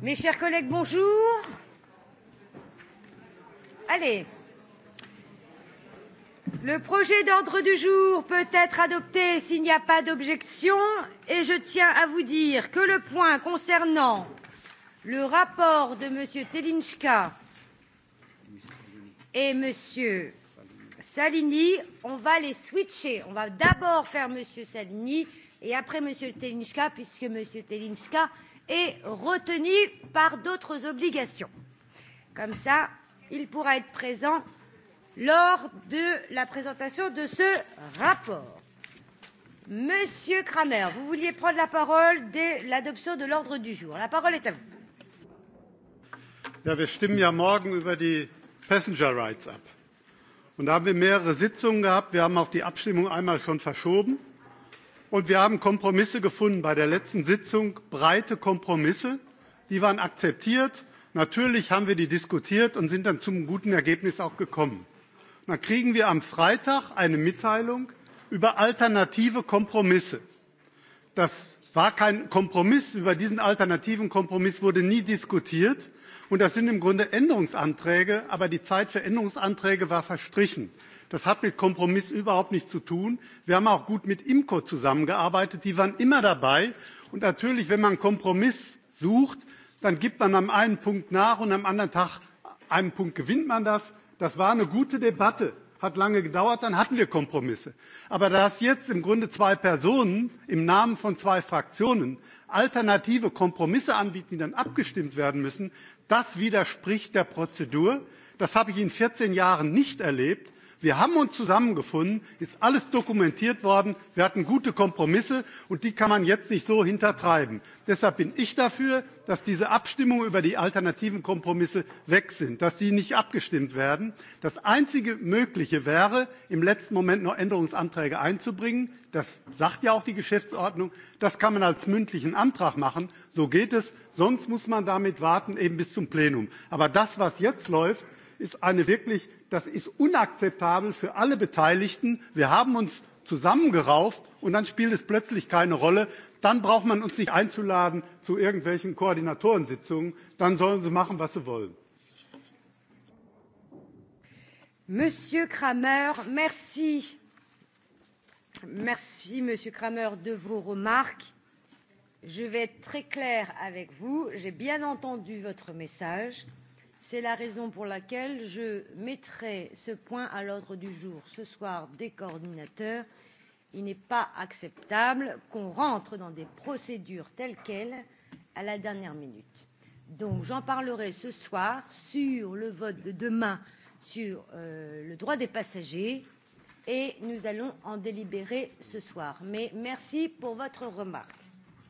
Mes chers collègues, bonjour. Allez. Le projet d'ordre du jour peut être adopté s'il n'y a pas d'objection et je tiens à vous dire que le point concernant le rapport de M. Telinchka et Monsieur Salini, on va les switcher. On va d'abord faire M. Salini et après M. Telinchka puisque M. Telinchka et retenu par d'autres obligations. Comme ça, il pourra être présent lors de la présentation de ce rapport. Monsieur Kramer, vous vouliez prendre la parole dès l'adoption de l'ordre du jour. La parole est à vous. Ja, wir stimmen ja morgen über die Passenger Rights ab. Und da haben wir mehrere Sitzungen gehabt. Wir haben auch die Abstimmung einmal schon verschoben und wir haben Kompromisse gefunden bei der letzten Sitzung, breite Kompromisse, die waren akzeptiert. Natürlich haben wir die diskutiert und sind dann zum guten Ergebnis auch gekommen. dann kriegen wir am Freitag eine Mitteilung über alternative Kompromisse. Das war kein Kompromiss, über diesen alternativen Kompromiss wurde nie diskutiert und das sind im Grunde Änderungsanträge, aber die Zeit für Änderungsanträge war verstrichen. Das hat mit Kompromiss überhaupt nichts zu tun. Wir haben auch gut mit IMCO zusammengearbeitet. Die waren immer dabei. Und natürlich, wenn man Kompromiss sucht, dann gibt man am einen Punkt nach und am anderen Tag einem Punkt gewinnt man das. Das war eine gute Debatte. Hat lange gedauert, dann hatten wir Kompromisse. Aber dass jetzt im Grunde zwei Personen im Namen von zwei Fraktionen alternative Kompromisse anbieten, die dann abgestimmt werden müssen, das widerspricht der Prozedur. Das habe ich in 14 Jahren nicht erlebt wir haben uns zusammengefunden ist alles dokumentiert worden wir hatten gute kompromisse und die kann man jetzt nicht so hintertreiben. deshalb bin ich dafür dass diese abstimmungen über die alternativen kompromisse weg sind dass sie nicht abgestimmt werden. das einzige mögliche wäre im letzten moment noch änderungsanträge einzubringen das sagt ja auch die geschäftsordnung das kann man als mündlichen antrag machen so geht es sonst muss man damit warten eben bis zum plenum. aber das was jetzt läuft ist eine wirklich das ist unakzeptabel für alle beteiligten. wir haben uns zusammengerauft und dann spielt es plötzlich keine rolle dann braucht man uns nicht einzuladen zu irgendwelchen koordinatorensitzungen dann sollen sie machen was sie wollen. Monsieur merci. Merci, Monsieur Kramer, de vos remarques. Je vais être très clair avec vous. J'ai bien entendu votre message. C'est la raison pour laquelle je mettrai ce point à l'ordre du jour ce soir des coordinateurs. Il n'est pas acceptable qu'on rentre dans des procédures telles quelles à la dernière minute. Donc j'en parlerai ce soir sur le vote de demain sur euh, le droit des passagers et nous allons en délibérer ce soir. Mais merci pour votre remarque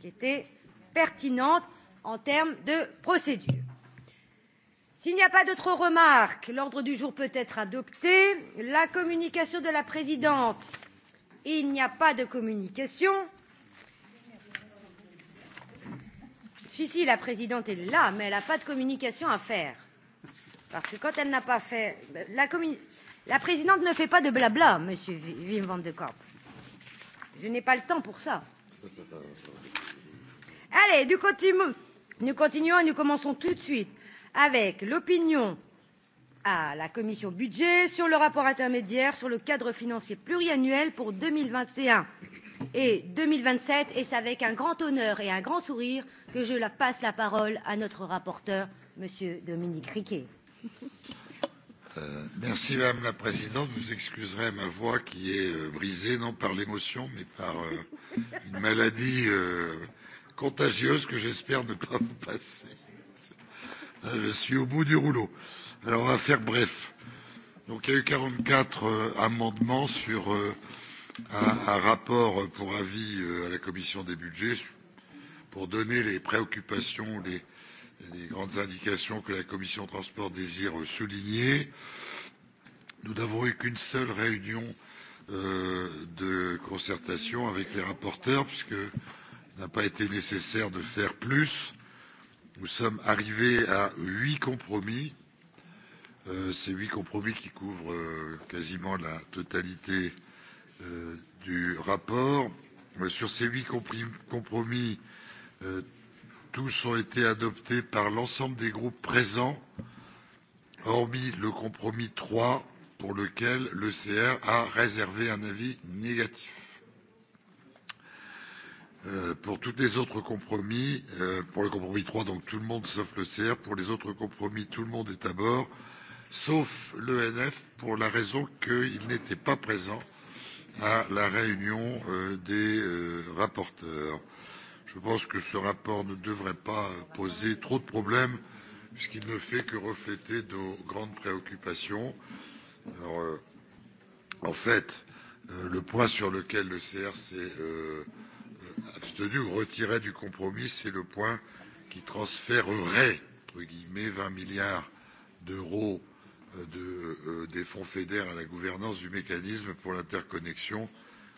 qui était pertinente en termes de procédure. S'il n'y a pas d'autres remarques, l'ordre du jour peut être adopté. La communication de la présidente. Il n'y a pas de communication. Si, si, la présidente est là, mais elle n'a pas de communication à faire. Parce que quand elle n'a pas fait... La, la présidente ne fait pas de blabla, monsieur Wim van de Korp. Je n'ai pas le temps pour ça. Allez, du continu... nous continuons et nous commençons tout de suite avec l'opinion à la commission budget sur le rapport intermédiaire sur le cadre financier pluriannuel pour 2021 et 2027 et c'est avec un grand honneur et un grand sourire que je la passe la parole à notre rapporteur monsieur Dominique Riquet. Euh, merci madame la présidente, vous excuserez ma voix qui est euh, brisée non par l'émotion mais par euh, une maladie euh, contagieuse que j'espère ne pas vous passer. Euh, je suis au bout du rouleau. Alors on va faire bref. Donc il y a eu 44 euh, amendements sur euh, un, un rapport pour avis euh, à la commission des budgets pour donner les préoccupations, les, les grandes indications que la commission transport désire souligner. Nous n'avons eu qu'une seule réunion euh, de concertation avec les rapporteurs puisque n'a pas été nécessaire de faire plus Nous sommes arrivés à huit compromis. Euh, ces huit compromis qui couvrent euh, quasiment la totalité euh, du rapport. Euh, sur ces huit compromis, euh, tous ont été adoptés par l'ensemble des groupes présents, hormis le compromis 3 pour lequel l'ECR a réservé un avis négatif. Euh, pour toutes les autres compromis euh, pour le compromis 3 donc tout le monde sauf le CR pour les autres compromis, tout le monde est à bord sauf l'ENF pour la raison qu'il n'était pas présent à la réunion euh, des rapporteurs. Je pense que ce rapport ne devrait pas poser trop de problèmes puisqu'il ne fait que refléter nos grandes préoccupations. Alors, en fait, le point sur lequel le CR s'est obtenu ou retirer du compromis, c'est le point qui transférerait entre guillemets 20 milliards d'euros euh, de, euh, des fonds FEDER à la gouvernance du mécanisme pour l'interconnexion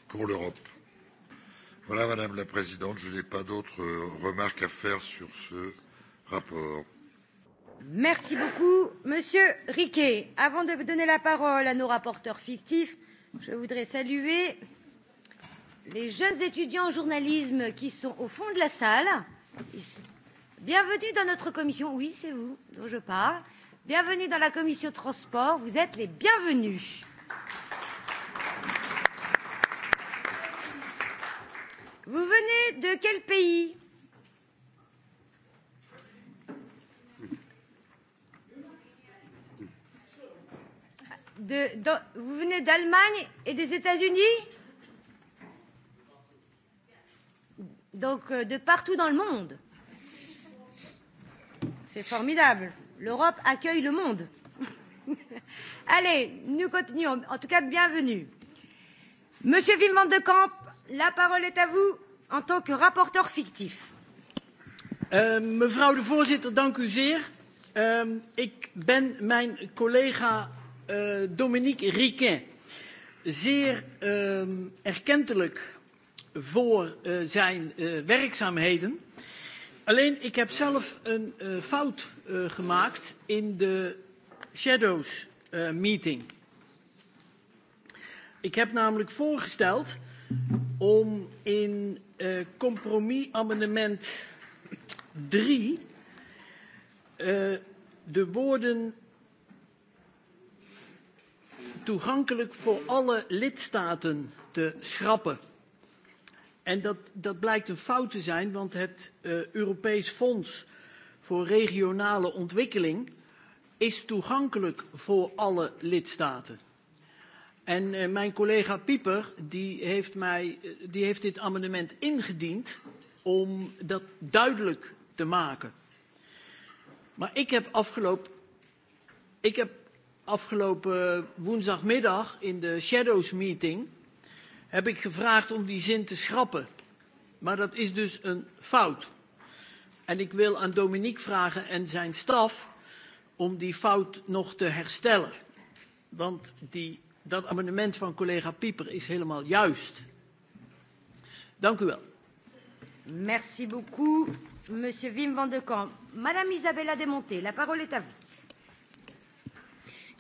pour l'Europe. Voilà, Madame la Présidente, je n'ai pas d'autres euh, remarques à faire sur ce rapport. Merci beaucoup, Monsieur Riquet. Avant de donner la parole à nos rapporteurs fictifs, je voudrais saluer les jeunes étudiants en journalisme qui sont au fond de la salle. Bienvenue dans notre commission. Oui, c'est vous dont je parle. Bienvenue dans la commission transport. Vous êtes les bienvenus. Vous venez de quel pays de, dans, Vous venez d'Allemagne et des États-Unis donc euh, de partout dans le monde. C'est formidable. L'Europe accueille le monde. Allez, nous continuons. En tout cas, bienvenue. Monsieur Villemand de Camp, la parole est à vous en tant que rapporteur fictif. Uh, mevrouw de voorzitter, dank u zeer. Uh, ik ben mijn collega uh, Dominique Riquet zeer euh, erkentelijk voor eh, zijn eh, werkzaamheden. Alleen ik heb zelf een eh, fout gemaakt in de shadows meeting. Ik heb namelijk voorgesteld om in compromisamendement compromis 3 de woorden toegankelijk voor alle lidstaten te schrappen. En dat, dat blijkt een fout te zijn, want het uh, Europees Fonds voor Regionale Ontwikkeling is toegankelijk voor alle lidstaten. En uh, mijn collega Pieper die heeft, mij, uh, die heeft dit amendement ingediend om dat duidelijk te maken. Maar ik heb afgelopen, ik heb afgelopen woensdagmiddag in de Shadows meeting heb ik gevraagd om die zin te schrappen. Maar dat is dus een fout. En ik wil aan Dominique vragen en zijn staf om die fout nog te herstellen. Want die, dat amendement van collega Pieper is helemaal juist. Dank u wel. Merci beaucoup, monsieur Wim van de Kamp. Madame Isabella Demonté, la parole est à vous.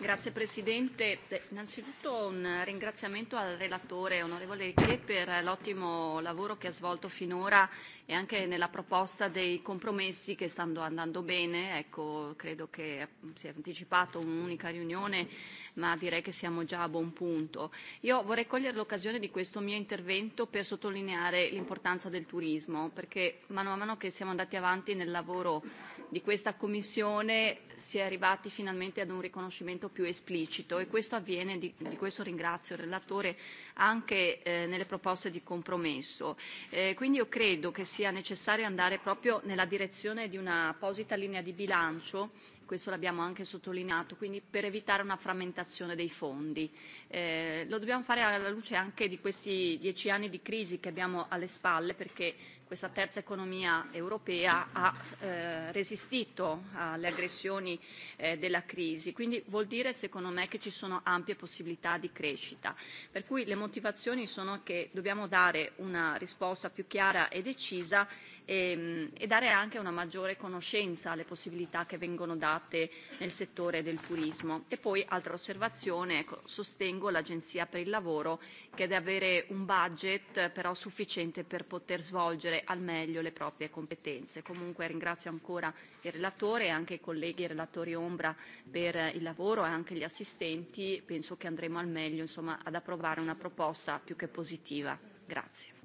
Grazie Presidente. Innanzitutto un ringraziamento al relatore onorevole Che per l'ottimo lavoro che ha svolto finora e anche nella proposta dei compromessi che stanno andando bene. Ecco, credo che mm, si è anticipato un'unica riunione, ma direi che siamo già a buon punto. Io vorrei cogliere l'occasione di questo mio intervento per sottolineare l'importanza del turismo, perché mano a mano che siamo andati avanti nel lavoro di questa Commissione si è arrivati finalmente ad un riconoscimento più esplicito e questo avviene, di, di questo ringrazio il relatore, anche eh, nelle proposte di compromesso. Eh, quindi io credo che sia necessario andare proprio nella direzione di una apposita linea di bilancio questo l'abbiamo anche sottolineato, quindi per evitare una frammentazione dei fondi. Eh, lo dobbiamo fare alla luce anche di questi dieci anni di crisi che abbiamo alle spalle, perché questa terza economia europea ha eh, resistito alle aggressioni eh, della crisi quindi vuol dire secondo me che ci sono ampie possibilità di crescita per cui le motivazioni sono che dobbiamo dare una risposta più chiara e decisa e, e dare anche una maggiore conoscenza alle possibilità che vengono date nel settore del turismo. E poi, altra osservazione, ecco, sostengo l'Agenzia per il lavoro che deve avere un budget però sufficiente per poter svolgere al meglio le proprie competenze. Comunque ringrazio ancora il relatore e anche i colleghi relatori ombra per il lavoro e anche gli assistenti. Penso che andremo al meglio insomma, ad approvare una proposta più che positiva. Grazie.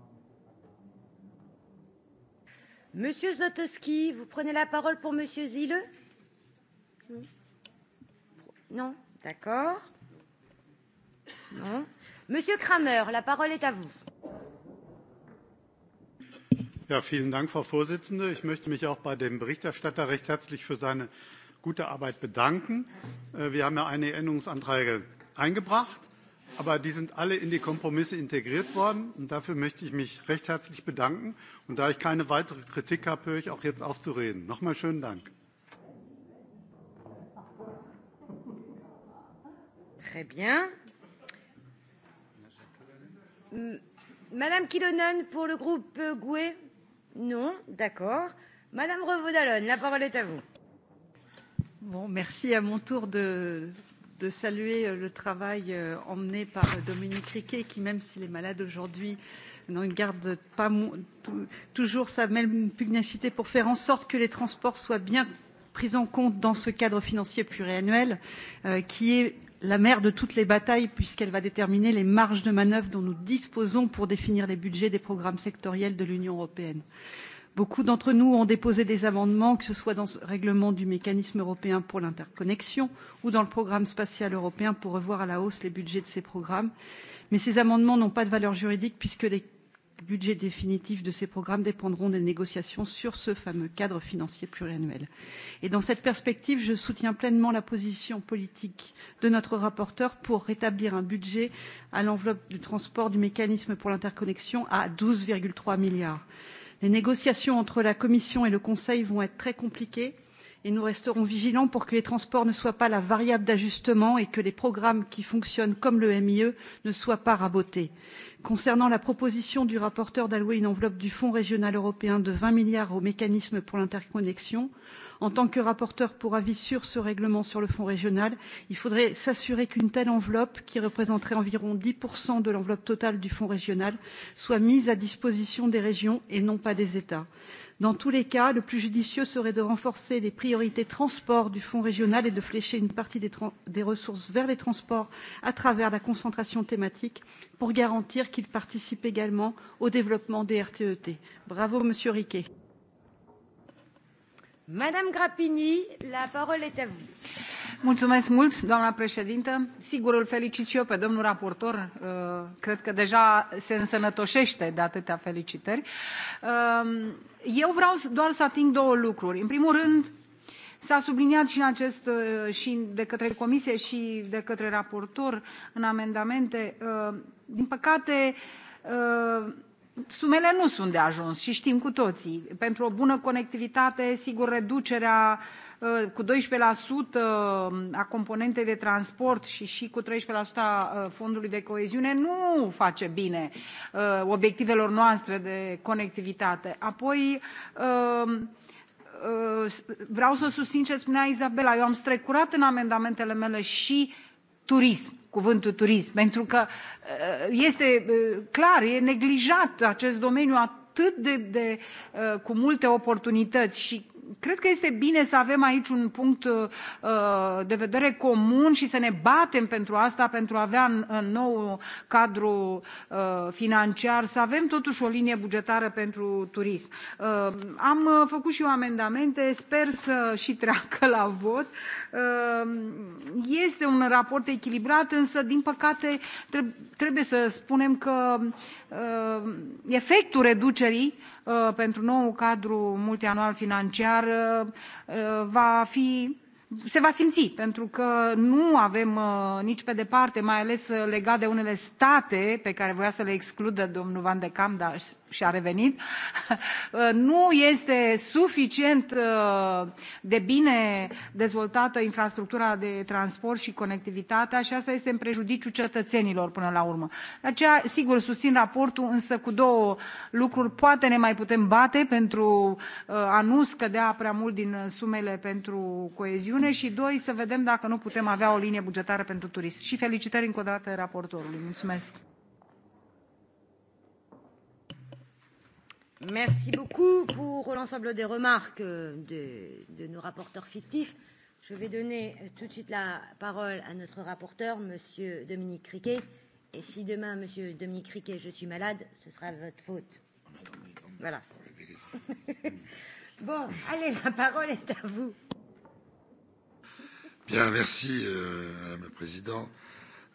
Monsieur Zlotowski, vous prenez la parole pour Monsieur Zille Non D'accord. Non. Monsieur Kramer, la parole est à vous. Ja, vielen Dank, Frau Vorsitzende. Ich möchte mich auch bei dem Berichterstatter recht herzlich für seine gute Arbeit bedanken. Äh, wir haben ja einige Änderungsanträge eingebracht aber die sind alle in die Kompromisse integriert worden. Und dafür möchte ich mich recht herzlich bedanken. Und da ich keine weitere Kritik habe, höre ich auch jetzt auf zu reden. Nochmal schönen Dank. Très bien. Madame Kilonen pour le groupe GUE Non, d'accord. Madame Revaudalon, la parole est à vous. Bon, merci à mon tour de de saluer euh, le travail euh, emmené par euh, Dominique Riquet, qui, même s'il est malade aujourd'hui, ne garde pas toujours sa même pugnacité pour faire en sorte que les transports soient bien pris en compte dans ce cadre financier pluriannuel qui est la mère de toutes les batailles puisqu'elle va déterminer les marges de manœuvre dont nous disposons pour définir les budgets des programmes sectoriels de l'Union européenne. Beaucoup d'entre nous ont déposé des amendements, que ce soit dans le règlement du mécanisme européen pour l'interconnexion ou dans le programme spatial européen pour revoir à la hausse les budgets de ces programmes. Mais ces amendements n'ont pas de valeur juridique puisque les budgets définitifs de ces programmes dépendront des négociations sur ce fameux cadre financier pluriannuel. Et dans cette perspective, je soutiens pleinement la position politique de notre rapporteur pour rétablir un budget à l'enveloppe du transport du mécanisme pour l'interconnexion à 12,3 milliards Les négociations entre la Commission et le Conseil vont être très compliquées et nous resterons vigilants pour que les transports ne soient pas la variable d'ajustement et que les programmes qui fonctionnent comme le MIE ne soient pas rabotés. Concernant la proposition du rapporteur d'allouer une enveloppe du Fonds régional européen de 20 milliards au mécanisme pour l'interconnexion, en tant que rapporteur pour avis sur ce règlement sur le Fonds régional, il faudrait s'assurer qu'une telle enveloppe, qui représenterait environ 10% de l'enveloppe totale du Fonds régional, soit mise à disposition des régions et non pas des États. Dans tous les cas, le plus judicieux serait de renforcer les priorités transport du fonds régional et de flécher une partie des, des ressources vers les transports à travers la concentration thématique pour garantir qu'ils participent également au développement des RTET. E Bravo, Monsieur Riquet. Madame Grappini, la parole est à vous. Mulțumesc mult, doamna președintă. Sigur, îl felicit și eu pe domnul raportor. Uh, cred că deja se însănătoșește de atâtea felicitări. Uh, eu vreau doar să ating două lucruri în primul rând s a subliniat și, în acest, uh, și de către comisie și de către raportor în amendamente uh, din păcate uh, sumele nu sunt de ajuns și știm cu toții pentru o bună conectivitate sigur reducerea Uh, cu 12% uh, a componentei de transport și și cu 13% a uh, fondului de coeziune nu face bine obiectivelor noastre de conectivitate. Apoi, vreau să susțin ce spunea Izabela. Eu am strecurat în amendamentele mele și turism cuvântul turism pentru că este clar e neglijat acest domeniu atât de, de cu multe oportunități și cred că este bine să avem aici un punct uh, de vedere comun și să ne batem pentru asta, pentru a avea în nou cadru uh, financiar, să avem totuși o linie bugetară pentru turism. Uh, am făcut și eu amendamente, sper să și treacă la vot. Este un raport echilibrat, însă, din păcate, trebuie să spunem că efectul reducerii Uh, pentru noul cadru multianual financiar uh, uh, va fi se va simți pentru că nu avem nici pe departe mai ales legat de unele state pe care voia să le excludă domnul van de camp dar și a revenit, nu este suficient uh, de bine dezvoltată infrastructura de transport și conectivitatea și asta este în prejudiciu cetățenilor până la urmă. De aceea, sigur, susțin raportul, însă cu două lucruri poate ne mai putem bate pentru uh, a nu scădea prea mult din sumele pentru coeziune și doi, să vedem dacă nu putem avea o linie bugetară pentru turism. Și felicitări încă o raportorului. Mulțumesc! Merci beaucoup pour l'ensemble des remarques euh, de, de nos rapporteurs fictifs. Je vais donner euh, tout de suite la parole à notre rapporteur, Monsieur Dominique Criquet. Et si demain, Monsieur Dominique Criquet, je suis malade, ce sera votre faute. Voilà. bon, allez, la parole est à vous. Bien, merci, euh, Madame le Président.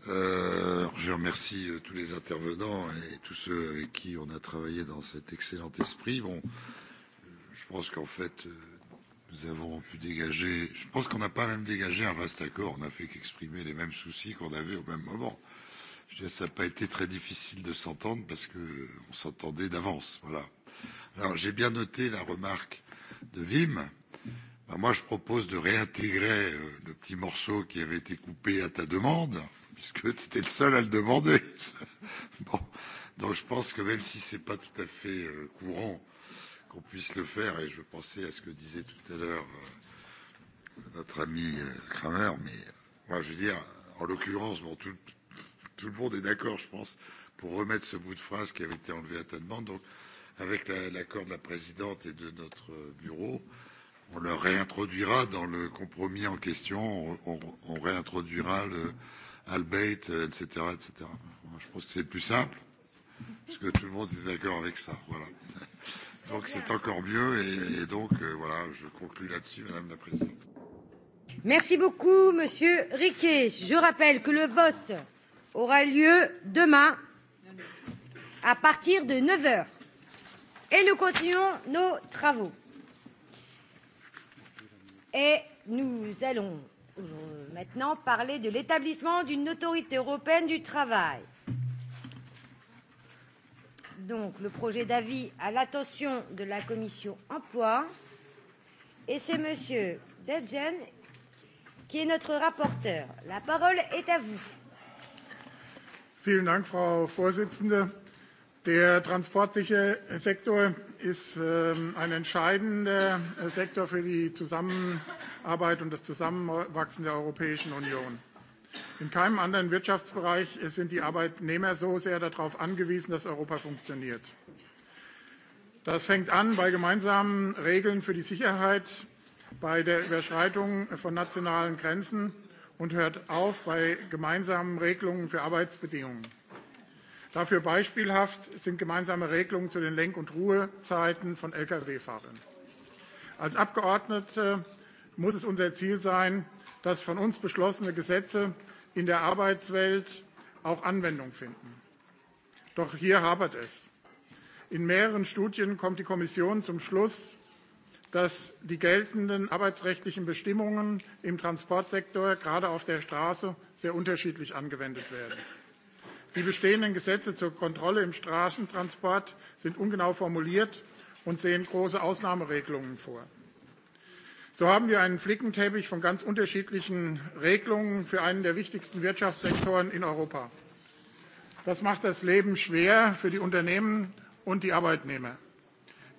Euh, je remercie euh, tous les intervenants et tous ceux avec qui on a travaillé dans cet excellent esprit. Bon, euh, je pense qu'en fait, euh, nous avons pu dégager, je pense qu'on n'a pas même dégagé un vaste accord, on n'a fait qu'exprimer les mêmes soucis qu'on avait au même moment. Je dirais, ça n'a pas été très difficile de s'entendre parce qu'on s'entendait d'avance. Voilà. Alors, j'ai bien noté la remarque de Wim. Ben, moi, je propose de réintégrer le petit morceau qui avait été coupé à ta demande puisque tu étais le seul à le demander. bon, donc je pense que même si ce n'est pas tout à fait euh, courant qu'on puisse le faire, et je pensais à ce que disait tout à l'heure euh, notre ami euh, Kramer, mais moi je veux dire, en l'occurrence, bon, tout, tout le monde est d'accord, je pense, pour remettre ce bout de phrase qui avait été enlevé à ta demande. Donc, avec l'accord de la présidente et de notre bureau, on le réintroduira dans le compromis en question, on, on, on réintroduira le, Albeit, etc., euh, etc. Je pense que c'est plus simple, puisque tout le monde est d'accord avec ça. Voilà. Donc c'est encore mieux et, et donc euh, voilà, je conclue là-dessus, Madame la Présidente. Merci beaucoup, Monsieur Riquet. Je rappelle que le vote aura lieu demain à partir de 9 heures et nous continuons nos travaux. Et nous allons je maintenant parler de l'établissement d'une autorité européenne du travail. Donc, le projet d'avis à l'attention de la commission emploi. Et c'est monsieur Dejen qui est notre rapporteur. La parole est à vous. Vielen Dank, Frau Vorsitzende. Der Transportsektor ist ähm, ein entscheidender äh, Sektor für die Zusammenarbeit und das Zusammenwachsen der Europäischen Union. In keinem anderen Wirtschaftsbereich sind die Arbeitnehmer so sehr darauf angewiesen, dass Europa funktioniert. Das fängt an bei gemeinsamen Regeln für die Sicherheit, bei der Überschreitung von nationalen Grenzen und hört auf bei gemeinsamen Regelungen für Arbeitsbedingungen. Dafür beispielhaft sind gemeinsame Regelungen zu den Lenk- und Ruhezeiten von Lkw-Fahrern. Als Abgeordnete muss es unser Ziel sein, dass von uns beschlossene Gesetze in der Arbeitswelt auch Anwendung finden. Doch hier hapert es. In mehreren Studien kommt die Kommission zum Schluss, dass die geltenden arbeitsrechtlichen Bestimmungen im Transportsektor gerade auf der Straße sehr unterschiedlich angewendet werden die bestehenden gesetze zur kontrolle im straßentransport sind ungenau formuliert und sehen große ausnahmeregelungen vor. so haben wir einen flickenteppich von ganz unterschiedlichen regelungen für einen der wichtigsten wirtschaftssektoren in europa. das macht das leben schwer für die unternehmen und die arbeitnehmer.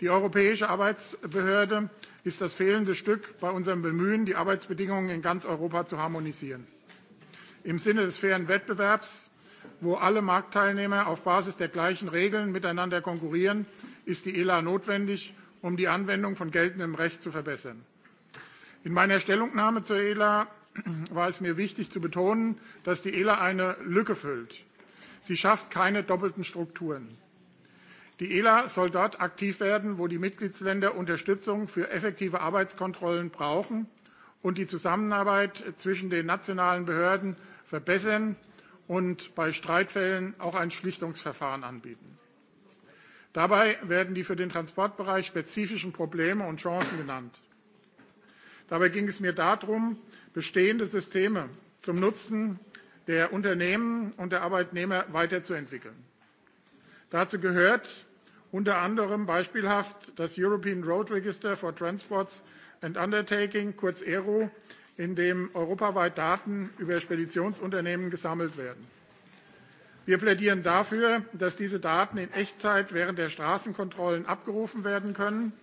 die europäische arbeitsbehörde ist das fehlende stück bei unserem bemühen die arbeitsbedingungen in ganz europa zu harmonisieren. im sinne des fairen wettbewerbs wo alle Marktteilnehmer auf Basis der gleichen Regeln miteinander konkurrieren, ist die ELA notwendig, um die Anwendung von geltendem Recht zu verbessern. In meiner Stellungnahme zur ELA war es mir wichtig zu betonen, dass die ELA eine Lücke füllt. Sie schafft keine doppelten Strukturen. Die ELA soll dort aktiv werden, wo die Mitgliedsländer Unterstützung für effektive Arbeitskontrollen brauchen und die Zusammenarbeit zwischen den nationalen Behörden verbessern und bei Streitfällen auch ein Schlichtungsverfahren anbieten. Dabei werden die für den Transportbereich spezifischen Probleme und Chancen genannt. Dabei ging es mir darum, bestehende Systeme zum Nutzen der Unternehmen und der Arbeitnehmer weiterzuentwickeln. Dazu gehört unter anderem beispielhaft das European Road Register for Transports and Undertaking, kurz ERO, in dem europaweit Daten über Speditionsunternehmen gesammelt werden. Wir plädieren dafür, dass diese Daten in Echtzeit während der Straßenkontrollen abgerufen werden können,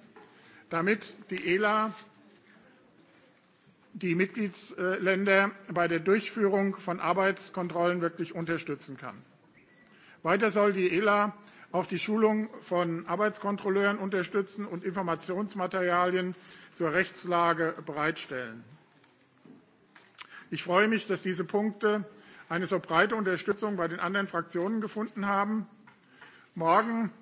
damit die ELA die Mitgliedsländer bei der Durchführung von Arbeitskontrollen wirklich unterstützen kann. Weiter soll die ELA auch die Schulung von Arbeitskontrolleuren unterstützen und Informationsmaterialien zur Rechtslage bereitstellen. Ich freue mich, dass diese Punkte eine so breite Unterstützung bei den anderen Fraktionen gefunden haben. Morgen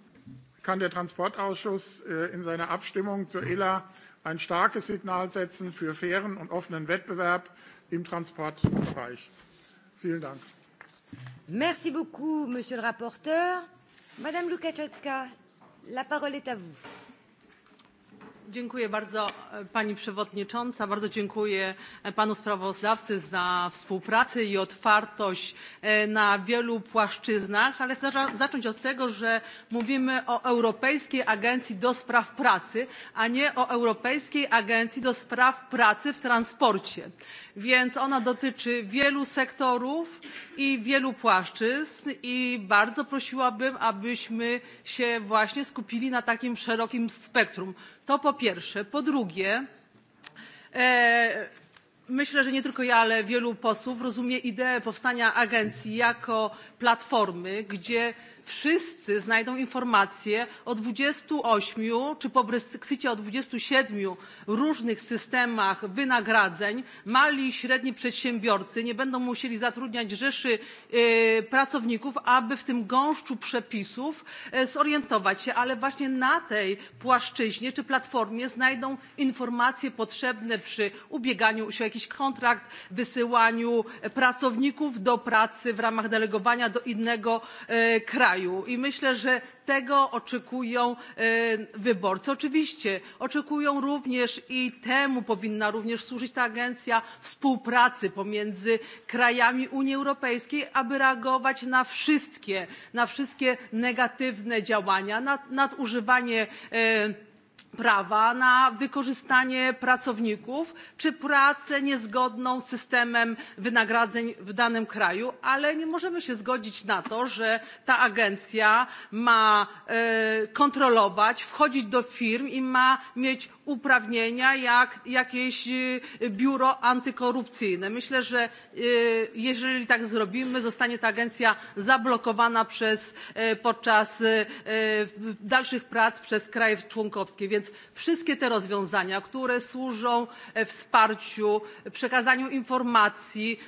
kann der Transportausschuss äh, in seiner Abstimmung zur ELA ein starkes Signal setzen für fairen und offenen Wettbewerb im Transportbereich. Vielen Dank. Merci beaucoup, Monsieur le rapporteur. Madame Lukaczewska, la parole est à vous. Dziękuję bardzo e, Pani Przewodnicząca. Bardzo dziękuję e, Panu sprawozdawcy za współpracę i otwartość e, na wielu płaszczyznach, ale chcę zacząć od tego, że mówimy o Europejskiej Agencji do Spraw Pracy, a nie o Europejskiej Agencji do Spraw Pracy w Transporcie więc ona dotyczy wielu sektorów i wielu płaszczyzn i bardzo prosiłabym abyśmy się właśnie skupili na takim szerokim spektrum. to po pierwsze. po drugie e, myślę że nie tylko ja ale wielu posłów rozumie ideę powstania agencji jako platformy gdzie wszyscy znajdą informacje o 28 czy po Brexicie o 27 różnych systemach wynagradzeń. Mali i średni przedsiębiorcy nie będą musieli zatrudniać rzeszy pracowników, aby w tym gąszczu przepisów zorientować się, ale właśnie na tej płaszczyźnie czy platformie znajdą informacje potrzebne przy ubieganiu się o jakiś kontrakt, wysyłaniu pracowników do pracy w ramach delegowania do innego kraju kraju i myślę że tego oczekują e, wyborcy. oczywiście oczekują również i temu powinna również służyć ta agencja współpracy pomiędzy krajami unii europejskiej aby reagować na wszystkie negatywne działania nadużywanie używanie e, prawa na wykorzystanie pracowników czy pracę niezgodną z systemem wynagradzeń w danym kraju ale nie możemy się zgodzić na to że ta agencja ma e, kontrolować wchodzić do firm i ma mieć uprawnienia jak jakieś biuro antykorupcyjne. Myślę, że jeżeli tak zrobimy, zostanie ta agencja zablokowana przez, podczas dalszych prac przez kraje członkowskie. Więc wszystkie te rozwiązania, które służą e, wsparciu, przekazaniu informacji,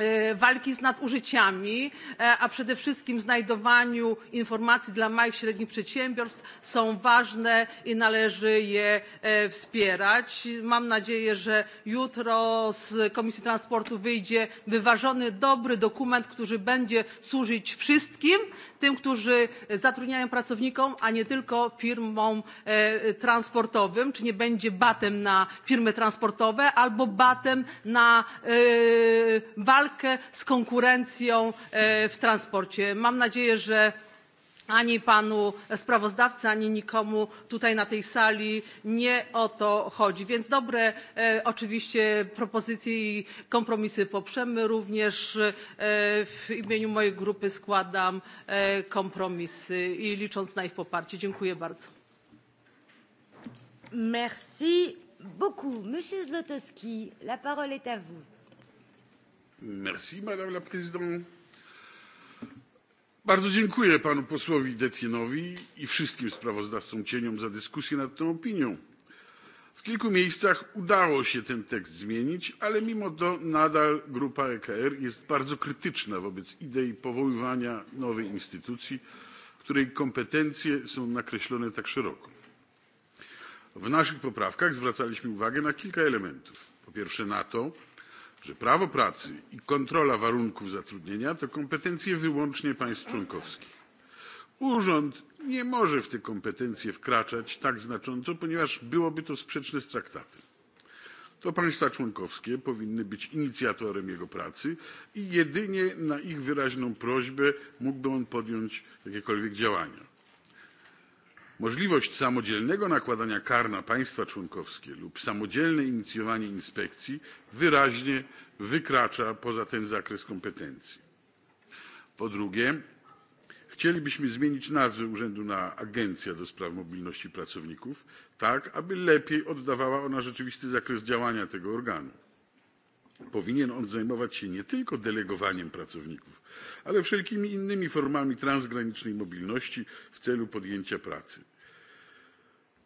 E, walki z nadużyciami e, a przede wszystkim znajdowaniu informacji dla małych i średnich przedsiębiorstw są ważne i należy je e, wspierać. mam nadzieję że jutro z komisji transportu wyjdzie wyważony dobry dokument który będzie służyć wszystkim tym którzy zatrudniają pracownikom, a nie tylko firmom transportowym czy nie będzie batem na firmy transportowe albo batem na walkę z konkurencją e, w transporcie. mam nadzieję że ani panu sprawozdawcy ani nikomu tutaj na tej sali nie o to chodzi więc dobre e, oczywiście propozycje i kompromisy poprzemy również e, w imieniu mojej grupy składam kompromisy i licząc na ich poparcie dziękuję bardzo Merci beaucoup monsieur la parole Merci, madame la présidente. Bardzo dziękuję panu posłowi Detienowi i wszystkim sprawozdawcom cieniom za dyskusję nad tą opinią. W kilku miejscach udało się ten tekst zmienić, ale mimo to nadal grupa EKR jest bardzo krytyczna wobec idei powoływania nowej instytucji, której kompetencje są nakreślone tak szeroko. W naszych poprawkach zwracaliśmy uwagę na kilka elementów. Po pierwsze na to, że prawo pracy i kontrola warunków zatrudnienia to kompetencje wyłącznie państw członkowskich. urząd nie może w te kompetencje wkraczać tak znacząco ponieważ byłoby to sprzeczne z traktatem. to państwa członkowskie powinny być inicjatorem jego pracy i jedynie na ich wyraźną prośbę mógłby on podjąć jakiekolwiek działania możliwość samodzielnego nakładania kar na państwa członkowskie lub samodzielne inicjowanie inspekcji wyraźnie wykracza poza ten zakres kompetencji. po drugie chcielibyśmy zmienić nazwę urzędu na agencja do spraw mobilności pracowników tak aby lepiej oddawała ona rzeczywisty zakres działania tego organu. powinien on zajmować się nie tylko delegowaniem pracowników ale wszelkimi innymi formami transgranicznej mobilności w celu podjęcia pracy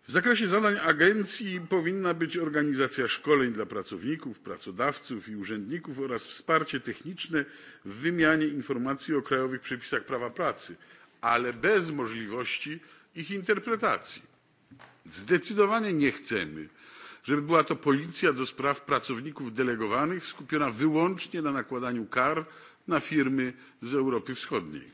w zakresie zadań agencji powinna być organizacja szkoleń dla pracowników pracodawców i urzędników oraz wsparcie techniczne w wymianie informacji o krajowych przepisach prawa pracy ale bez możliwości ich interpretacji. zdecydowanie nie chcemy żeby była to policja do spraw pracowników delegowanych skupiona wyłącznie na nakładaniu kar na firmy z europy wschodniej.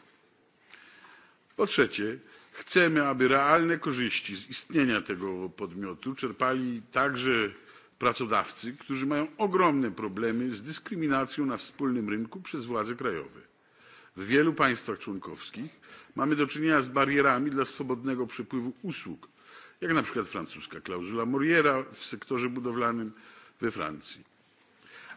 po trzecie chcemy aby realne korzyści z istnienia tego podmiotu czerpali także pracodawcy którzy mają ogromne problemy z dyskryminacją na wspólnym rynku przez władze krajowe. w wielu państwach członkowskich mamy do czynienia z barierami dla swobodnego przepływu usług jak na przykład francuska klauzula moriera w sektorze budowlanym we francji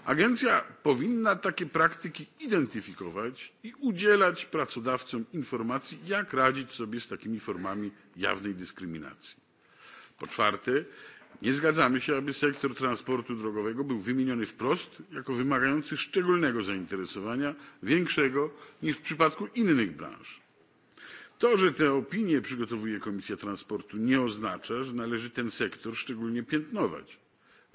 agencja powinna takie praktyki identyfikować i udzielać pracodawcom informacji jak radzić sobie z takimi formami jawnej dyskryminacji. po czwarte nie zgadzamy się aby sektor transportu drogowego był wymieniony wprost jako wymagający szczególnego zainteresowania większego niż w przypadku innych branż. to że te opinie przygotowuje komisja transportu nie oznacza że należy ten sektor szczególnie piętnować.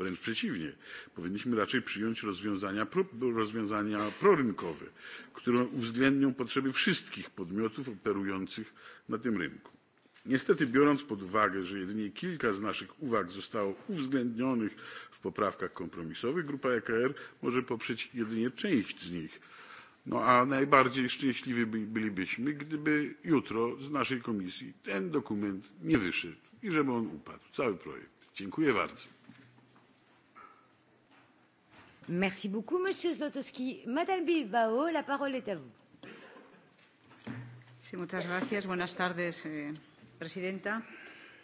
Wręcz przeciwnie, powinniśmy raczej przyjąć rozwiązania, rozwiązania prorynkowe, które uwzględnią potrzeby wszystkich podmiotów operujących na tym rynku. Niestety, biorąc pod uwagę, że jedynie kilka z naszych uwag zostało uwzględnionych w poprawkach kompromisowych, grupa EKR może poprzeć jedynie część z nich. No a najbardziej szczęśliwi bylibyśmy, gdyby jutro z naszej komisji ten dokument nie wyszedł i żeby on upadł, cały projekt. Dziękuję bardzo. Merci beaucoup, Monsieur Zlotowski. Madame Bilbao, la parole est à vous. Sí, muchas gracias. Buenas tardes, eh, Presidenta.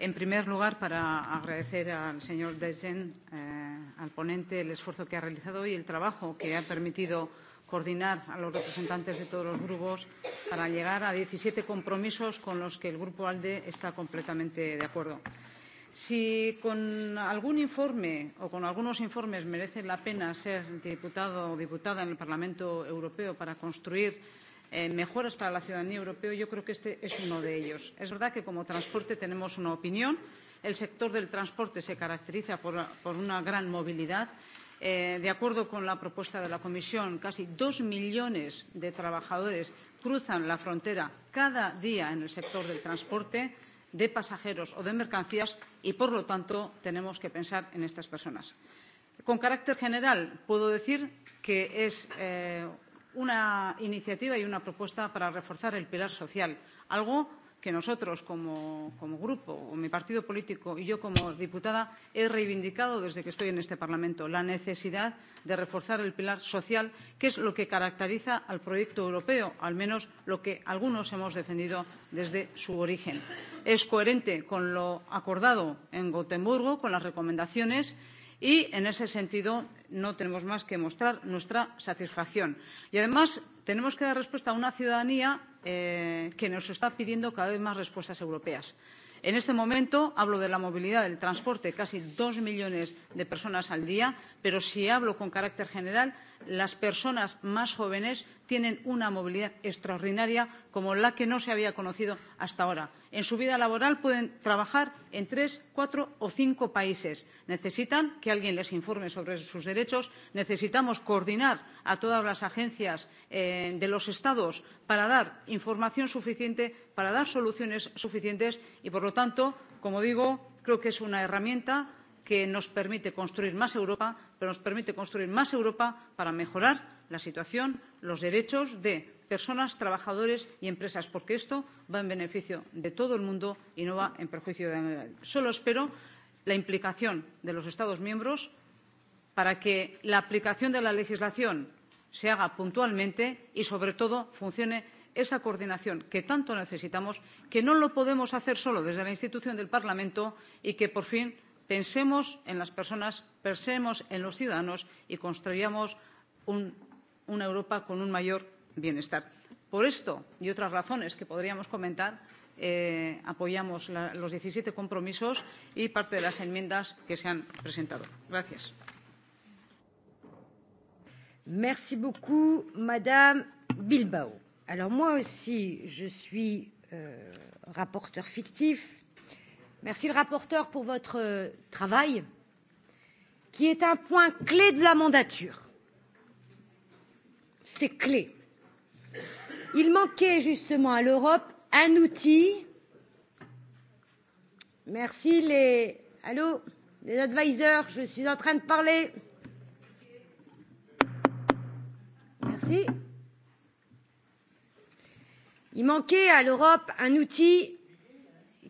En primer lugar, para agradecer al señor Dezen, eh, al ponente, el esfuerzo que ha realizado y el trabajo que ha permitido coordinar a los representantes de todos los grupos para llegar a 17 compromisos con los que el Grupo ALDE está completamente de acuerdo si con algún informe o con algunos informes merece la pena ser diputado o diputada en el Parlamento Europeo para construir eh, mejoras para la ciudadanía europea, yo creo que este es uno de ellos. Es verdad que como transporte tenemos una opinión. El sector del transporte se caracteriza por, por una gran movilidad. Eh, de acuerdo con la propuesta de la Comisión, casi dos millones de trabajadores cruzan la frontera cada día en el sector del transporte de pasajeros o de mercancías y por lo tanto tenemos que pensar en estas personas. con carácter general puedo decir que es eh, una iniciativa y una propuesta para reforzar el pilar social algo que nosotros como, como grupo o mi partido político y yo como diputada he reivindicado desde que estoy en este Parlamento la necesidad de reforzar el pilar social, que es lo que caracteriza al proyecto europeo, al menos lo que algunos hemos defendido desde su origen. Es coherente con lo acordado en Gotemburgo, con las recomendaciones y en ese sentido no tenemos más que mostrar nuestra satisfacción. y además tenemos que dar respuesta a una ciudadanía eh, que nos está pidiendo cada vez más respuestas europeas. En este momento hablo de la movilidad, del transporte, casi dos millones de personas al día, pero si hablo con carácter general, las personas más jóvenes tienen una movilidad extraordinaria como la que no se había conocido hasta ahora. en su vida laboral pueden trabajar en tres cuatro o cinco países necesitan que alguien les informe sobre sus derechos necesitamos coordinar a todas las agencias eh, de los estados para dar información suficiente para dar soluciones suficientes y por lo tanto como digo creo que es una herramienta que nos permite construir más europa pero nos permite construir más Europa para mejorar la situación, los derechos de personas, trabajadores y empresas, porque esto va en beneficio de todo el mundo y no va en perjuicio de nadie. Solo espero la implicación de los Estados miembros para que la aplicación de la legislación se haga puntualmente y, sobre todo, funcione esa coordinación que tanto necesitamos, que no lo podemos hacer solo desde la institución del Parlamento y que, por fin, pensemos en las personas pensemos en los ciudadanos y construyamos una europa con un mayor bienestar. por esto y otras razones que podríamos comentar eh, apoyamos los diecisiete compromisos y parte de las enmiendas que se han presentado. gracias. Merci beaucoup, Madame Bilbao. Alors moi aussi, je suis euh, rapporteur fictif Merci le rapporteur pour votre euh, travail, qui est un point clé de la mandature. C'est clé. Il manquait justement à l'Europe un outil. Merci les... Allô Les advisors, je suis en train de parler. Merci. Il manquait à l'Europe un outil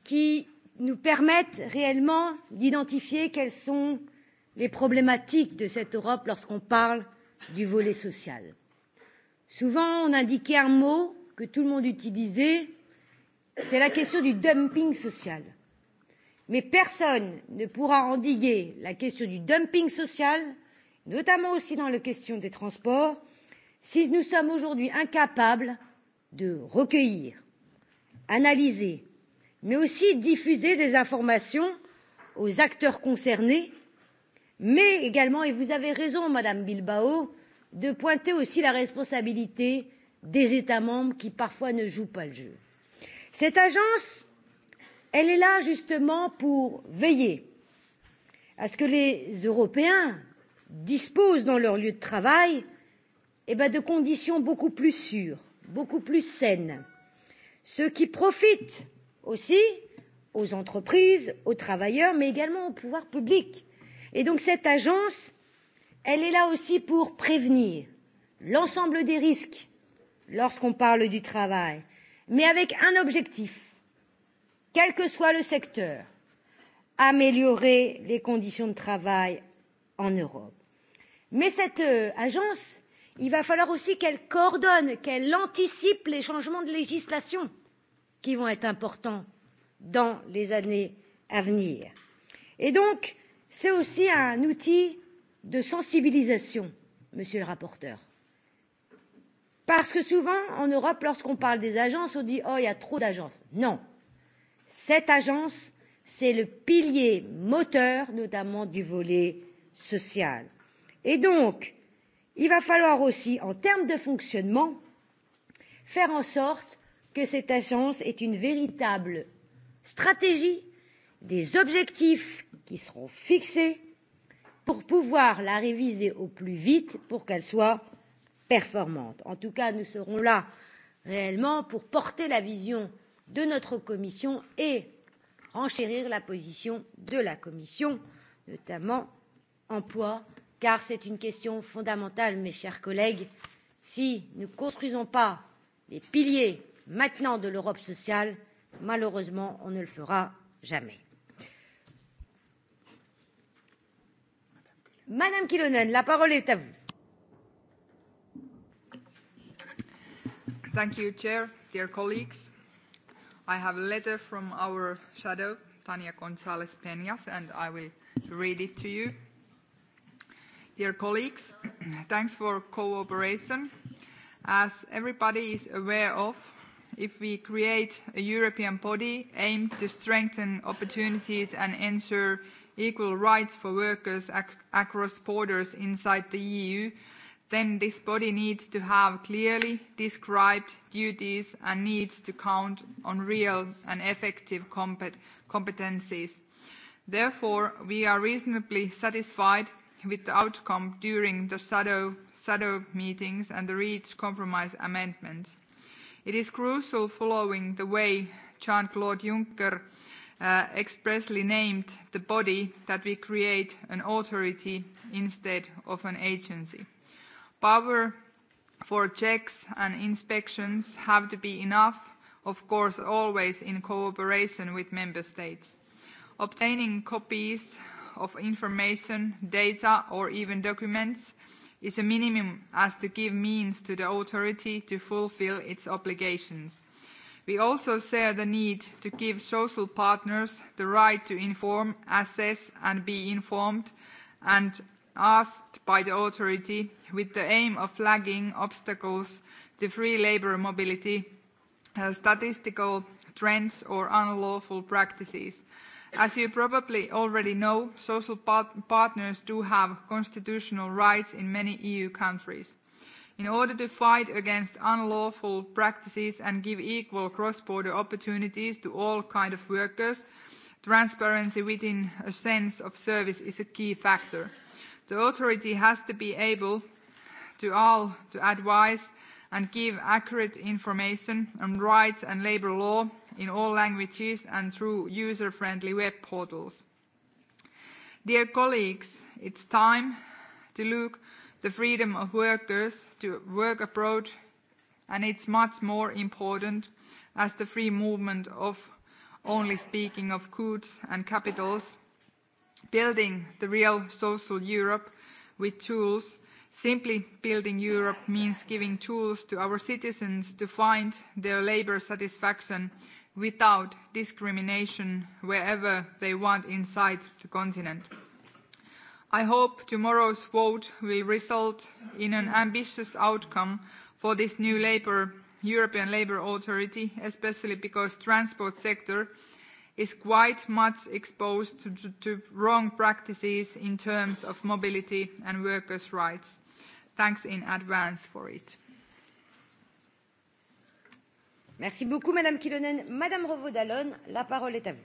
qui nous permettent réellement d'identifier quelles sont les problématiques de cette Europe lorsqu'on parle du volet social. Souvent, on indiquait un mot que tout le monde utilisait, c'est la question du dumping social. Mais personne ne pourra endiguer la question du dumping social, notamment aussi dans la question des transports, si nous sommes aujourd'hui incapables de recueillir, analyser, mais aussi diffuser des informations aux acteurs concernés, mais également, et vous avez raison, Madame Bilbao, de pointer aussi la responsabilité des États membres qui parfois ne jouent pas le jeu. Cette agence, elle est là justement pour veiller à ce que les Européens disposent dans leur lieu de travail eh ben, de conditions beaucoup plus sûres, beaucoup plus saines. Ceux qui profitent aussi aux entreprises, aux travailleurs, mais également au pouvoir public. Et donc cette agence, elle est là aussi pour prévenir l'ensemble des risques lorsqu'on parle du travail, mais avec un objectif, quel que soit le secteur, améliorer les conditions de travail en Europe. Mais cette euh, agence, il va falloir aussi qu'elle coordonne, qu'elle anticipe les changements de législation qui vont être importants dans les années à venir. Et donc, c'est aussi un outil de sensibilisation, monsieur le rapporteur. Parce que souvent, en Europe, lorsqu'on parle des agences, on dit Oh, il y a trop d'agences. Non. Cette agence, c'est le pilier moteur, notamment du volet social. Et donc, il va falloir aussi, en termes de fonctionnement, faire en sorte que cette agence est une véritable stratégie des objectifs qui seront fixés pour pouvoir la réviser au plus vite pour qu'elle soit performante. En tout cas, nous serons là réellement pour porter la vision de notre commission et renchérir la position de la commission, notamment emploi, car c'est une question fondamentale, mes chers collègues. Si nous ne construisons pas les piliers maintenant de l'Europe sociale, malheureusement, on ne le fera jamais. Madame Kilonen, la parole est à vous. Thank you, Chair. Dear colleagues, I have a letter from our shadow, Tania Gonzalez Peñas, and I will read it to you. Dear colleagues, thanks for cooperation. As everybody is aware of, if we create a European body aimed to strengthen opportunities and ensure equal rights for workers across borders inside the EU, then this body needs to have clearly described duties and needs to count on real and effective competences. competencies. Therefore, we are reasonably satisfied with the outcome during the shadow, shadow meetings and the reached compromise amendments it is crucial following the way jean claude juncker uh, expressly named the body that we create an authority instead of an agency. power for checks and inspections have to be enough of course always in cooperation with member states. obtaining copies of information data or even documents is a minimum as to give means to the authority to fulfil its obligations. We also share the need to give social partners the right to inform, assess and be informed and asked by the authority with the aim of flagging obstacles to free labour mobility, uh, statistical trends or unlawful practices. As you probably already know, social partners do have constitutional rights in many EU countries. In order to fight against unlawful practices and give equal cross-border opportunities to all kinds of workers, transparency within a sense of service is a key factor. The authority has to be able to all to advise and give accurate information on rights and labour law in all languages and through user-friendly web portals. Dear colleagues, it's time to look the freedom of workers to work abroad, and it's much more important as the free movement of only speaking of goods and capitals, building the real social Europe with tools Simply building Europe means giving tools to our citizens to find their labour satisfaction without discrimination wherever they want inside the continent. I hope tomorrow's vote will result in an ambitious outcome for this new labor, European Labour Authority, especially because transport sector is quite much exposed to, to, to wrong practices in terms of mobility and workers' rights. Thanks in advance for it. Merci beaucoup, Madame Kilonen. Madame revaud la parole est à vous.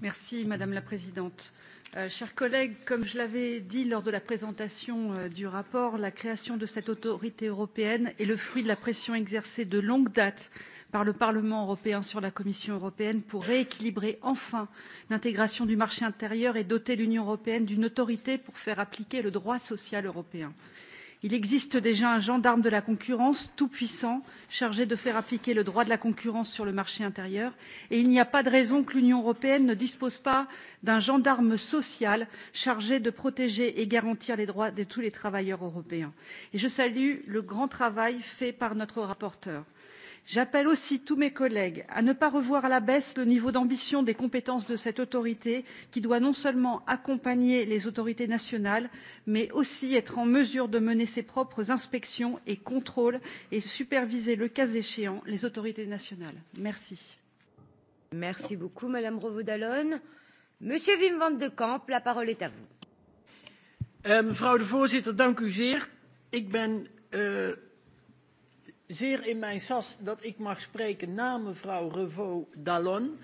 Merci, Madame la Présidente. Euh, chers collègues, comme je l'avais dit lors de la présentation euh, du rapport, la création de cette autorité européenne est le fruit de la pression exercée de longue date par le Parlement européen sur la Commission européenne pour rééquilibrer enfin l'intégration du marché intérieur et doter l'Union européenne d'une autorité pour faire appliquer le droit social européen. Il existe déjà un gendarme de la concurrence tout puissant chargé de faire appliquer le droit de la concurrence sur le marché intérieur et il n'y a pas de raison que l'Union européenne ne dispose pas d'un gendarme social chargé de protéger et garantir les droits de tous les travailleurs européens. Et je salue le grand travail fait par notre rapporteur j'appelle aussi tous mes collègues à ne pas revoir à la baisse le niveau d'ambition des compétences de cette autorité qui doit non seulement accompagner les autorités nationales mais aussi être en mesure de mener ses propres inspections et contrôles et superviser le cas échéant les autorités nationales. merci. merci beaucoup madame revaud monsieur wim van de camp la parole est à vous. Euh, mevrouw de voorzitter dank u zeer. ik ben uh zeer in mijn sas dat ik mag spreken na mevrouw Revo Dallon,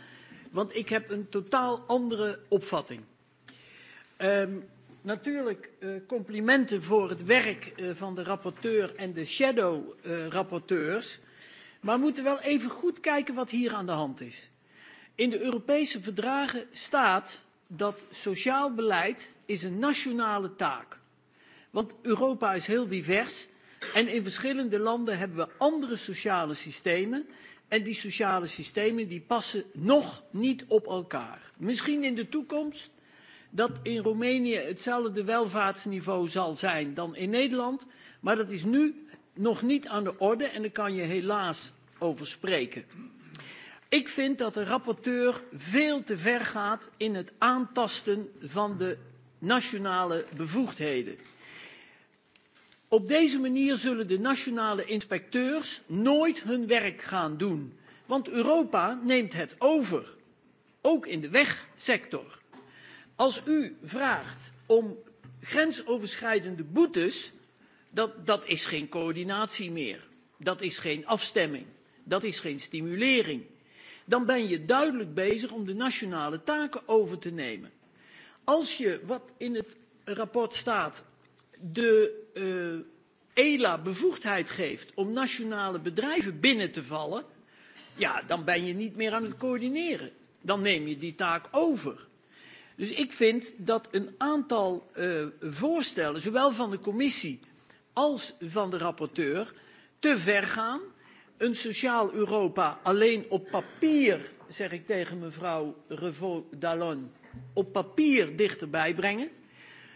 want ik heb een totaal andere opvatting. Um, natuurlijk uh, complimenten voor het werk uh, van de rapporteur en de shadow uh, rapporteurs, maar we moeten wel even goed kijken wat hier aan de hand is. In de Europese verdragen staat dat sociaal beleid is een nationale taak. Want Europa is heel divers En in verschillende landen hebben we andere sociale systemen. En die sociale systemen die passen nog niet op elkaar. Misschien in de toekomst dat in Roemenië hetzelfde welvaartsniveau zal zijn dan in Nederland. Maar dat is nu nog niet aan de orde en daar kan je helaas over spreken. Ik vind dat de rapporteur veel te ver gaat in het aantasten van de nationale bevoegdheden op deze manier zullen de nationale inspecteurs nooit hun werk gaan doen want europa neemt het over ook in de wegsector. als u vraagt om grensoverschrijdende boetes dat, dat is geen coördinatie meer dat is geen afstemming dat is geen stimulering. dan ben je duidelijk bezig om de nationale taken over te nemen. als je wat in het rapport staat de ela eh, e bevoegdheid geeft om nationale bedrijven binnen te vallen ja dan ben je niet meer aan het coördineren dan neem je die taak over. dus ik vind dat een aantal eh, voorstellen zowel van de commissie als van de rapporteur te ver gaan een sociaal europa alleen op papier zeg ik tegen mevrouw revaud dallon op papier dichterbij brengen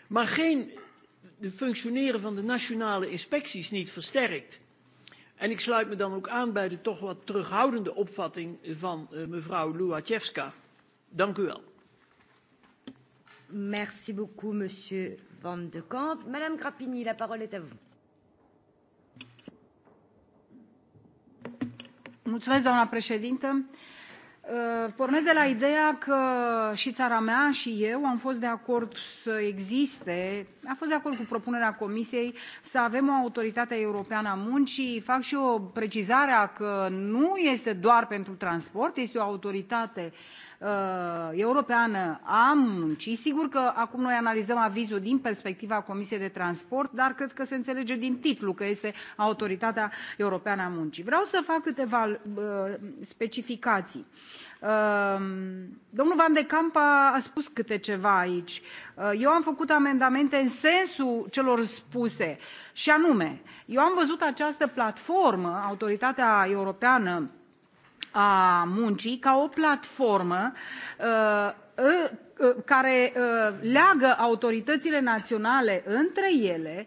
maar geen de functioneren van de nationale inspecties niet versterkt. En ik sluit me dan ook aan bij de toch wat terughoudende opvatting van eh, mevrouw Louatjewska. Dank u wel. Merci beaucoup, monsieur Van de Kamp. Madame Grappini, la parole est à vous. Mulțumesc, doamna președintă. Uh, Uh, pornesc de la ideea că și țara mea și eu am fost de acord să existe, am fost de acord cu propunerea Comisiei să avem o autoritate europeană a muncii. Fac și o precizare că nu este doar pentru transport, este o autoritate Uh, europeană a muncii. Sigur că acum noi analizăm avizul din perspectiva Comisiei de Transport, dar cred că se înțelege din titlu că este Autoritatea Europeană a Muncii. Vreau să fac câteva uh, specificații. Uh, domnul Van de Camp a spus câte ceva aici. Eu am făcut amendamente în sensul celor spuse și anume, eu am văzut această platformă, Autoritatea Europeană a muncii ca o platformă uh, uh, uh, care leagă autoritățile naționale între ele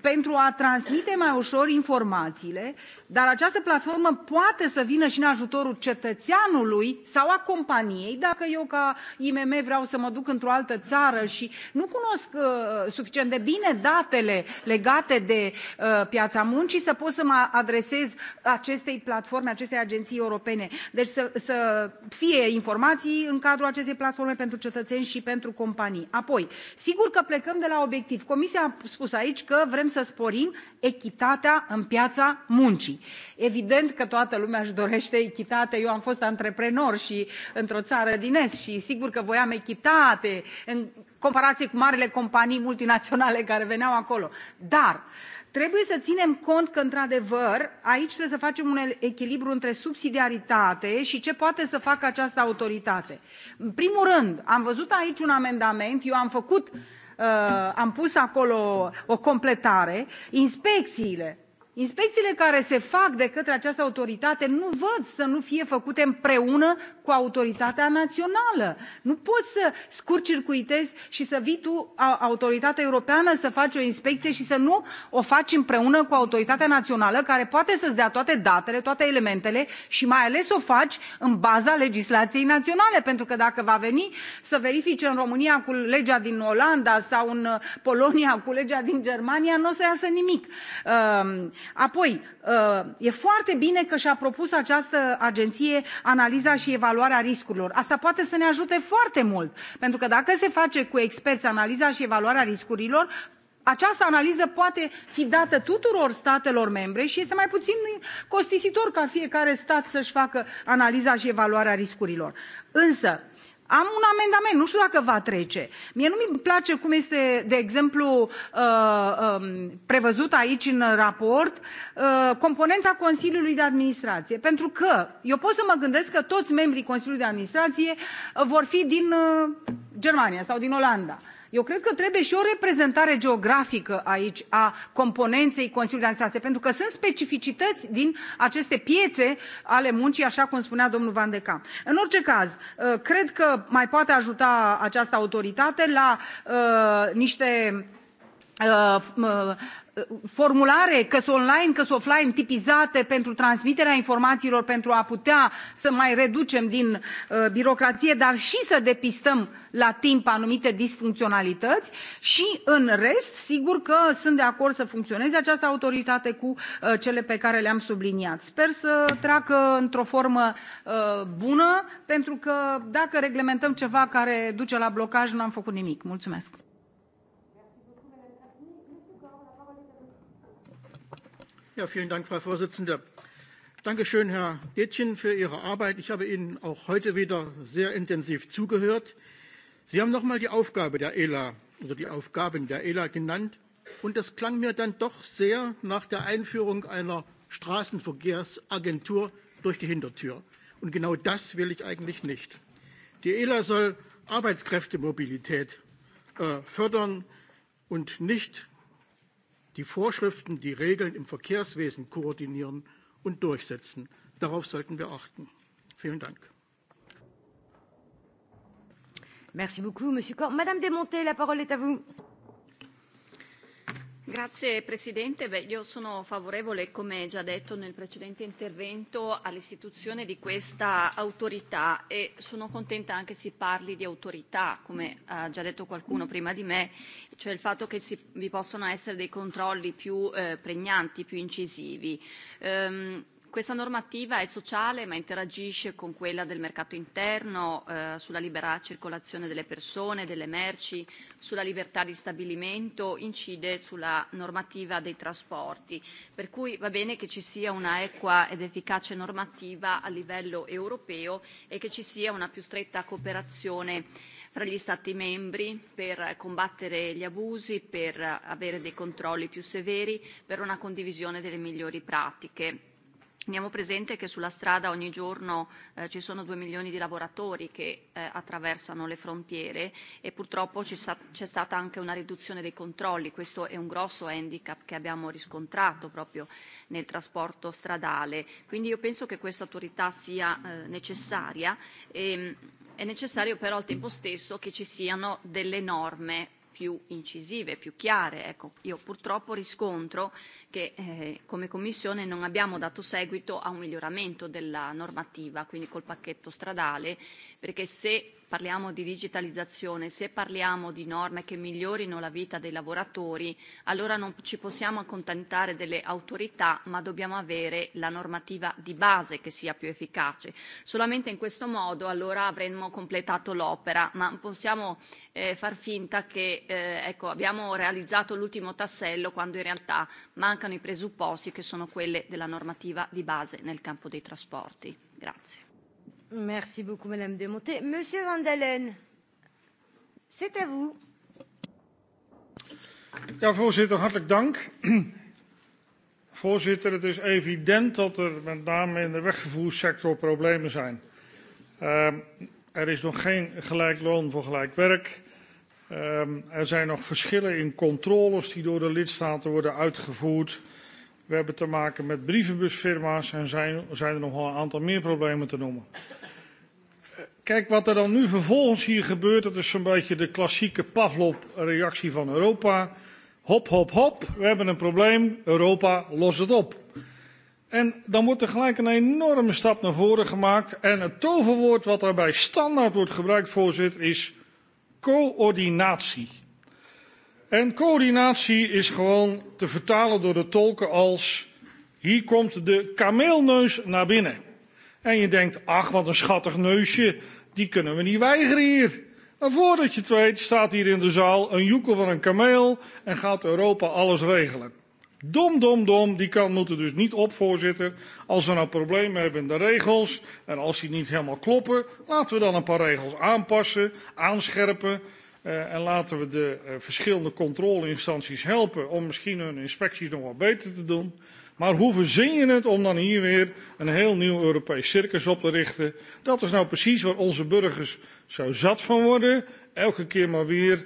pentru a transmite mai ușor informațiile dar această platformă poate să vină și în ajutorul cetățeanului sau a companiei dacă eu ca imm vreau să mă duc într o altă țară și nu cunosc uh, suficient de bine datele legate de uh, piața muncii să pot să mă adresez acestei platforme acestei agenții europene deci să, să fie informații în cadrul acestei platforme pentru cetățeni și pentru companii. apoi sigur că plecăm de la obiectiv comisia a spus aici că vrem să sporim echitatea în piața muncii evident că toată lumea își dorește echitate eu am fost antreprenor și într o țară din est și sigur că voiam echitate în comparație cu marile companii multinaționale care veneau acolo dar trebuie să ținem cont că într adevăr aici trebuie să facem un echilibru între subsidiaritate și ce poate să facă această autoritate. în primul rând am văzut aici un amendament eu am făcut uh, am pus acolo o completare inspecțiile inspecțiile care se fac de către această autoritate nu văd să nu fie făcute împreună cu autoritatea națională nu poți să scurt circuitezi și să vii tu autoritatea europeană să faci o inspecție și să nu o faci împreună cu autoritatea națională care poate să ți dea toate datele toate elementele și mai ales o faci în baza legislației naționale pentru că dacă va veni să verifice în România cu legea din Olanda sau în uh, Polonia cu legea din Germania nu o să iasă nimic. Um, apoi uh, e foarte bine că și a propus această agenție analiza și evaluarea riscurilor asta poate să ne ajute foarte mult pentru că dacă se face cu experți analiza și evaluarea riscurilor această analiză poate fi dată tuturor statelor membre și este mai puțin costisitor ca fiecare stat să și facă analiza și evaluarea riscurilor însă am un amendament nu știu dacă va trece. mie nu mi place cum este de exemplu uh, um, prevăzut aici în raport uh, componența consiliului de administrație pentru că eu pot să mă gândesc că toți membrii consiliului de administrație uh, vor fi din germania sau din olanda eu cred că trebuie și o reprezentare geografică aici a componenței consiliului de administrație pentru că sunt specificități din aceste piețe ale muncii așa cum spunea domnul van de camp. în orice caz uh, cred că mai poate ajuta această autoritate la uh, niște uh, formulare, că sunt online, că offline, tipizate pentru transmiterea informațiilor, pentru a putea să mai reducem din uh, birocrație, dar și să depistăm la timp anumite disfuncționalități și în rest, sigur că sunt de acord să funcționeze această autoritate cu uh, cele pe care le-am subliniat. Sper să treacă într-o formă uh, bună, pentru că dacă reglementăm ceva care duce la blocaj, nu am făcut nimic. Mulțumesc! Ja, vielen Dank, Frau Vorsitzende. Dankeschön, Herr Detjen, für Ihre Arbeit. Ich habe Ihnen auch heute wieder sehr intensiv zugehört. Sie haben noch nochmal die Aufgabe der ELA oder die Aufgaben der ELA genannt. Und das klang mir dann doch sehr nach der Einführung einer Straßenverkehrsagentur durch die Hintertür. Und genau das will ich eigentlich nicht. Die ELA soll Arbeitskräftemobilität äh, fördern und nicht die Vorschriften, die Regeln im Verkehrswesen koordinieren und durchsetzen. Darauf sollten wir achten. Vielen Dank. Merci beaucoup, Monsieur Madame Desmonté, la parole est à vous. Grazie Presidente, Beh, io sono favorevole, come già detto nel precedente intervento, all'istituzione di questa autorità e sono contenta anche si parli di autorità, come ha già detto qualcuno prima di me, cioè il fatto che si, vi possano essere dei controlli più eh, pregnanti, più incisivi. Ehm, Questa normativa è sociale ma interagisce con quella del mercato interno eh, sulla libera circolazione delle persone, delle merci, sulla libertà di stabilimento, incide sulla normativa dei trasporti, per cui va bene che ci sia una equa ed efficace normativa a livello europeo e che ci sia una più stretta cooperazione fra gli stati membri per combattere gli abusi, per avere dei controlli più severi, per una condivisione delle migliori pratiche Teniamo presente che sulla strada ogni giorno eh, ci sono due milioni di lavoratori che eh, attraversano le frontiere e purtroppo c'è stata anche una riduzione dei controlli. Questo è un grosso handicap che abbiamo riscontrato proprio nel trasporto stradale. Quindi io penso che questa autorità sia eh, necessaria e è necessario però al tempo stesso che ci siano delle norme più incisive, più chiare. Ecco, io purtroppo riscontro che eh, come Commissione non abbiamo dato seguito a un miglioramento della normativa, quindi col pacchetto stradale, perché se parliamo di digitalizzazione, se parliamo di norme che migliorino la vita dei lavoratori, allora non ci possiamo accontentare delle autorità, ma dobbiamo avere la normativa di base che sia più efficace. Solamente in questo modo allora avremmo completato l'opera, ma possiamo eh, far finta che eh, ecco, abbiamo realizzato l'ultimo tassello quando in realtà mancano i presupposti che sono quelle della normativa di base nel campo dei trasporti. Grazie. Merci beaucoup, Madame Demonté. Monsieur Van c'est à vous. Ja, voorzitter, hartelijk dank. Voorzitter, het is evident dat er met name in de wegvervoerssector problemen zijn. Uh, er is nog geen gelijk loon voor gelijk werk. Uh, er zijn nog verschillen in controles die door de lidstaten worden uitgevoerd. We hebben te maken met brievenbusfirma's en zijn, zijn er nogal een aantal meer problemen te noemen. Eh, kijk, wat er dan nu vervolgens hier gebeurt, dat is zo'n beetje de klassieke Pavlov-reactie van Europa. Hop, hop, hop, we hebben een probleem, Europa, los het op. En dan wordt er gelijk een enorme stap naar voren gemaakt. En het toverwoord wat daarbij standaard wordt gebruikt, voorzitter, is coördinatie. En coördinatie is gewoon te vertalen door de tolken als hier komt de kameelneus naar binnen. En je denkt, ach wat een schattig neusje, die kunnen we niet weigeren hier. En voordat je het weet staat hier in de zaal een joekel van een kameel en gaat Europa alles regelen. Dom, dom, dom, die kan moeten dus niet op, voorzitter. Als we nou problemen hebben in de regels en als die niet helemaal kloppen, laten we dan een paar regels aanpassen, aanscherpen Eh, en laten we de eh, verschillende controleinstanties helpen om misschien hun inspecties nog wat beter te doen. Maar hoe verzin je het om dan hier weer een heel nieuw Europees circus op te richten? Dat is nou precies waar onze burgers zo zat van worden. Elke keer maar weer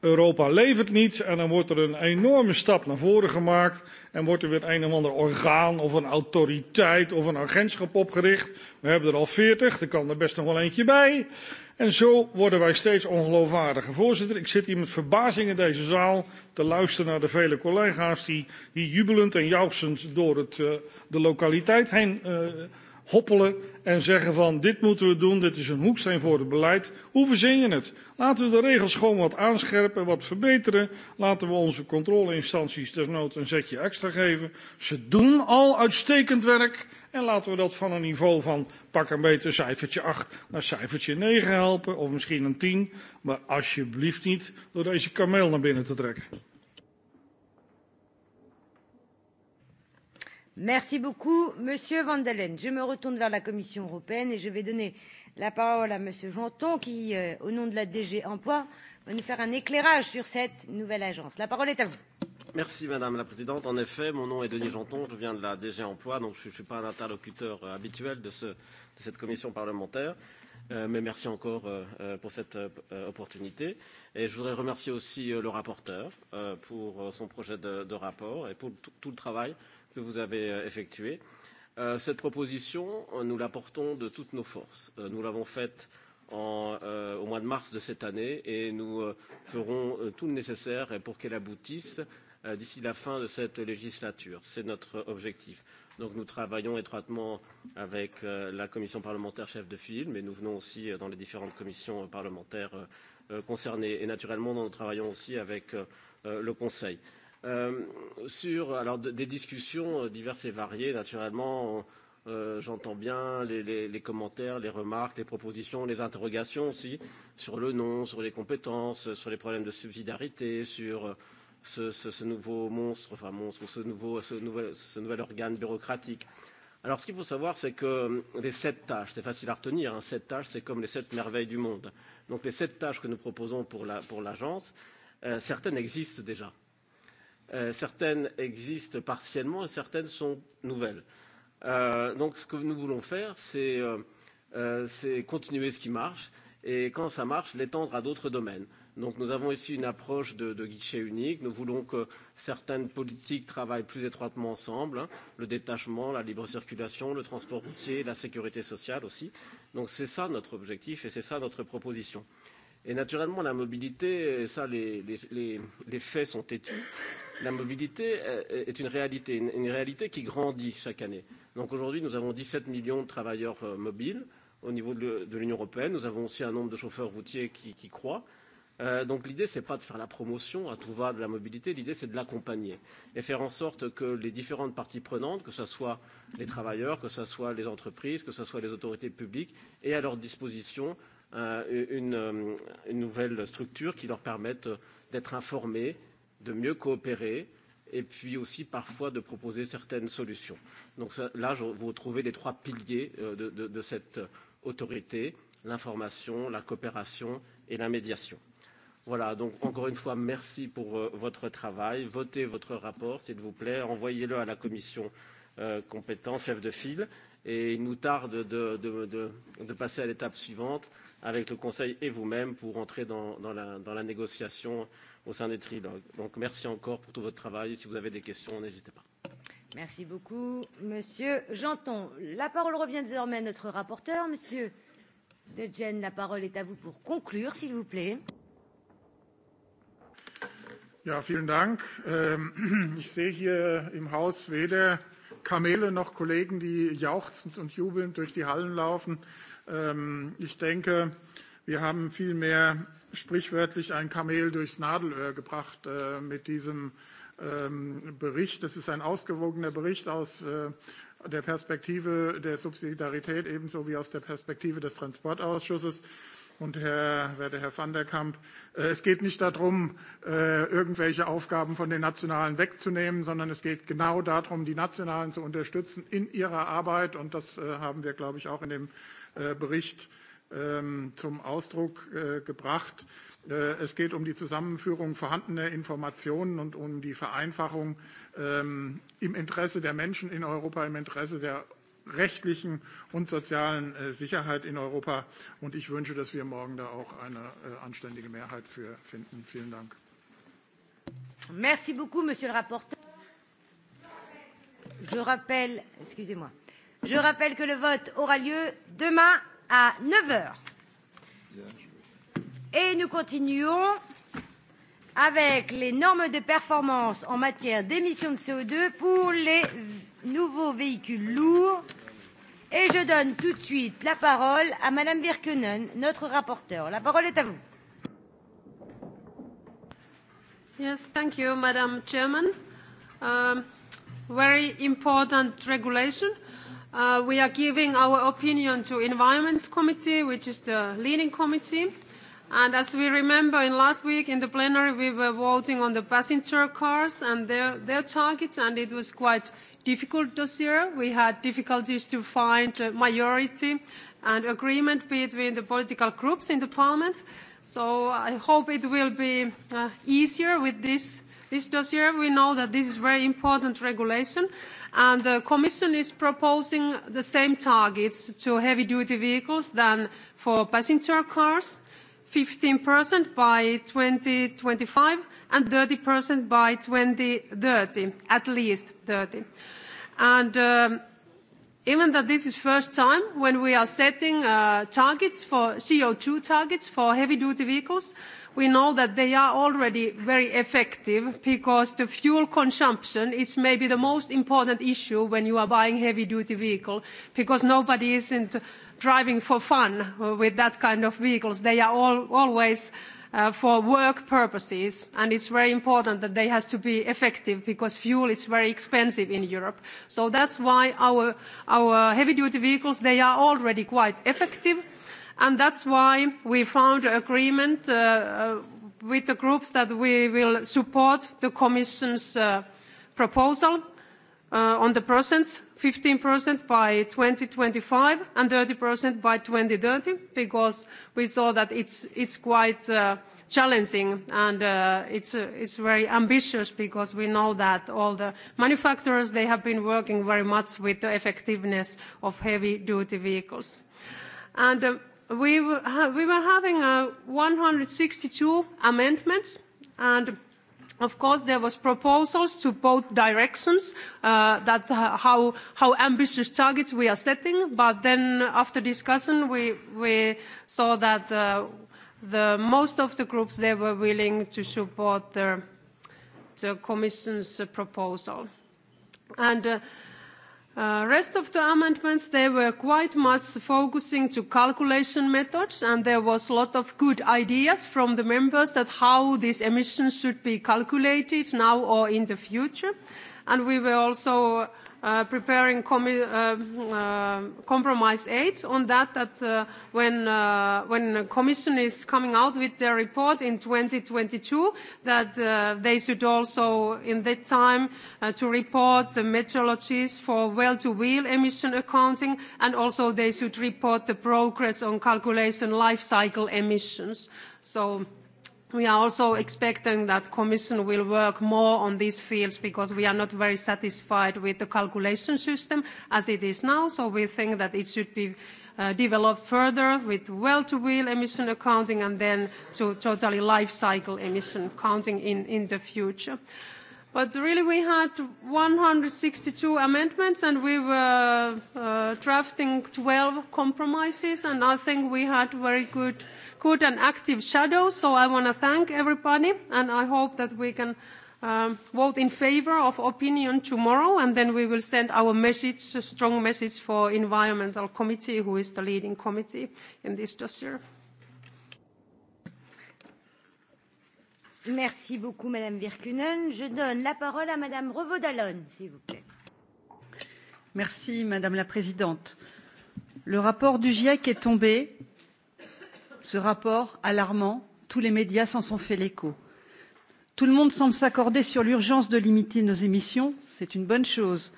Europa levert niets en dan wordt er een enorme stap naar voren gemaakt en wordt er weer een of ander orgaan of een autoriteit of een agentschap opgericht. We hebben er al veertig, er kan er best nog wel eentje bij. En zo worden wij steeds ongeloofwaardiger. Voorzitter, ik zit hier met verbazing in deze zaal te luisteren naar de vele collega's die, die jubelend en jouwsend door eh, de lokaliteit heen eh, hoppelen en zeggen van dit moeten we doen, dit is een hoeksteen voor het beleid. Hoe verzin je het? Laten we de regels gewoon wat aanscherpen, wat verbeteren. Laten we onze controleinstanties desnoods een zetje extra geven. Ze doen al uitstekend werk en laten we dat van een niveau van pak een beetje cijfertje 8 naar cijfertje 9 helpen, of misschien een 10, maar alsjeblieft niet door deze kameel naar binnen te trekken. Merci beaucoup, Monsieur Van Dalen. Je me retourne vers la Commission européenne et je vais donner la parole à Monsieur Janton qui, euh, au nom de la DG Emploi, va nous faire un éclairage sur cette nouvelle agence. La parole est à vous. Merci Madame la Présidente. En effet, mon nom est Denis Janton, je viens de la DG Emploi, donc je ne suis pas un interlocuteur euh, habituel de, ce, de cette commission parlementaire. Euh, mais merci encore euh, euh pour cette euh, opportunité. Et je voudrais remercier aussi euh, le rapporteur pour son projet de, de rapport et pour tout le travail que vous avez effectué. Cette proposition, nous l'apportons de toutes nos forces. Nous l'avons faite en, au mois de mars de cette année et nous ferons tout le nécessaire pour qu'elle aboutisse Euh, d'ici la fin de cette législature. C'est notre objectif. Donc nous travaillons étroitement avec euh, la commission parlementaire chef de file, mais nous venons aussi euh, dans les différentes commissions parlementaires concernées. Et naturellement, nous travaillons aussi avec le Conseil. sur alors, des discussions diverses et variées, naturellement, j'entends bien les, les, les commentaires, les remarques, les propositions, les interrogations aussi sur le nom, sur les compétences, sur les problèmes de subsidiarité, sur ce, ce, ce nouveau monstre, enfin monstre, ce, nouveau, ce, nouvel, ce nouvel organe bureaucratique. Alors ce qu'il faut savoir, c'est que euh, les sept tâches, c'est facile à retenir, hein, sept tâches, c'est comme les sept merveilles du monde. Donc les sept tâches que nous proposons pour l'agence, la, pour euh, certaines existent déjà. Euh, certaines existent partiellement et certaines sont nouvelles. Euh, donc ce que nous voulons faire, c'est euh, euh continuer ce qui marche et quand ça marche, l'étendre à d'autres domaines. Donc nous avons ici une approche de, de guichet unique. Nous voulons que certaines politiques travaillent plus étroitement ensemble, hein, le détachement, la libre circulation, le transport routier, la sécurité sociale aussi. Donc c'est ça notre objectif et c'est ça notre proposition. Et naturellement, la mobilité, et ça les, les, les, faits sont têtus, la mobilité euh, est une réalité, une, une réalité qui grandit chaque année. Donc aujourd'hui, nous avons 17 millions de travailleurs euh, mobiles au niveau de, de l'Union européenne. Nous avons aussi un nombre de chauffeurs routiers qui, qui croît. Euh, donc l'idée, c'est pas de faire la promotion à tout va de la mobilité, l'idée, c'est de l'accompagner et faire en sorte que les différentes parties prenantes, que ce soit les travailleurs, que ce soit les entreprises, que ce soit les autorités publiques, aient à leur disposition euh, une, euh, une nouvelle structure qui leur permette d'être informés, de mieux coopérer et puis aussi parfois de proposer certaines solutions. Donc ça, là, vous retrouvez les trois piliers euh, de, de, de cette autorité, l'information, la coopération et la médiation. Voilà, donc encore une fois, merci pour euh, votre travail. Votez votre rapport, s'il vous plaît. Envoyez-le à la commission euh, compétente, chef de file. Et il nous tarde de, de, de, de passer à l'étape suivante avec le Conseil et vous-même pour entrer dans, dans, la, dans la négociation au sein des trilogues. Donc merci encore pour tout votre travail. Si vous avez des questions, n'hésitez pas. Merci beaucoup, Monsieur Janton. La parole revient désormais à notre rapporteur, Monsieur Degen. La parole est à vous pour conclure, s'il vous plaît. Ja, vielen Dank. Ähm, ich sehe hier im Haus weder Kamele noch Kollegen, die jauchzend und jubelnd durch die Hallen laufen. Ähm, ich denke, wir haben vielmehr sprichwörtlich ein Kamel durchs Nadelöhr gebracht äh, mit diesem ähm, Bericht. Das ist ein ausgewogener Bericht aus äh, der Perspektive der Subsidiarität ebenso wie aus der Perspektive des Transportausschusses und Herr, werte Herr van der Kamp, äh, es geht nicht darum, äh, irgendwelche Aufgaben von den Nationalen wegzunehmen, sondern es geht genau darum, die Nationalen zu unterstützen in ihrer Arbeit. Und das äh, haben wir, glaube ich, auch in dem Bericht ähm, zum Ausdruck gebracht. Es geht um die Zusammenführung vorhandener Informationen und um die Vereinfachung ähm, im Interesse der Menschen in Europa, im Interesse der rechtlichen und sozialen äh, Sicherheit in Europa. Und ich wünsche, dass wir morgen da auch eine äh, anständige Mehrheit für finden. Vielen Dank. Merci beaucoup, Monsieur le rapporteur. Je rappelle, excusez-moi, je rappelle que le vote aura lieu demain à 9 heures. Et nous continuons avec les normes de performance en matière d'émissions de CO2 pour les nouveaux véhicules lourds. Et je donne tout de suite la parole à Madame Birkenen, notre rapporteure. La parole est à vous. Yes, thank you, Madam Chairman. Um, very important regulation. Uh, we are giving our opinion to Environment Committee, which is the leading committee. And as we remember, in last week in the plenary, we were voting on the passenger cars and their, their targets, and it was quite difficult dossier. We had difficulties to find a majority and agreement between the political groups in the parliament. So I hope it will be uh, easier with this, this dossier. We know that this is very important regulation and the Commission is proposing the same targets to heavy-duty vehicles than for passenger cars, 15% by 2025 and 30% by 2030, at least 30. And um, even that this is first time when we are setting uh, targets for CO2 targets for heavy-duty vehicles, we know that they are already very effective because the fuel consumption is maybe the most important issue when you are buying heavy-duty vehicle because nobody isn't driving for fun uh, with that kind of vehicles. They are all, always Uh, for work purposes and it's very important that they have to be effective because fuel is very expensive in Europe. So that's why our, heavy duty vehicles, they are already quite effective and that's why we found an agreement uh, uh, with the groups that we will support the Commission's proposal Uh, on the percents, 15% by 2025 and 30% by 2030, because we saw that it's, it's quite uh, challenging and uh, it's, it's very ambitious because we know that all the manufacturers, they have been working very much with the effectiveness of heavy-duty vehicles. And we were, we were having 162 amendments, and of course there was proposals to both directions uh, that how how ambitious targets we are setting but then after discussion we we saw that the most of the groups they were willing to support the the commission's proposal and uh, Uh, rest of the amendments, they were quite much focusing to calculation methods and there was a lot of good ideas from the members that how these emissions should be calculated now or in the future. And we were also Uh, preparing uh, uh, compromise aid on that, that when, when the Commission is coming out with their report in 2022, that they should also, in that time, to report the methodologies for well-to-wheel emission accounting, and also they should report the progress on calculation life cycle emissions. So we are also expecting that commission will work more on these fields because we are not very satisfied with the calculation system as it is now so we think that it should be uh, developed further with well to wheel emission accounting and then to totally life cycle emission counting in, the future. But really we had 162 amendments and we were uh, drafting 12 compromises and I think we had very good good and active shadow, so I want to thank everybody, and I hope that we can um, vote in favor of opinion tomorrow, and then we will send our message, a strong message for Environmental Committee, who is the leading committee in this dossier. Merci beaucoup, Madame Virkunen. Je donne la parole à Madame revaud s'il vous plaît. Merci, Madame la Présidente. Le rapport du GIEC est tombé Ce rapport, alarmant, tous les médias s'en sont fait l'écho. Tout le monde semble s'accorder sur l'urgence de limiter nos émissions, c'est une bonne chose.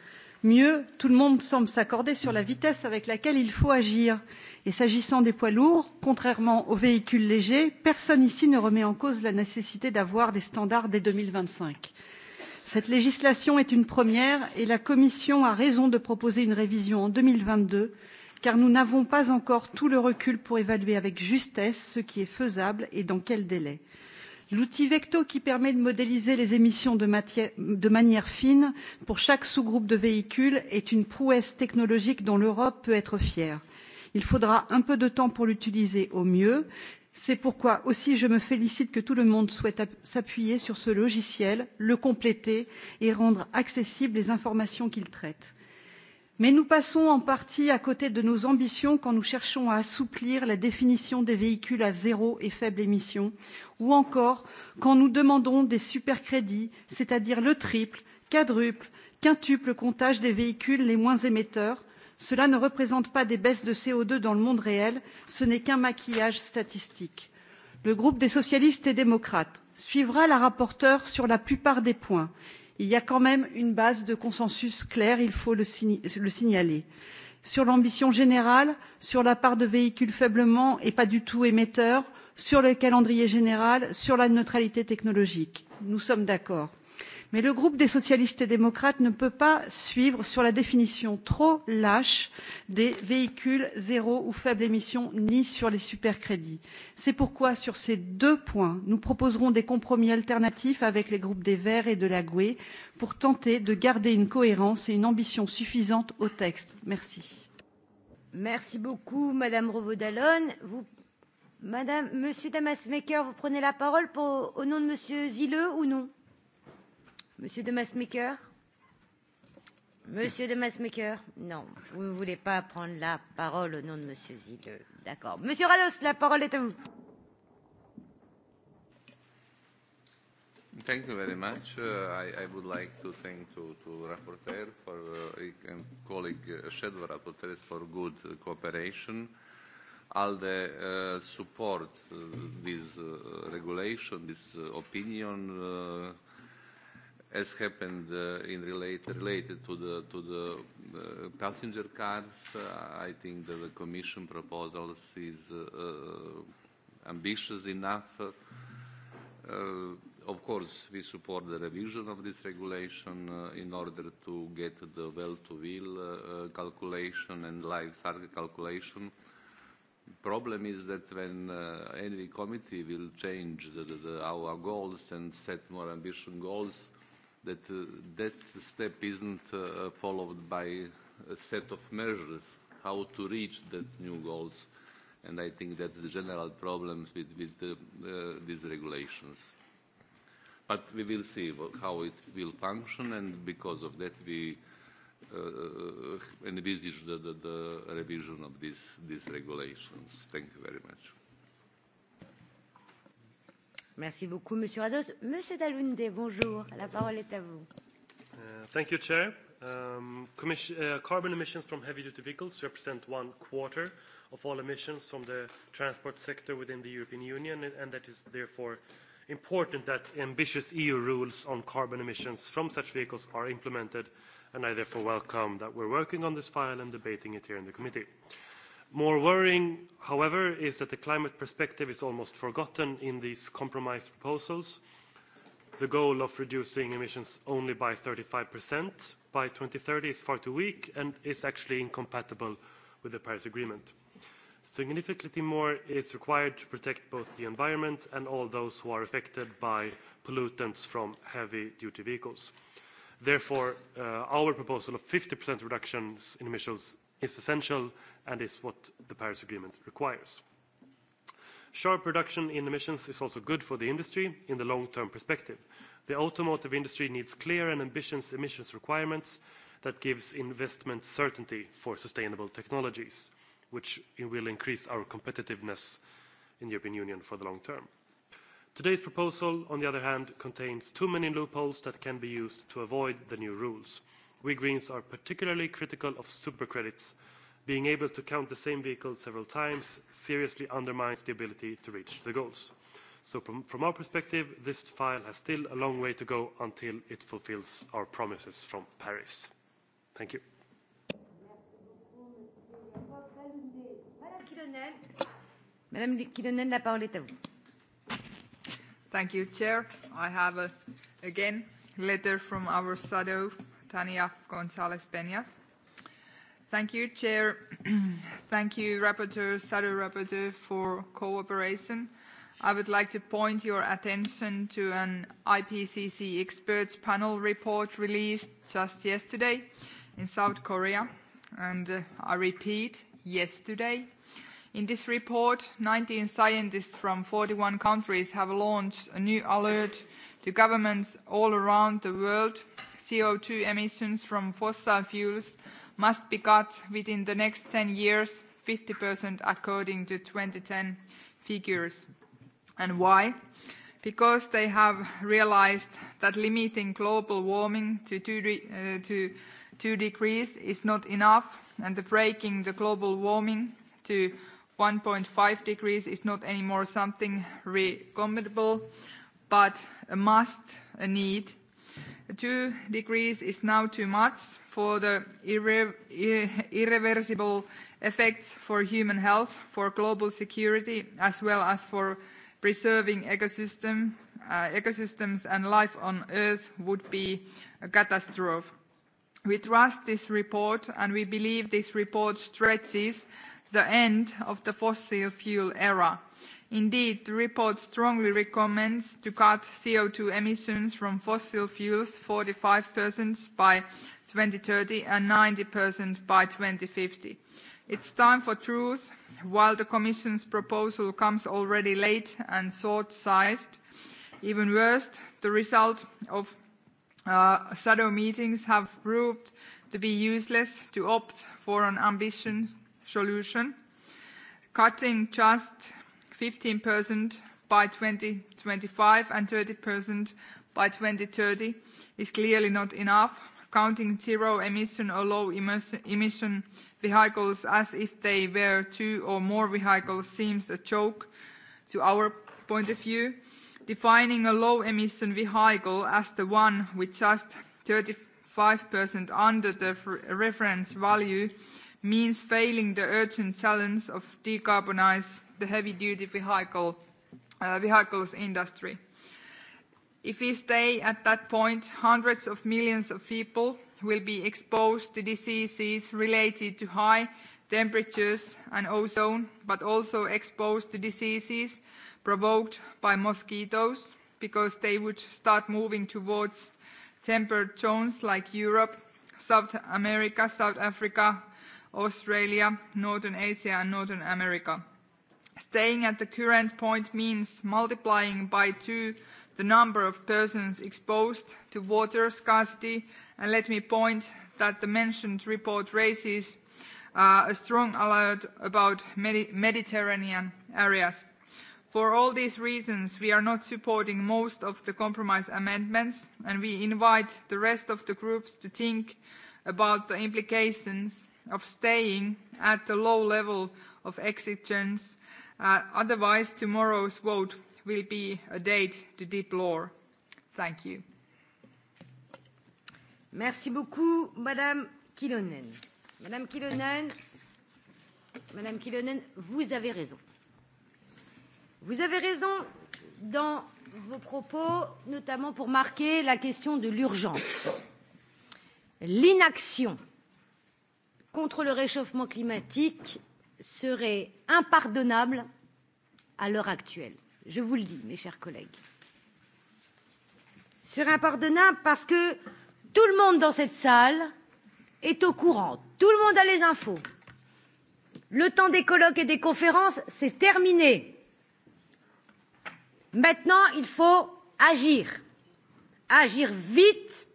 Mieux, tout le monde semble s'accorder sur la vitesse avec laquelle il faut agir. Et s'agissant des poids lourds, contrairement aux véhicules légers, personne ici ne remet en cause la nécessité d'avoir des standards dès 2025. Cette législation est une première et la Commission a raison de proposer une révision en 2022 car nous n'avons pas encore tout le recul pour évaluer avec justesse ce qui est faisable et dans quel délai. L'outil Vecto qui permet de modéliser les émissions de, de manière fine pour chaque sous-groupe de véhicules est une prouesse technologique dont l'Europe peut être fière. Il faudra un peu de temps pour l'utiliser au mieux. C'est pourquoi aussi je me félicite que tout le monde souhaite s'appuyer sur ce logiciel, le compléter et rendre accessibles les informations qu'il traite mais nous passons en partie à côté de nos ambitions quand nous cherchons à assouplir la définition des véhicules à zéro et faible émission ou encore quand nous demandons des supercrédits c'est à dire le triple quadruple quintuple comptage des véhicules les moins émetteurs cela ne représente pas des baisses de co 2 dans le monde réel ce n'est qu'un maquillage statistique. le groupe des socialistes et démocrates suivra la rapporteure sur la plupart des points il y a quand même une base de consensus claire il faut le, le signaler sur l'ambition générale sur la part de véhicules faiblement et pas du tout émetteurs sur le calendrier général sur la neutralité technologique nous sommes d'accord mais le groupe des socialistes et démocrates ne peut pas suivre sur la définition trop lâche des véhicules zéro ou faible émission ni sur les supercrédits. c'est pourquoi sur ces deux points nous proposerons des compromis alternatifs avec les groupes des verts et de la gue pour tenter de garder une cohérence et une ambition suffisante au texte. merci. merci beaucoup madame revaud Vous... Madame, Monsieur Damasmaker, vous prenez la parole pour, au nom de Monsieur Zilleux ou non Monsieur de Masmaker Monsieur de Non, vous ne voulez pas prendre la parole au nom de Monsieur Zille. D'accord. Monsieur Rados, la parole est à vous. Thank you very much. Uh, I, I would like to thank to, to rapporteur for uh, and colleague uh, shadow rapporteurs for good cooperation. cooperation. the uh, support uh, this uh, regulation, this uh, opinion. Uh, as happened uh, in relate, related to the, to the uh, passenger cars, uh, I think that the Commission proposal is uh, ambitious enough. of course, we support the revision of this regulation in order to get the well-to-wheel calculation and life cycle calculation problem is that when uh, any committee will change the, the, the, our goals and set more ambition goals, that uh, that step isn't uh, followed by a set of measures how to reach that new goals and I think that the general problems with, with the, uh, these regulations. But we will see how it will function, and because of that, we uh, envisage the, the, the revision of these regulations. Thank you very much. Merci beaucoup, Monsieur Monsieur Dalunde, bonjour. La parole est à vous. Uh, thank you, Chair. Um, uh, carbon emissions from heavy-duty vehicles represent one quarter of all emissions from the transport sector within the European Union, and that is therefore important that ambitious EU rules on carbon emissions from such vehicles are implemented, and I therefore welcome that we're working on this file and debating it here in the committee. More worrying, however, is that the climate perspective is almost forgotten in these compromise proposals. The goal of reducing emissions only by 35% by 2030 is far too weak and is actually incompatible with the Paris Agreement. Significantly more is required to protect both the environment and all those who are affected by pollutants from heavy-duty vehicles. Therefore, uh, our proposal of 50% reductions in emissions is essential and is what the Paris Agreement requires. Sharp reduction in emissions is also good for the industry in the long-term perspective. The automotive industry needs clear and ambitious emissions requirements that gives investment certainty for sustainable technologies, which will increase our competitiveness in the European Union for the long term. Today's proposal, on the other hand, contains too many loopholes that can be used to avoid the new rules. We Greens are particularly critical of supercredits. Being able to count the same vehicle several times seriously undermines the ability to reach the goals. So from, from our perspective, this file has still a long way to go until it fulfills our promises from Paris. Thank you. Thank you, Chair. I have a, again letter from our shadow Tania Gonzalez Peñas. Thank you, Chair. Thank you, Rapporteur, Shadow Rapporteur, for cooperation. I would like to point your attention to an IPCC experts panel report released just yesterday in South Korea. And uh, I repeat, yesterday. In this report, 19 scientists from 41 countries have launched a new alert to governments all around the world CO2 emissions from fossil fuels must be cut within the next ten years 50% according to 2010 figures. And why? Because they have realized that limiting global warming to two uh, to degrees is not enough and breaking the global warming to 1.5 degrees is not anymore something recommendable but a must, a need two degrees is now too much for the irreversible effects for human health, for global security, as well as for preserving ecosystem, uh, ecosystems and life on Earth would be a catastrophe. We trust this report and we believe this report stretches the end of the fossil fuel era Indeed, the report strongly recommends to cut CO2 emissions from fossil fuels forty five by thousand and 90% by 2050. It's time for truth. While the Commission's proposal comes already late and short-sized, even worse, the result of uh, shadow meetings have proved to be useless to opt for an ambitious solution. Cutting just 15% by 2025 and 30% by 2030 is clearly not enough. Counting zero emission or low emission vehicles as if they were two or more vehicles seems a joke to our point of view. Defining a low emission vehicle as the one with just 35% under the reference value means failing the urgent challenge of decarbonize the heavy-duty vehicle, uh, vehicles industry. If we stay at that point, hundreds of millions of people will be exposed to diseases related to high temperatures and ozone, but also exposed to diseases provoked by mosquitoes because they would start moving towards temperate zones like Europe, South America, South Africa, Australia, Northern Asia and Northern America staying at the current point means multiplying by two the number of persons exposed to water scarcity and let me point that the mentioned report raises uh, a strong alert about Medi Mediterranean areas. For all these reasons, we are not supporting most of the compromise amendments, and we invite the rest of the groups to think about the implications of staying at the low level of exigence Uh, otherwise, tomorrow's vote will be a date to deplore. Thank you. Merci beaucoup, Madame Kilonen. Madame Kilonen, Madame Kilonen, vous avez raison. Vous avez raison dans vos propos, notamment pour marquer la question de l'urgence. L'inaction contre le réchauffement climatique serait impardonnable à l'heure actuelle. Je vous le dis, mes chers collègues. Serait impardonnable parce que tout le monde dans cette salle est au courant. Tout le monde a les infos. Le temps des colloques et des conférences, c'est terminé. Maintenant, il faut agir. Agir vite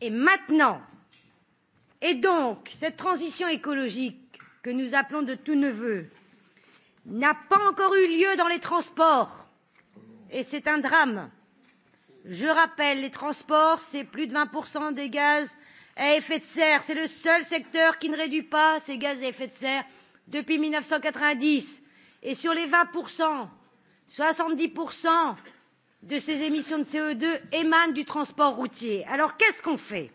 et maintenant. Et donc, cette transition écologique que nous appelons de tous nos n'a pas encore eu lieu dans les transports et c'est un drame. Je rappelle, les transports, c'est plus de 20% des gaz à effet de serre. C'est le seul secteur qui ne réduit pas ces gaz à effet de serre depuis 1990. Et sur les 20%, 70% de ces émissions de CO2 émanent du transport routier. Alors qu'est-ce qu'on fait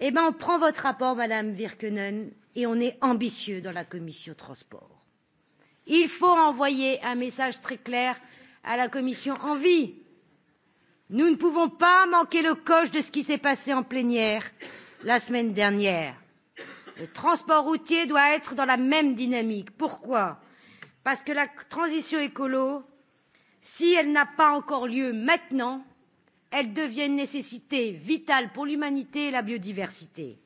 Eh bien, on prend votre rapport, Madame Virkenen, et on est ambitieux dans la commission transport. Il faut envoyer un message très clair à la commission envie. Nous ne pouvons pas manquer le coche de ce qui s'est passé en plénière la semaine dernière. Le transport routier doit être dans la même dynamique. Pourquoi Parce que la transition écolo, si elle n'a pas encore lieu maintenant, elle devient une nécessité vitale pour l'humanité et la biodiversité.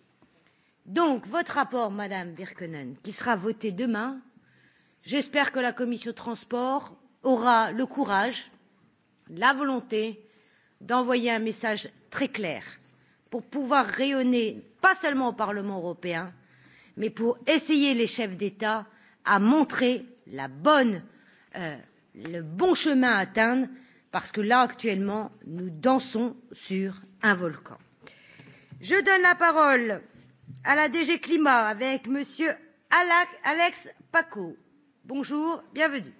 Donc, votre rapport, Madame Birkenen, qui sera voté demain, j'espère que la Commission Transport aura le courage, la volonté d'envoyer un message très clair pour pouvoir rayonner, pas seulement au Parlement européen, mais pour essayer les chefs d'État à montrer la bonne, euh, le bon chemin à atteindre, parce que là, actuellement, nous dansons sur un volcan. Je donne la parole à la DG Climat avec Monsieur Alex Paco. Bonjour, bienvenue.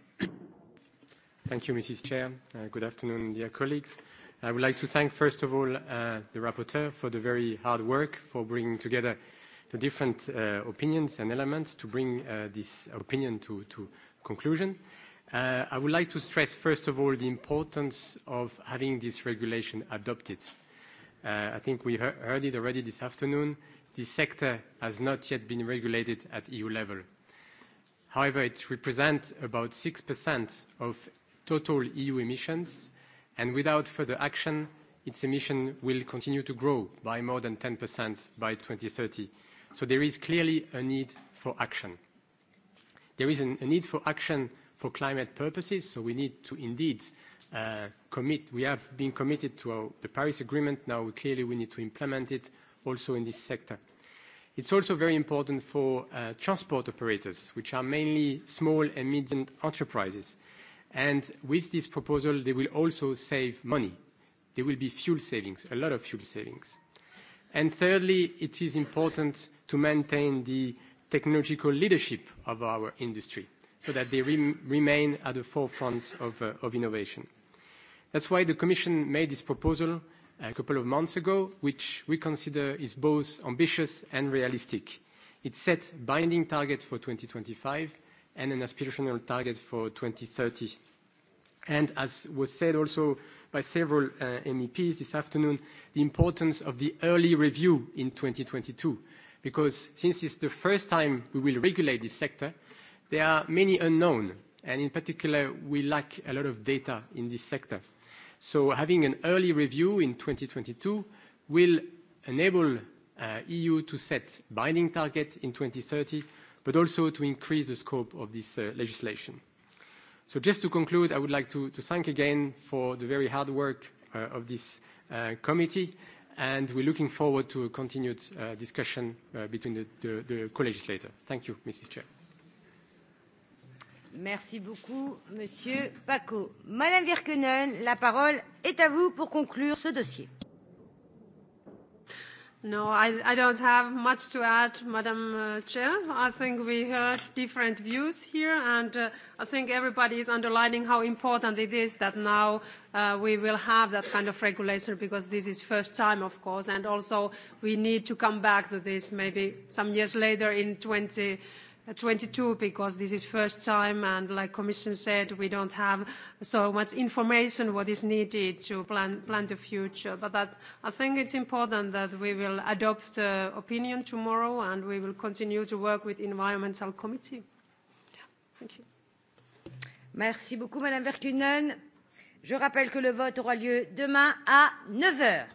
Thank you, Mrs. Chair. Uh, good afternoon, dear colleagues. I would like to thank, first of all, uh, the rapporteur for the very hard work for bringing together the different uh, opinions and elements to bring uh, this opinion to, to conclusion. Uh, I would like to stress, first of all, the importance of having this regulation adopted. Uh, I think we he heard it already this afternoon. This sector has not yet been regulated at EU level. However, it represents about 6% of total EU emissions, and without further action, its emission will continue to grow by more than 10% by 2030. So there is clearly a need for action. There is a need for action for climate purposes, so we need to indeed uh, commit. We have been committed to the Paris Agreement. Now, clearly, we need to implement it also in this sector. It's also very important for uh, transport operators, which are mainly small and medium enterprises. And with this proposal, they will also save money. There will be fuel savings, a lot of fuel savings. And thirdly, it is important to maintain the technological leadership of our industry so that they remain at the forefront of, uh, of innovation. That's why the Commission made this proposal a couple of months ago, which we consider is both ambitious and realistic. It sets binding target for 2025 and an aspirational target for 2030. And as was said also by several uh, MEPs this afternoon, the importance of the early review in 2022, because since it's the first time we will regulate this sector, there are many unknown, and in particular, we lack a lot of data in this sector. So having an early review in 2022 will enable the uh, EU to set binding targets in 2030, but also to increase the scope of this uh, legislation. So just to conclude, I would like to, thank again for the very hard work uh, of this committee, and we're looking forward to a continued discussion between the, the, the co-legislator. Thank you, Mrs. Chair. Merci beaucoup, Monsieur Paco. Madame Virkenen, la parole est à vous pour conclure ce dossier. No, I, I don't have much to add, Madam uh, Chair. I think we heard different views here, and uh, I think everybody is underlining how important it is that now uh, we will have that kind of regulation because this is first time, of course, and also we need to come back to this maybe some years later in 20. 22 because this is first time and like Commission said, we don't have so much information what is needed to plan, plan the future. But that, I think it's important that we will adopt the opinion tomorrow and we will continue to work with Environmental Committee. thank you. Merci beaucoup Madame Verkunen. Je rappelle que le vote aura lieu demain à 9 heures.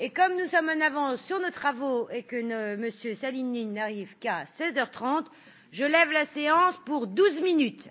Et comme nous sommes en avance sur nos travaux et que euh, Monsieur Salini n'arrive qu'à 16h30, je lève la séance pour douze minutes.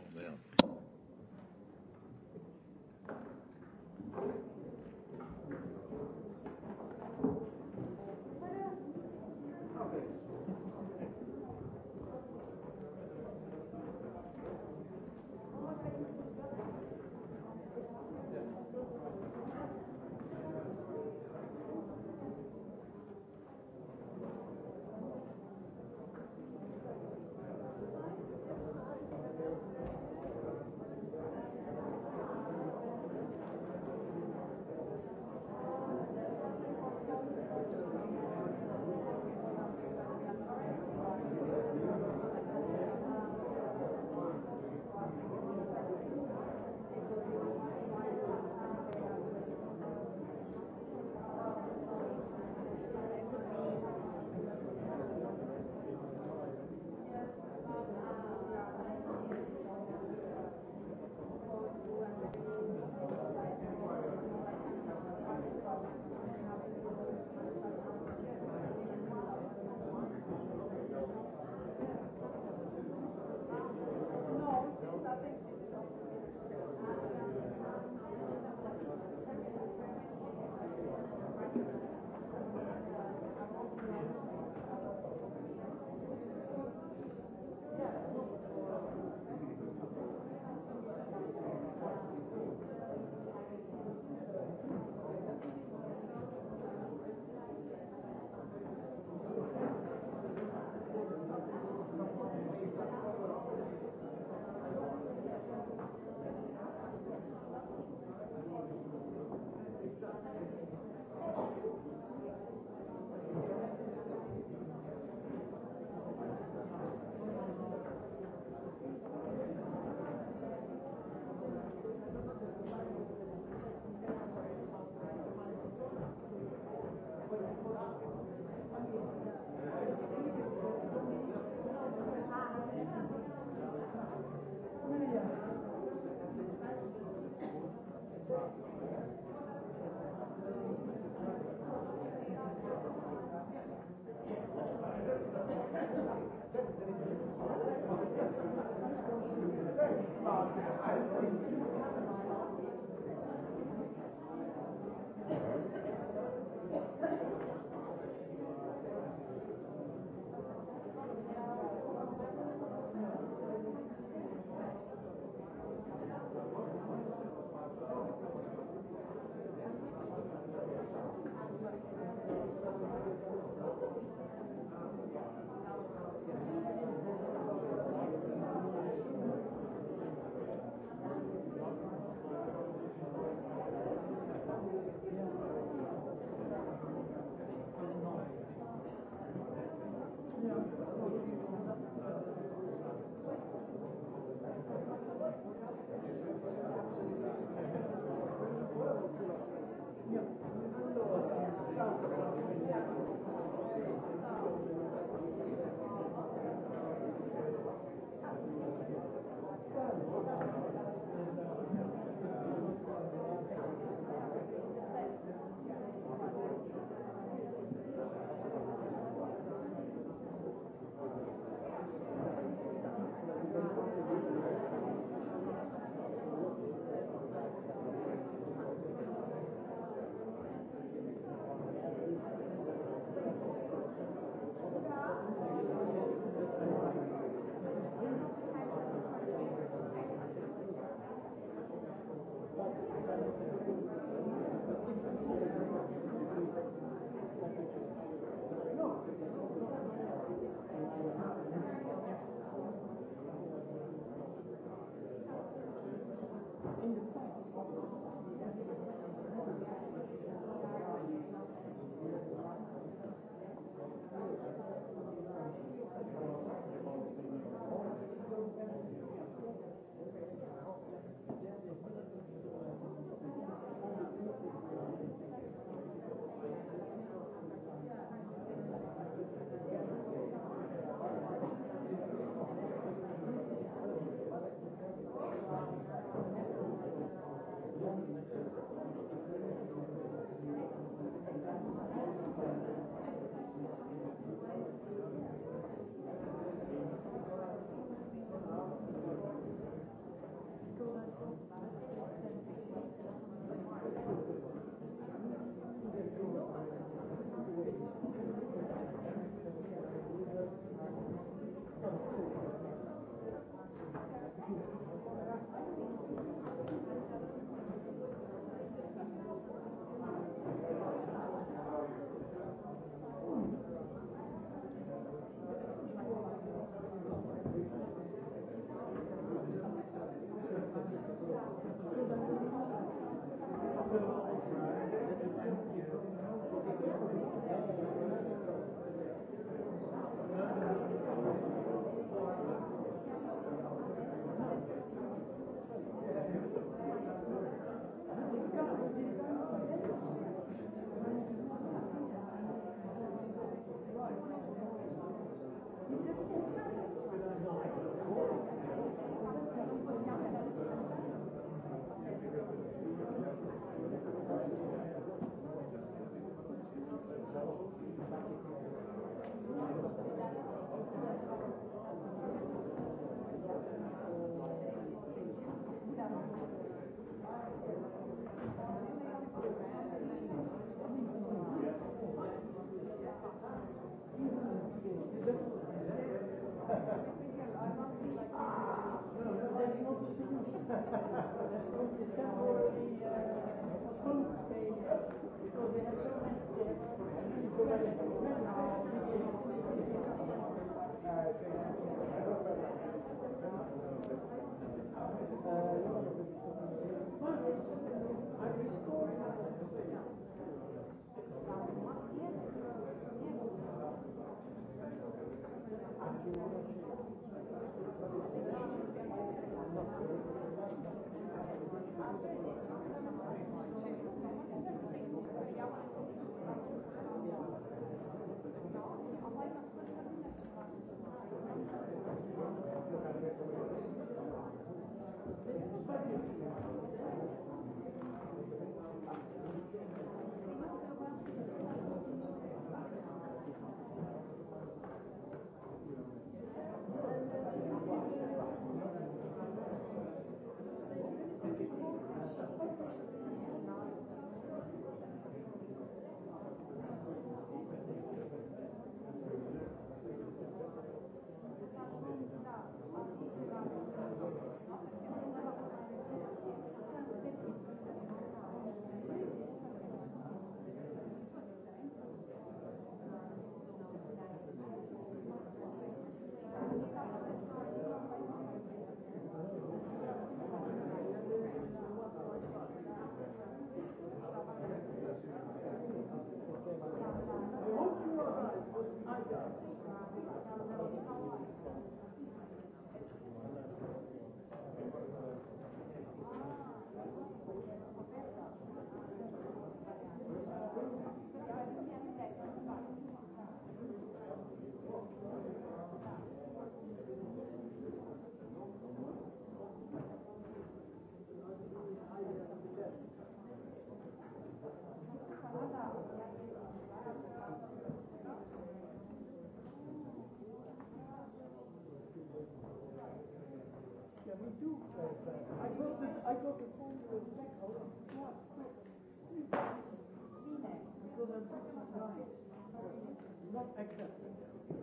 Not accepted.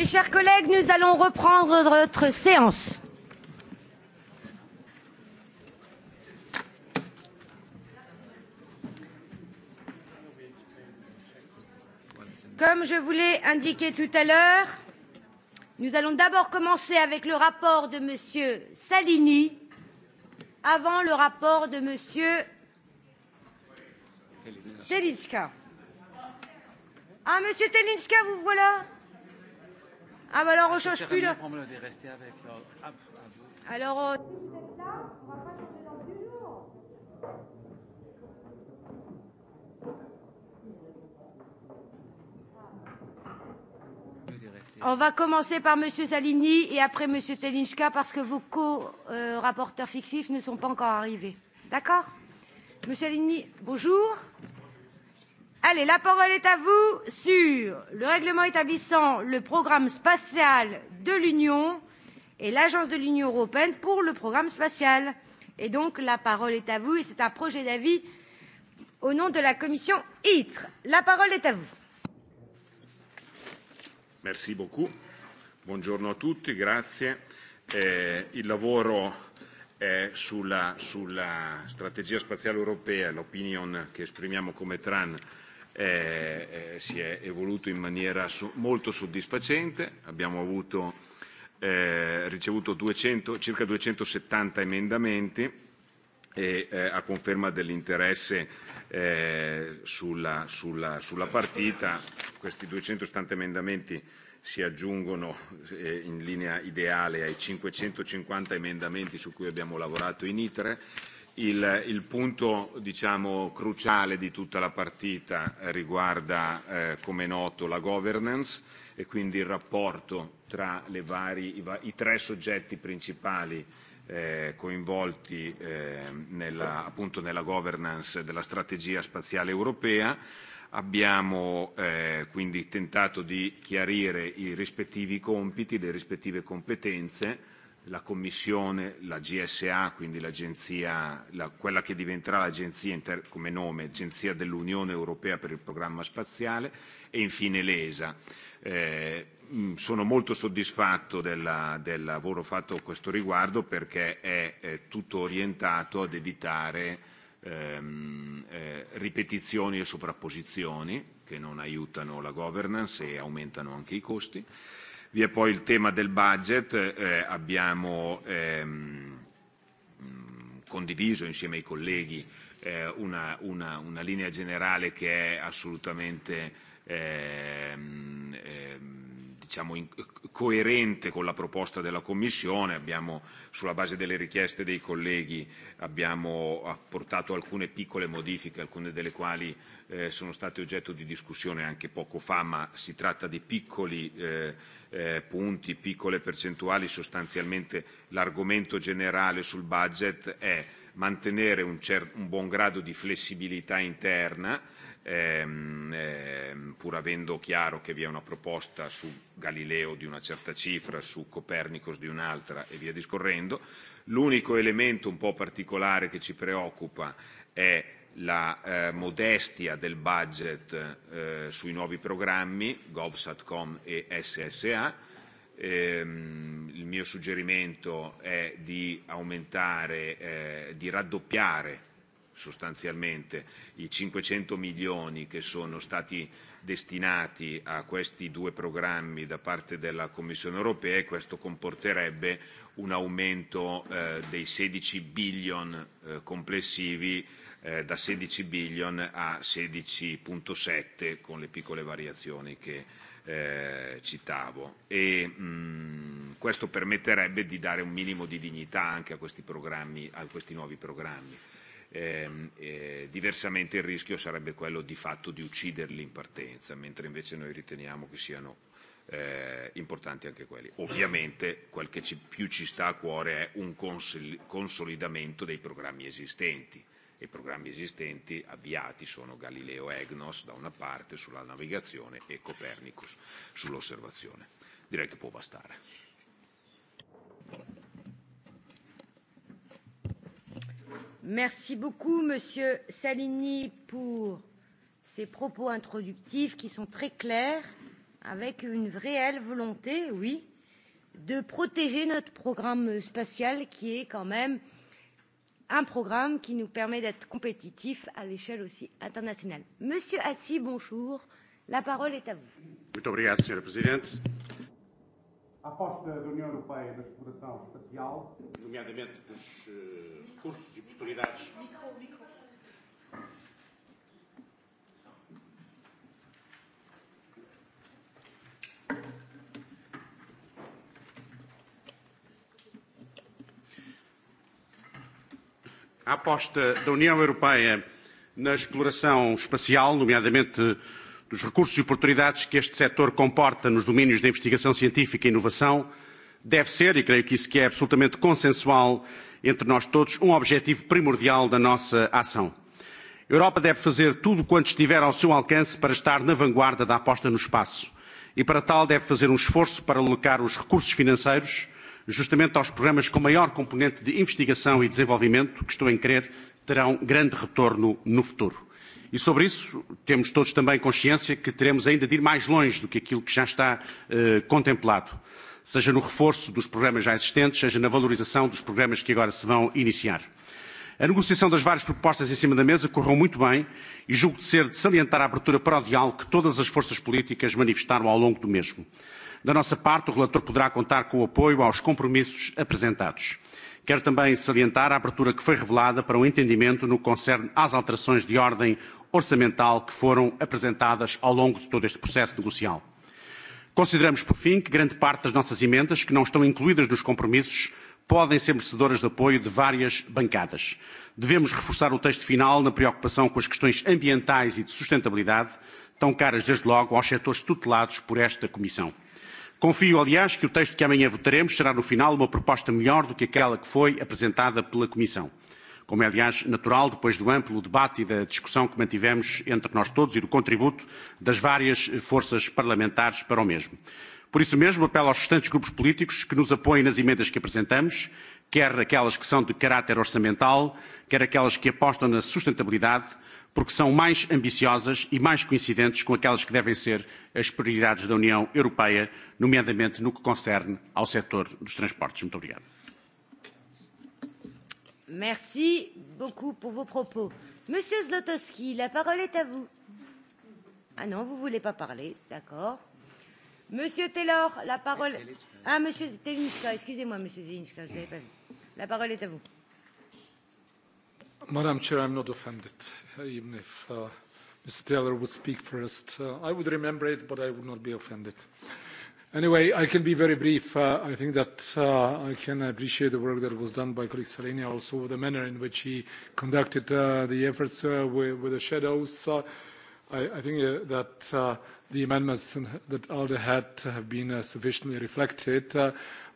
Mes chers collègues, nous allons reprendre notre séance. Comme je vous l'ai indiqué tout à l'heure, nous allons d'abord commencer avec le rapport de Monsieur Salini avant le rapport de Monsieur Telinska. Ah, Monsieur Telinska, vous voilà Ah bah alors on change plus là. Ah, ah, alors... Ah. Euh, on va commencer par Monsieur Salini et après Monsieur Telinchka parce que vos co-rapporteurs fixifs ne sont pas encore arrivés. D'accord Monsieur Salini, bonjour. Allez, la parole est à vous sur le règlement établissant le programme spatial de l'Union et l'Agence de l'Union européenne pour le programme spatial. Et donc, la parole est à vous et c'est un projet d'avis au nom de la commission ITRE. La parole est à vous. Merci beaucoup. Buongiorno a tutti, grazie. Eh, il lavoro eh, sulla, sulla strategia spaziale europea, l'opinion che esprimiamo come TRAN, Eh, eh, si è evoluto in maniera molto soddisfacente. Abbiamo avuto, eh, ricevuto 200, circa 270 emendamenti e eh, a conferma dell'interesse eh, sulla, sulla, sulla partita, questi 270 emendamenti si aggiungono eh, in linea ideale ai 550 emendamenti su cui abbiamo lavorato in ITRE Il, il punto diciamo cruciale di tutta la partita riguarda, eh, come noto, la governance e quindi il rapporto tra le vari, i, i tre soggetti principali eh, coinvolti eh, nella, appunto nella governance della strategia spaziale europea. Abbiamo eh, quindi tentato di chiarire i rispettivi compiti, le rispettive competenze la Commissione, la GSA, quindi l'agenzia, la, quella che diventerà l'agenzia inter, come nome, Agenzia dell'Unione Europea per il Programma Spaziale e infine l'ESA. Eh, mm, sono molto soddisfatto della, del lavoro fatto a questo riguardo perché è, tutto orientato ad evitare ehm, eh, ripetizioni e sovrapposizioni che non aiutano la governance e aumentano anche i costi vi è poi il tema del budget, eh, abbiamo ehm, condiviso insieme ai colleghi eh, una, una, una linea generale che è assolutamente ehm, ehm diciamo coerente con la proposta della Commissione, abbiamo sulla base delle richieste dei colleghi abbiamo apportato alcune piccole modifiche, alcune delle quali eh, sono state oggetto di discussione anche poco fa, ma si tratta di piccoli eh, punti, piccole percentuali, sostanzialmente l'argomento generale sul budget è mantenere un, un buon grado di flessibilità interna, ehm, ehm, pur avendo chiaro che vi è una proposta su Galileo di una certa cifra, su Copernicus di un'altra e via discorrendo. L'unico elemento un po' particolare che ci preoccupa è la eh, modestia del budget eh, sui nuovi programmi GovSatcom e SSA. Ehm, il mio suggerimento è di aumentare, eh, di raddoppiare sostanzialmente i 500 milioni che sono stati destinati a questi due programmi da parte della Commissione europea e questo comporterebbe un aumento dei 16 billion complessivi Eh, da 16 billion a 16.7 con le piccole variazioni che eh, citavo. E, mm, questo permetterebbe di dare un minimo di dignità anche a questi, programmi, a questi nuovi programmi. Eh, diversamente il rischio sarebbe quello di fatto di ucciderli in partenza, mentre invece noi riteniamo che siano eh, importanti anche quelli. Ovviamente quel che ci, più ci sta a cuore è un consolidamento dei programmi esistenti e i programmi esistenti avviati sono Galileo EGNOS da una parte sulla navigazione e Copernicus sull'osservazione. Direi che può bastare. Merci beaucoup monsieur Salini pour ces propos introductifs qui sont très clairs avec une réelle volonté oui de protéger notre programme spatial qui est quand même un programme qui nous permet d'être compétitifs à l'échelle aussi internationale. Monsieur Assi, bonjour. La parole est à vous. Muito obrigado, Sr. Presidente. A aposta da União Europeia na exploração espacial, nomeadamente dos eh, recursos e oportunidades micro, micro. a aposta da União Europeia na exploração espacial, nomeadamente dos recursos e oportunidades que este setor comporta nos domínios da investigação científica e inovação, deve ser, e creio que isso é absolutamente consensual entre nós todos, um objetivo primordial da nossa ação. A Europa deve fazer tudo quanto estiver ao seu alcance para estar na vanguarda da aposta no espaço. E para tal deve fazer um esforço para alocar os recursos financeiros justamente aos programas com maior componente de investigação e desenvolvimento, que estou em crer terão grande retorno no futuro. E sobre isso temos todos também consciência que teremos ainda de ir mais longe do que aquilo que já está eh, contemplado, seja no reforço dos programas já existentes, seja na valorização dos programas que agora se vão iniciar. A negociação das várias propostas em cima da mesa correu muito bem e julgo de ser de salientar a abertura para o diálogo que todas as forças políticas manifestaram ao longo do mesmo da nossa parte o relator poderá contar com o apoio aos compromissos apresentados. quero também salientar a abertura que foi revelada para o um entendimento no que concerne às alterações de ordem orçamental que foram apresentadas ao longo de todo este processo negocial. consideramos por fim que grande parte das nossas emendas que não estão incluídas nos compromissos podem ser merecedoras de apoio de várias bancadas. Devemos reforçar o texto final na preocupação com as questões ambientais e de sustentabilidade, tão caras desde logo aos setores tutelados por esta Comissão confio aliás que o texto que amanhã votaremos será no final uma proposta melhor do que aquela que foi apresentada pela comissão como é aliás natural depois do amplo debate e da discussão que mantivemos entre nós todos e do contributo das várias forças parlamentares para o mesmo. Por isso mesmo, apelo aos restantes grupos políticos que nos apoiem nas emendas que apresentamos, quer aquelas que são de caráter orçamental, quer aquelas que apostam na sustentabilidade, porque são mais ambiciosas e mais coincidentes com aquelas que devem ser as prioridades da União Europeia, nomeadamente no que concerne ao setor dos transportes. Muito obrigado. Merci beaucoup pour vos propos. Monsieur Zlotowski, la parole est à vous. Ah non, vous ne voulez pas parler, d'accord. Monsieur Taylor, la parole... Ah, monsieur Zelinska, excusez-moi, monsieur Zelinska, je n'avais pas vu. La parole est à vous. Madam Chair, I'm not offended, uh, even if uh, Mr. Taylor would speak first. Uh, I would remember it, but I would not be offended. Anyway, I can be very brief. Uh, I think that uh, I can appreciate the work that was done by colleague Salenia, also the manner in which he conducted uh, the efforts uh, with, with the shadows. Uh, I, I think that the amendments that ALDE had have been sufficiently reflected.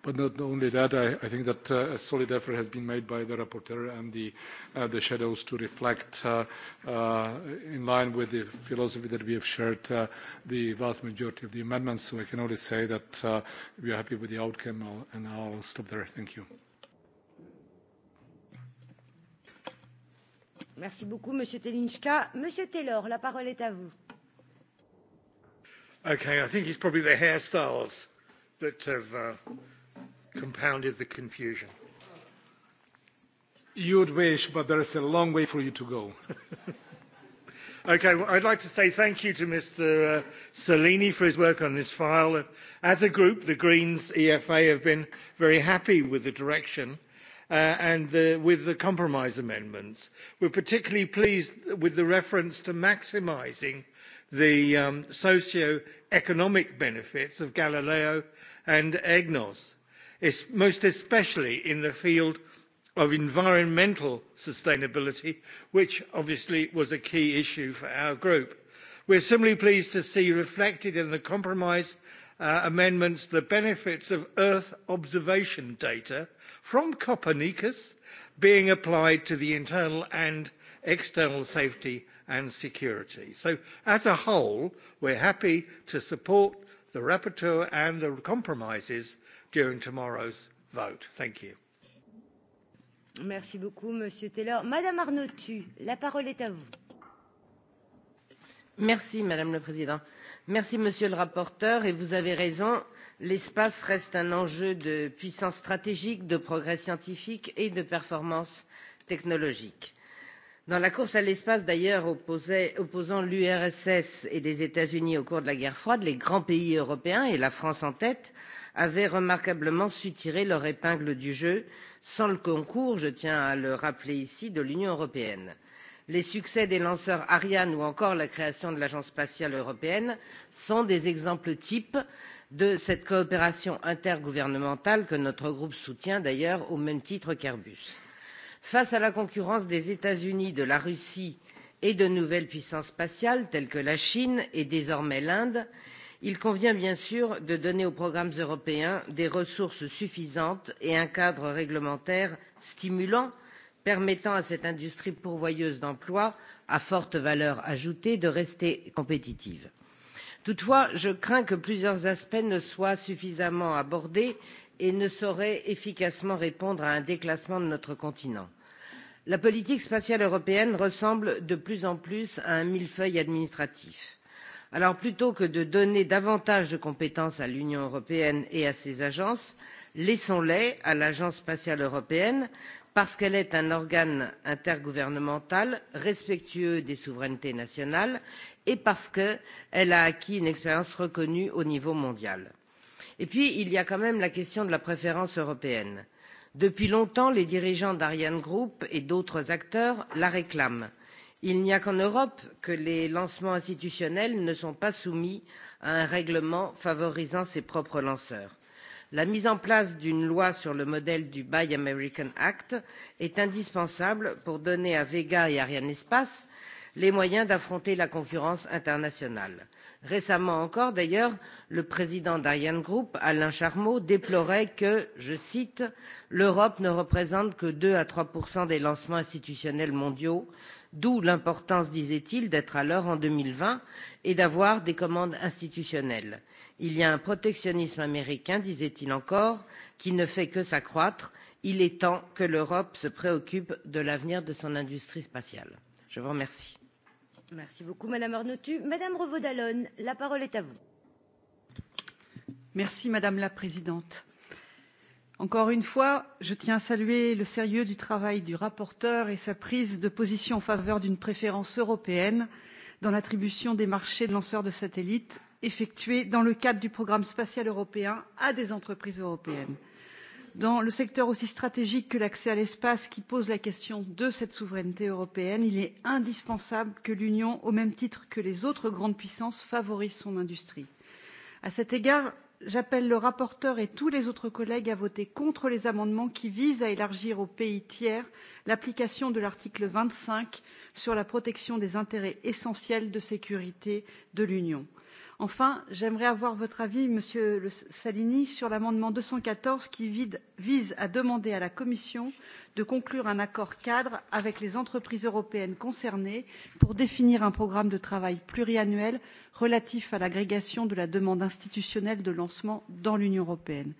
But not only that, I, think that uh, a solid effort has been made by the rapporteur and the, uh, shadows to reflect, uh, in line with the philosophy that we have shared, the vast majority of the amendments. So I can only say that we are happy with the outcome, and I'll stop there. Thank you. Merci beaucoup, Monsieur Telinska. Monsieur Taylor, la parole est à vous. Okay, I think it's probably the hairstyles that have compounded the confusion. You would wish, but there is a long way for you to go. okay, well, I'd like to say thank you to Mr. Cellini uh, for his work on this file. Uh, as a group, the Greens EFA have been very happy with the direction uh, and the, with the compromise amendments. We're particularly pleased with the reference to maximising the um, socio-economic benefits of Galileo and EGNOS most especially in the field of environmental sustainability which obviously was a key issue for our group. we are similarly pleased to see reflected in the compromise uh, amendments the benefits of earth observation data from copernicus being applied to the internal and external safety and security. so as a whole we are happy to support the rapporteur and the compromises during tomorrow's vote. Thank you. Merci beaucoup, Monsieur Taylor. Madame Arnautu, la parole est à vous. Merci, Madame la Présidente. Merci, Monsieur le rapporteur, et vous avez raison, l'espace reste un enjeu de puissance stratégique, de progrès scientifique et de performance technologique Dans la course à l'espace d'ailleurs opposant l'URSS et les États-Unis au cours de la guerre froide, les grands pays européens et la France en tête avaient remarquablement su tirer leur épingle du jeu sans le concours, je tiens à le rappeler ici, de l'Union européenne. Les succès des lanceurs Ariane ou encore la création de l'Agence spatiale européenne sont des exemples types de cette coopération intergouvernementale que notre groupe soutient d'ailleurs au même titre qu'Airbus. Face à la concurrence des États-Unis, de la Russie et de nouvelles puissances spatiales telles que la Chine et désormais l'Inde, il convient bien sûr de donner aux programmes européens des ressources suffisantes et un cadre réglementaire stimulant permettant à cette industrie pourvoyeuse d'emplois à forte valeur ajoutée de rester compétitive. Toutefois, je crains que plusieurs aspects ne soient suffisamment abordés et ne sauraient efficacement répondre à un déclassement de notre continent la politique spatiale européenne ressemble de plus en plus à un millefeuille administratif. alors plutôt que de donner davantage de compétences à l'union européenne et à ses agences laissons les à l'agence spatiale européenne parce qu'elle est un organe intergouvernemental respectueux des souverainetés nationales et parce qu'elle a acquis une expérience reconnue au niveau mondial. et puis il y a quand même la question de la préférence européenne. Depuis longtemps, les dirigeants d'Ariane Group et d'autres acteurs la réclament. Il n'y a qu'en Europe que les lancements institutionnels ne sont pas soumis à un règlement favorisant ses propres lanceurs. La mise en place d'une loi sur le modèle du Buy American Act est indispensable pour donner à Vega et Ariane Espace les moyens d'affronter la concurrence internationale. Récemment encore, d'ailleurs, le président d'Ariane Group, Alain Charmeau, déplorait que, je cite, l'Europe ne représente que 2 à 3 des lancements institutionnels mondiaux, d'où l'importance, disait-il, d'être à l'heure en 2020 et d'avoir des commandes institutionnelles. Il y a un protectionnisme américain, disait-il encore, qui ne fait que s'accroître. Il est temps que l'Europe se préoccupe de l'avenir de son industrie spatiale. Je vous remercie. Merci beaucoup, Madame Arnautu. Madame revaud la parole est à vous. Merci, Madame la Présidente. Encore une fois, je tiens à saluer le sérieux du travail du rapporteur et sa prise de position en faveur d'une préférence européenne dans l'attribution des marchés de lanceurs de satellites effectués dans le cadre du programme spatial européen à des entreprises européennes. Dans le secteur aussi stratégique que l'accès à l'espace qui pose la question de cette souveraineté européenne, il est indispensable que l'Union, au même titre que les autres grandes puissances, favorise son industrie. À cet égard, j'appelle le rapporteur et tous les autres collègues à voter contre les amendements qui visent à élargir aux pays tiers l'application de l'article vingt cinq sur la protection des intérêts essentiels de sécurité de l'union. Enfin, j'aimerais avoir votre avis, Monsieur Salini, sur l'amendement 214 qui vise à demander à la Commission de conclure un accord cadre avec les entreprises européennes concernées pour définir un programme de travail pluriannuel relatif à l'agrégation de la demande institutionnelle de lancement dans l'Union européenne.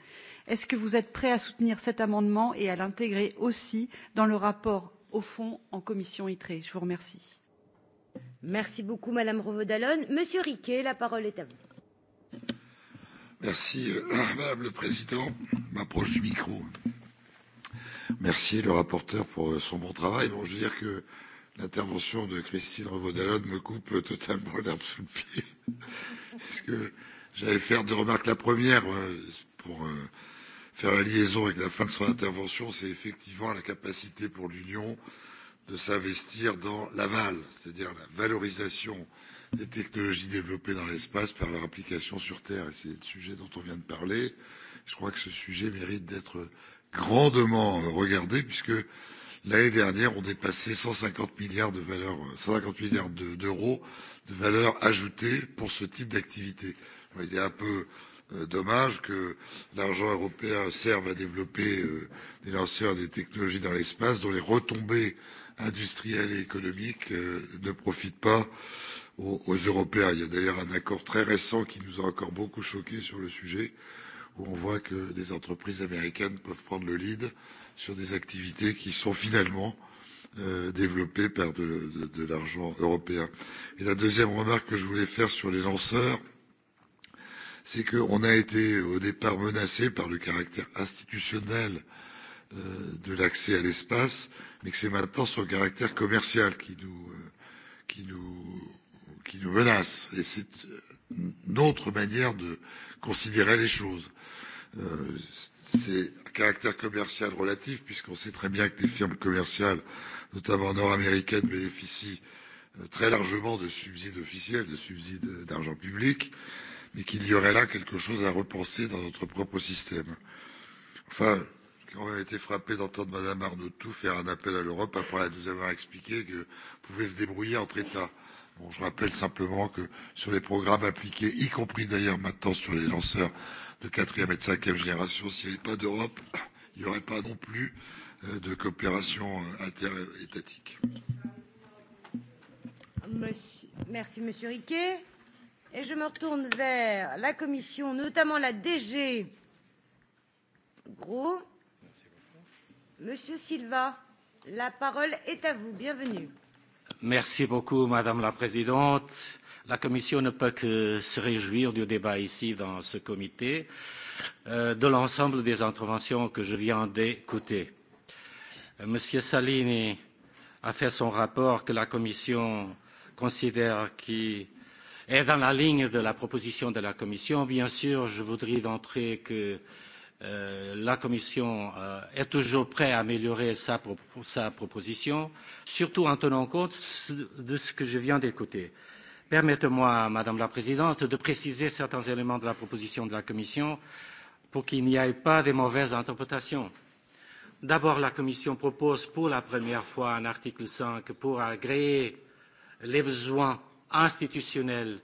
Est-ce que vous êtes prêt à soutenir cet amendement et à l'intégrer aussi dans le rapport au fond en commission ITRE Je vous remercie. Merci beaucoup, Madame revaud Monsieur Riquet, la parole est à vous. Merci, euh, Madame le Président. M'approche du micro. Merci le rapporteur pour euh, son bon travail. Bon, je veux dire que l'intervention de Christine revaud me coupe totalement l'herbe sous le pied. Parce que j'allais faire deux remarques. La première, euh, pour euh, faire la liaison avec la fin de son intervention, c'est effectivement la capacité pour l'Union de s'investir dans l'aval, c'est-à-dire la valorisation des technologies développées dans l'espace par leur application sur Terre. Et c'est le sujet dont on vient de parler. Je crois que ce sujet mérite d'être grandement euh, regardé puisque l'année dernière, on dépassait 150 milliards de valeur, 150 euh, milliards d'euros de, de valeur ajoutée pour ce type d'activité. Il est un peu euh, dommage que l'argent européen serve à développer des lanceurs des technologies dans l'espace dont les retombées industrielle et économique euh, ne profite pas aux, Européens. Il y a d'ailleurs un accord très récent qui nous a encore beaucoup choqués sur le sujet, où on voit que des entreprises américaines peuvent prendre le lead sur des activités qui sont finalement euh, développées par de, de, de l'argent européen. Et la deuxième remarque que je voulais faire sur les lanceurs, c'est qu'on a été au départ menacé par le caractère institutionnel euh, de l'accès à l'espace mais que c'est maintenant son caractère commercial qui nous, euh, qui nous, qui nous menace. Et c'est euh, une autre manière de considérer les choses. Euh, c'est un caractère commercial relatif, puisqu'on sait très bien que les firmes commerciales, notamment nord-américaines, bénéficient très largement de subsides officiels, de subsides d'argent public, mais qu'il y aurait là quelque chose à repenser dans notre propre système. Enfin, on a été frappé d'entendre Madame tout faire un appel à l'Europe après nous avoir expliqué que pouvait se débrouiller entre États. Bon, je rappelle simplement que sur les programmes appliqués, y compris d'ailleurs maintenant sur les lanceurs de quatrième et de cinquième génération, s'il n'y avait pas d'Europe, il n'y aurait pas non plus euh, de coopération euh, interétatique. Merci, Monsieur Riquet. Et je me retourne vers la Commission, notamment la DG Gros Monsieur Silva, la parole est à vous. Bienvenue. Merci beaucoup, Madame la Présidente. La Commission ne peut que se réjouir du débat ici dans ce comité, euh, de l'ensemble des interventions que je viens d'écouter. Euh, Monsieur Salini a fait son rapport que la Commission considère qui est dans la ligne de la proposition de la Commission. Bien sûr, je voudrais d'entrer que Euh, la Commission euh, est toujours prête à améliorer sa, pro sa proposition, surtout en tenant compte de ce que je viens d'écouter. Permettez-moi, Madame la Présidente, de préciser certains éléments de la proposition de la Commission pour qu'il n'y ait pas de mauvaises interprétations. D'abord, la Commission propose pour la première fois un article 5 pour agréer les besoins institutionnels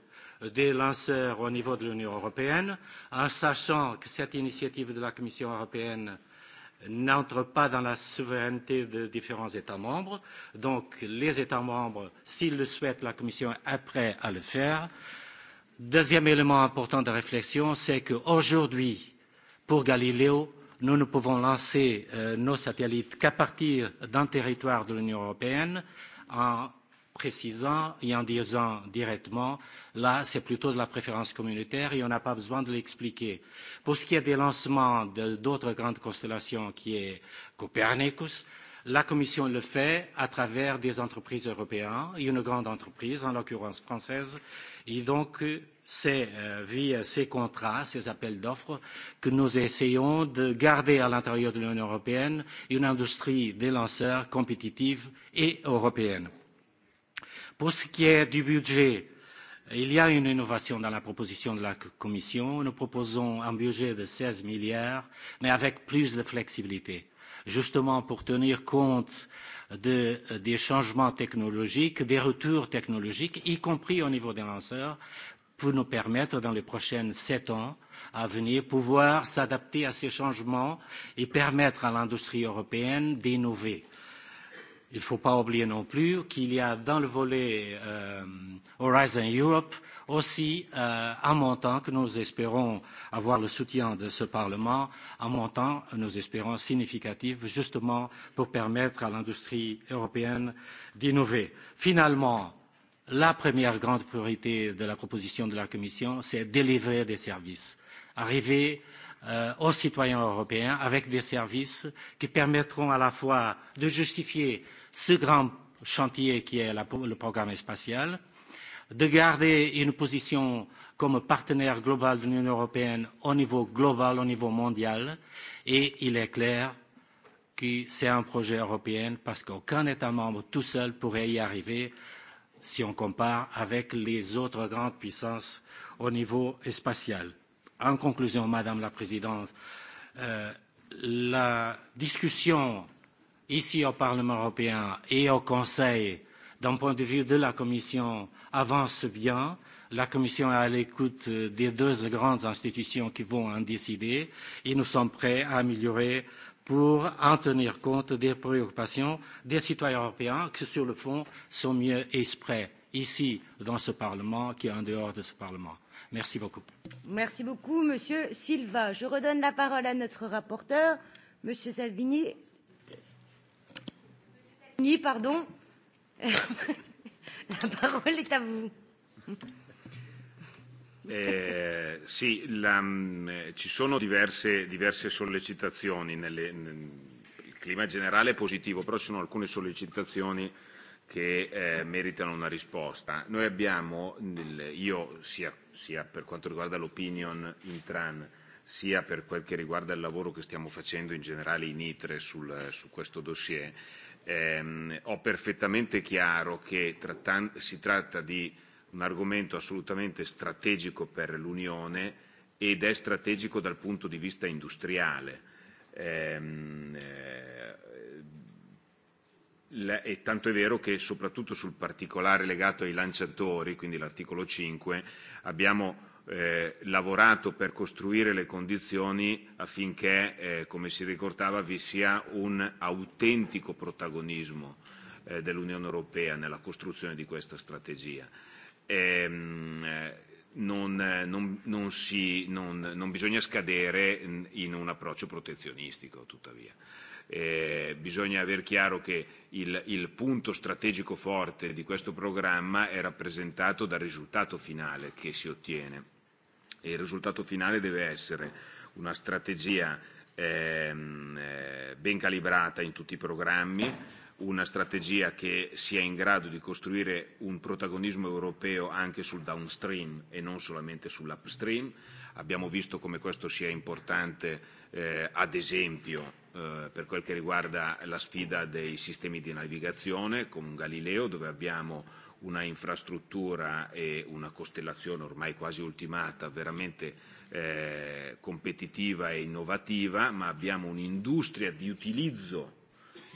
des lanceurs au niveau de l'Union européenne, en sachant que cette initiative de la Commission européenne n'entre pas dans la souveraineté de différents États membres. Donc les États membres, s'ils le souhaitent, la Commission est prête à le faire. Deuxième élément important de réflexion, c'est qu'aujourd'hui, pour Galileo, nous ne pouvons lancer euh, nos satellites qu'à partir d'un territoire de l'Union européenne en précisant et en disant directement, là, c'est plutôt de la préférence communautaire et on n'a pas besoin de l'expliquer. Pour ce qui est des lancements d'autres grandes constellations qui est Copernicus, la Commission le fait à travers des entreprises européennes et une grande entreprise, en l'occurrence française, et donc c'est euh, via ces contrats, ces appels d'offres, que nous essayons de garder à l'intérieur de l'Union européenne une industrie des lanceurs compétitive et européenne. Pour ce qui est du budget, il y a une innovation dans la proposition de la Commission. Nous proposons un budget de 16 milliards, mais avec plus de flexibilité, justement pour tenir compte de, des changements technologiques, des retours technologiques, y compris au niveau des lanceurs, pour nous permettre, dans les prochaines sept ans à venir, pouvoir s'adapter à ces changements et permettre à l'industrie européenne d'innover Il ne faut pas oublier non plus qu'il y a dans le volet euh, Horizon Europe aussi euh, un montant que nous espérons avoir le soutien de ce Parlement, un montant, nous espérons, significatif justement pour permettre à l'industrie européenne d'innover. Finalement, la première grande priorité de la proposition de la Commission, c'est délivrer des services, arriver euh, aux citoyens européens avec des services qui permettront à la fois de justifier ce grand chantier qui est la, le programme spatial, de garder une position comme partenaire global de l'Union européenne au niveau global, au niveau mondial, et il est clair que c'est un projet européen parce qu'aucun État membre tout seul pourrait y arriver si on compare avec les autres grandes puissances au niveau spatial. En conclusion, Madame la Présidente, euh, la discussion ici au Parlement européen et au Conseil, d'un point de vue de la Commission, avance bien. La Commission est à l'écoute euh, des deux grandes institutions qui vont en décider et nous sommes prêts à améliorer pour en tenir compte des préoccupations des citoyens européens qui, sur le fond, sont mieux exprès ici, dans ce Parlement, qu'en dehors de ce Parlement. Merci beaucoup. Merci beaucoup, Monsieur Silva. Je redonne la parole à notre rapporteur, Monsieur Salvini, ni, pardon. La parole est à vous. Eh, sì, la, mm, ci sono diverse, diverse sollecitazioni. Nelle, nel, il clima generale è positivo, però ci sono alcune sollecitazioni che eh, meritano una risposta. Noi abbiamo, nel, io sia, sia per quanto riguarda l'opinion in TRAN, sia per quel che riguarda il lavoro che stiamo facendo in generale in ITRE sul, su questo dossier, ehm, ho perfettamente chiaro che si tratta di un argomento assolutamente strategico per l'Unione ed è strategico dal punto di vista industriale. Ehm, eh, e tanto è vero che soprattutto sul particolare legato ai lanciatori, quindi l'articolo 5, abbiamo eh, lavorato per costruire le condizioni affinché, eh, come si ricordava, vi sia un autentico protagonismo eh, dell'Unione Europea nella costruzione di questa strategia. Ehm, eh, non, non, non, si, non, non bisogna scadere in un approccio protezionistico, tuttavia. E bisogna aver chiaro che il, il punto strategico forte di questo programma è rappresentato dal risultato finale che si ottiene e il risultato finale deve essere una strategia ehm, eh, ben calibrata in tutti i programmi, una strategia che sia in grado di costruire un protagonismo europeo anche sul downstream e non solamente sull'upstream. Abbiamo visto come questo sia importante, eh, ad esempio, Eh, per quel che riguarda la sfida dei sistemi di navigazione con Galileo dove abbiamo una infrastruttura e una costellazione ormai quasi ultimata veramente eh, competitiva e innovativa, ma abbiamo un'industria di utilizzo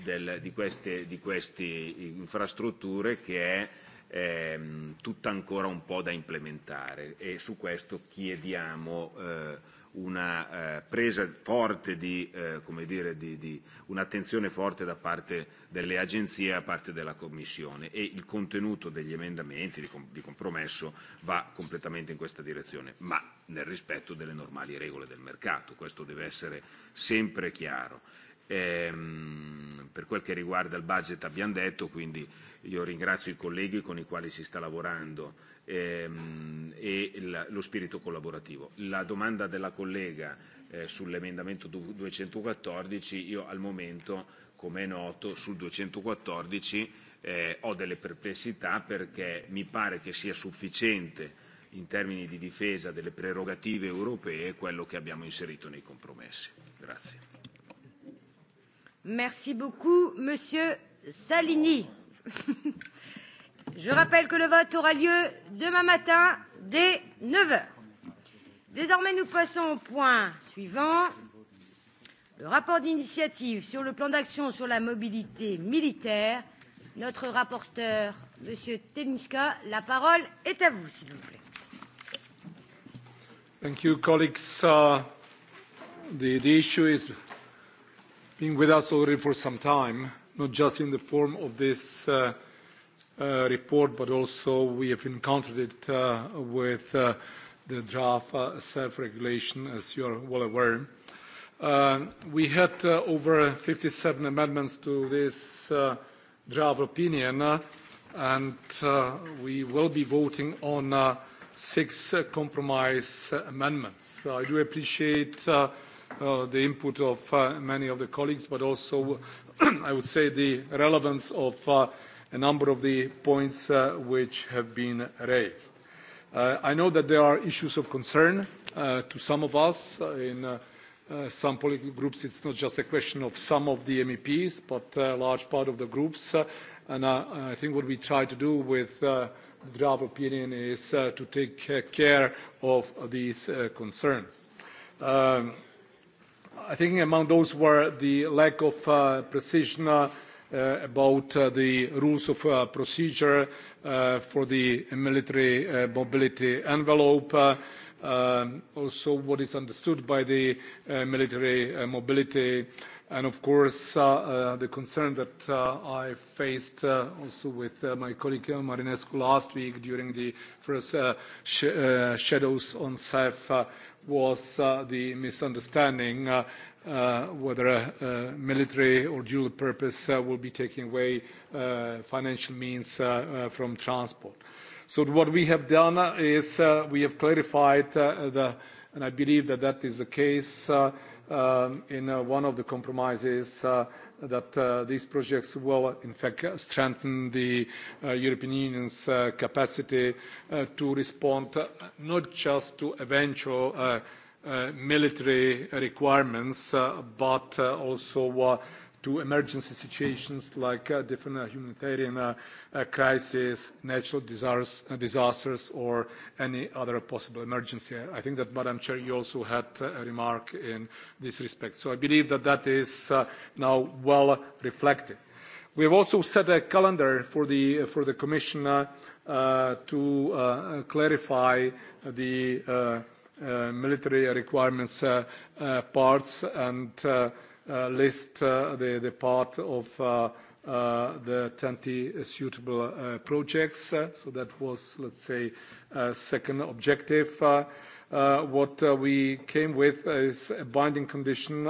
del, di, queste, di queste infrastrutture che è ehm, tutta ancora un po' da implementare e su questo chiediamo eh, una eh, presa forte di, eh, come dire, di, di un'attenzione forte da parte delle agenzie da parte della Commissione e il contenuto degli emendamenti di, compromesso va completamente in questa direzione, ma nel rispetto delle normali regole del mercato, questo deve essere sempre chiaro. Ehm, per quel che riguarda il budget abbiamo detto, quindi io ringrazio i colleghi con i quali si sta lavorando Ehm, e lo spirito collaborativo. La domanda della collega eh, sull'emendamento 214, io al momento, come è noto, sul 214 eh, ho delle perplessità perché mi pare che sia sufficiente in termini di difesa delle prerogative europee quello che abbiamo inserito nei compromessi. Grazie. Merci beaucoup, Monsieur Salini. Je rappelle que le vote aura lieu demain matin dès 9 heures. Désormais, nous passons au point suivant. Le rapport d'initiative sur le plan d'action sur la mobilité militaire. Notre rapporteur, Monsieur Telinska, la parole est à vous, s'il vous plaît. Thank you, colleagues. Uh, the, the issue is being with us already for some time, not just in the form of this uh, Uh, report, but also we have encountered it uh, with uh, the draft self-regulation, as you are well aware. We had over 57 amendments to this draft opinion, and we will be voting on six compromise amendments. I do appreciate the input of many of the colleagues, but also I would say the relevance of a number of the points uh, which have been raised. Uh, I know that there are issues of concern uh, to some of us. In some political groups, it's not just a question of some of the MEPs, but a large part of the groups. And I think what we try to do with the draft opinion is to take care of these concerns. Um, I think among those were the lack of precision Uh, about uh, the rules of uh, procedure for the military mobility envelope, um, also what is understood by the military mobility and of course the concern that I faced also with my colleague Marinescu last week during the first shadows on CEF was the misunderstanding uh, whether uh, military or dual purpose uh, will be taking away uh, financial means uh, from transport. So what we have done is we have clarified the, and I believe that that is the case um, in one of the compromises that uh, these projects will in fact strengthen the uh, European Union's uh, capacity to respond not just to eventual Uh, military requirements, uh, but uh, also to emergency situations like different humanitarian crises, natural disasters, or any other possible emergency. I think that, Madam Chair, you also had a remark in this respect. So I believe that that is now well reflected. We have also set a calendar for the, for the Commissioner to clarify the Uh, military requirements uh, uh, parts and list the, part of the 20 suitable projects. so that was, let's say, second objective. What we came with is a binding condition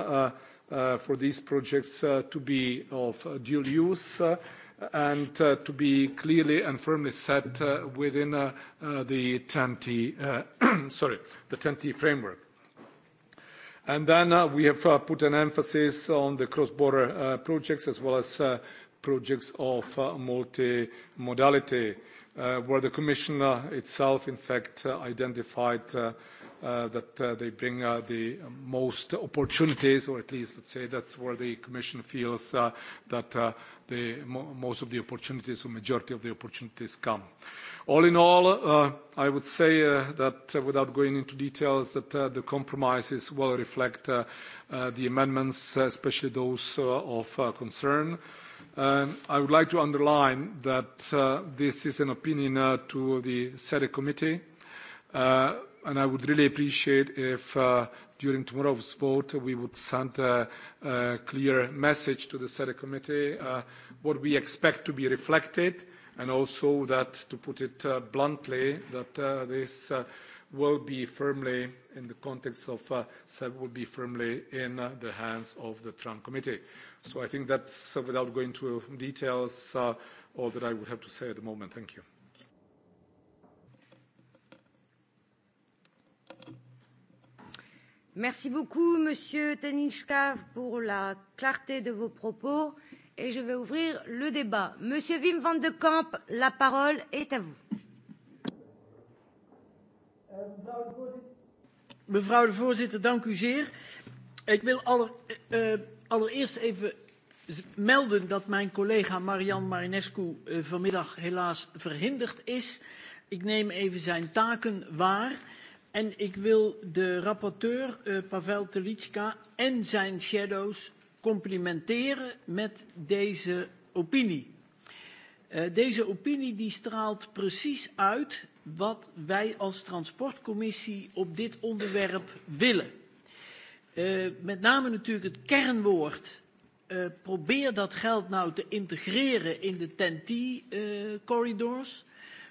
for these projects to be of dual use and uh, to be clearly and firmly set uh, within uh, the TEN t sorry, the ten t framework. And then we have put an emphasis on the cross-border projects as well as projects of multimodality. Uh, where the Commission itself, in fact, uh, identified uh, that they bring the most opportunities, or at least let's say that's where the Commission feels that the most of the opportunities or majority of the opportunities come. All in all, I would say that without going into details, that the compromises will reflect the amendments, especially those of concern. Um, I would like to underline that uh, this is an opinion uh, to the SEDE committee, uh, and I would really appreciate if during tomorrow's vote we would send a, clear message to the SEDE committee what we expect to be reflected, and also that, to put it bluntly, that this will be firmly in the context of will be firmly in the hands of the TRAN committee. So I think that's, uh, without going into uh, details, uh, all that I would have to say at the moment. Thank you. Merci beaucoup, Monsieur Tanishka, pour la clarté de vos propos. Et je vais ouvrir le débat. Monsieur Wim van de Kamp, la parole est à vous. Mevrouw de voorzitter, dank u zeer. Ik wil aller, eh, eh, allereerst even melden dat mijn collega Marian Marinescu eh, vanmiddag helaas verhinderd is. Ik neem even zijn taken waar en ik wil de rapporteur eh, Pavel Telitschka en zijn shadows complimenteren met deze opinie. Eh, deze opinie die straalt precies uit wat wij als transportcommissie op dit onderwerp willen. Uh, met name natuurlijk het kernwoord. Uh, probeer dat geld nou te integreren in de ten eh, corridors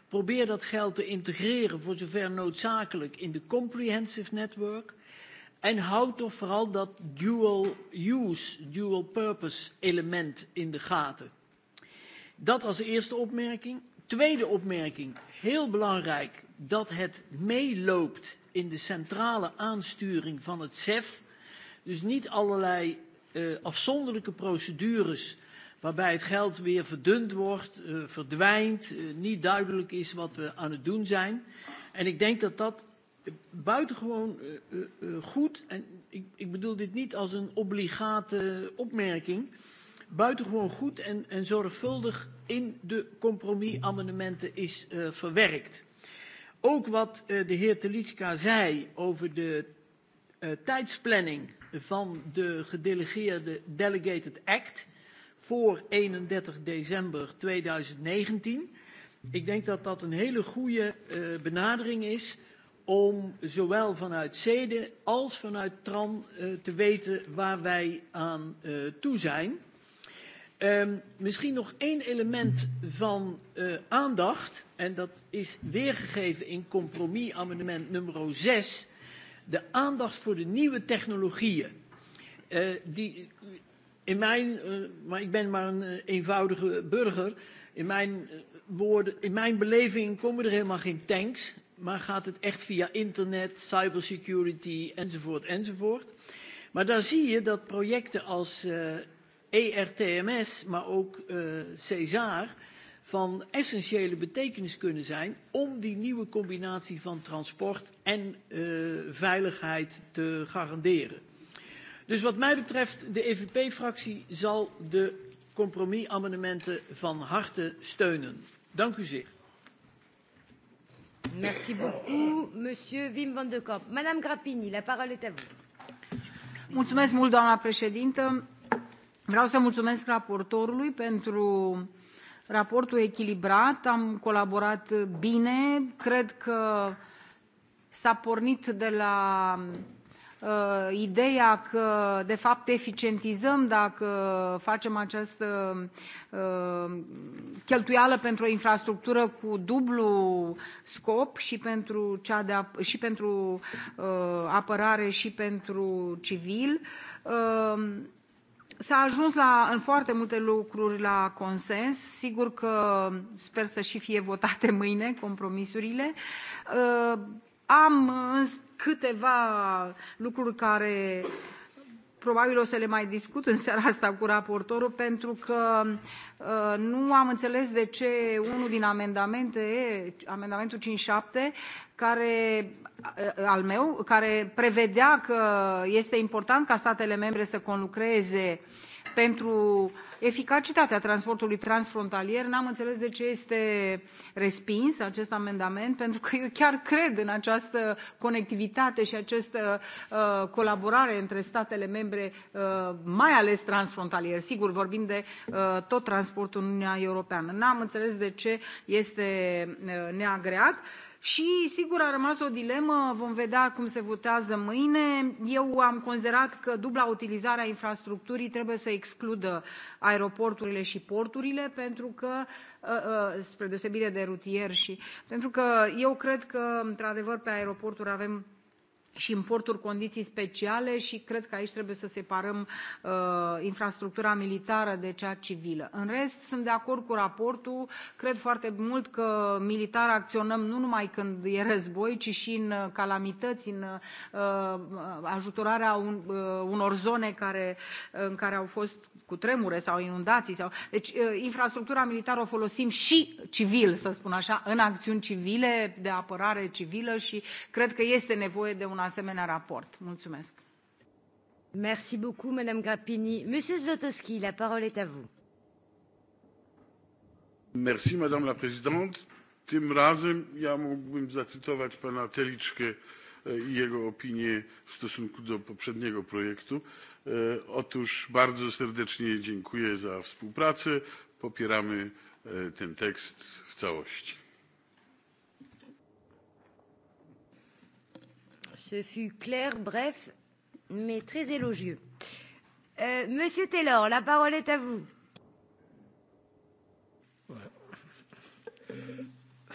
probeer dat geld te integreren voor zover noodzakelijk in de comprehensive network. En houd toch vooral dat dual use, dual purpose element in de gaten. Dat als eerste opmerking. Tweede opmerking, heel belangrijk dat het meeloopt in de centrale aansturing van het CEF. Dus niet allerlei uh, afzonderlijke procedures waarbij het geld weer verdund wordt, uh, verdwijnt, eh, niet duidelijk is wat we aan het doen zijn. En ik denk dat dat buitengewoon uh, uh, goed, en ik, ik bedoel dit niet als een obligate opmerking, buitengewoon goed en, en zorgvuldig in de compromisamendementen is uh, verwerkt. Ook wat uh, de heer Telitska zei over de uh, tijdsplanning van de gedelegeerde Delegated Act voor 31 december 2019. Ik denk dat dat een hele goede uh, benadering is om zowel vanuit zede als vanuit TRAN uh, te weten waar wij aan uh, toe zijn. Ehm, misschien nog één element van uh, aandacht, en dat is weergegeven in compromis amendement nummer 6 de aandacht voor de nieuwe technologieën. Uh, die in mijn, eh, maar ik ben maar een eh, eenvoudige burger, in mijn, woorden, in mijn beleving komen er helemaal geen tanks, maar gaat het echt via internet, cybersecurity enzovoort enzovoort. Maar daar zie je dat projecten als uh, ERTMS, maar ook uh, CESAR van essentiële betekenis kunnen zijn om die nieuwe combinatie van transport en uh, veiligheid te garanderen. Dus wat mij betreft, de EVP-fractie zal de compromisamendementen van harte steunen. Dank u zeer. Merci beaucoup, monsieur Wim van de Kamp. Madame Grappini, la parole est à vous. Mulțumesc mult, doamna președintă. Vreau să mulțumesc raportorului pentru raportul e echilibrat, am colaborat bine, cred că s-a pornit de la uh, ideea că, de fapt, eficientizăm dacă facem această uh, cheltuială pentru o infrastructură cu dublu scop și pentru, cea de și pentru uh, apărare și pentru civil. S-a ajuns la, în foarte multe lucruri la consens. Sigur că sper să și fie votate mâine compromisurile. Uh, am câteva lucruri care probabil o să le mai discut în seara asta cu raportorul pentru că uh, nu am înțeles de ce unul din amendamente, amendamentul 57, care, eh, al meu, care prevedea că este important ca statele membre să conlucreze pentru eficacitatea transportului transfrontalier n am înțeles de ce este respins acest amendament pentru că eu chiar cred în această conectivitate și această eh, colaborare între statele membre eh, mai ales transfrontalier sigur vorbim de tot transportul în uniunea europeană. n am înțeles de ce este neagreat Și sigur a rămas o dilemă, vom vedea cum se votează mâine. Eu am considerat că dubla utilizare a infrastructurii trebuie să excludă aeroporturile și porturile, pentru că spre deosebire de rutier și pentru că eu cred că într adevăr pe aeroporturi avem și importuri condiții speciale și cred că aici trebuie să separăm uh, infrastructura militară de cea civilă. În rest, sunt de acord cu raportul. Cred foarte mult că militar acționăm nu numai când e război, ci și în uh, calamități, în uh, ajutorarea unor zone care, în care au fost cu tremure sau inundații. Sau... Deci, infrastructura militară o folosim și civil, să spun așa, în acțiuni civile, de apărare civilă și cred că este nevoie de un asemenea raport. Mulțumesc! Merci beaucoup, Madame Grappini. Monsieur Zlotowski, la parole est à vous. Merci, Madame la Présidente. Tym razem ja mógłbym zacytować pana Teliczkę e, i jego opinię w stosunku do poprzedniego projektu. E, otóż bardzo serdecznie dziękuję za współpracę. Popieramy e, ten tekst w całości. Ce fut clair, bref, mais très élogieux. Euh, Monsieur Taylor, la parole est à vous.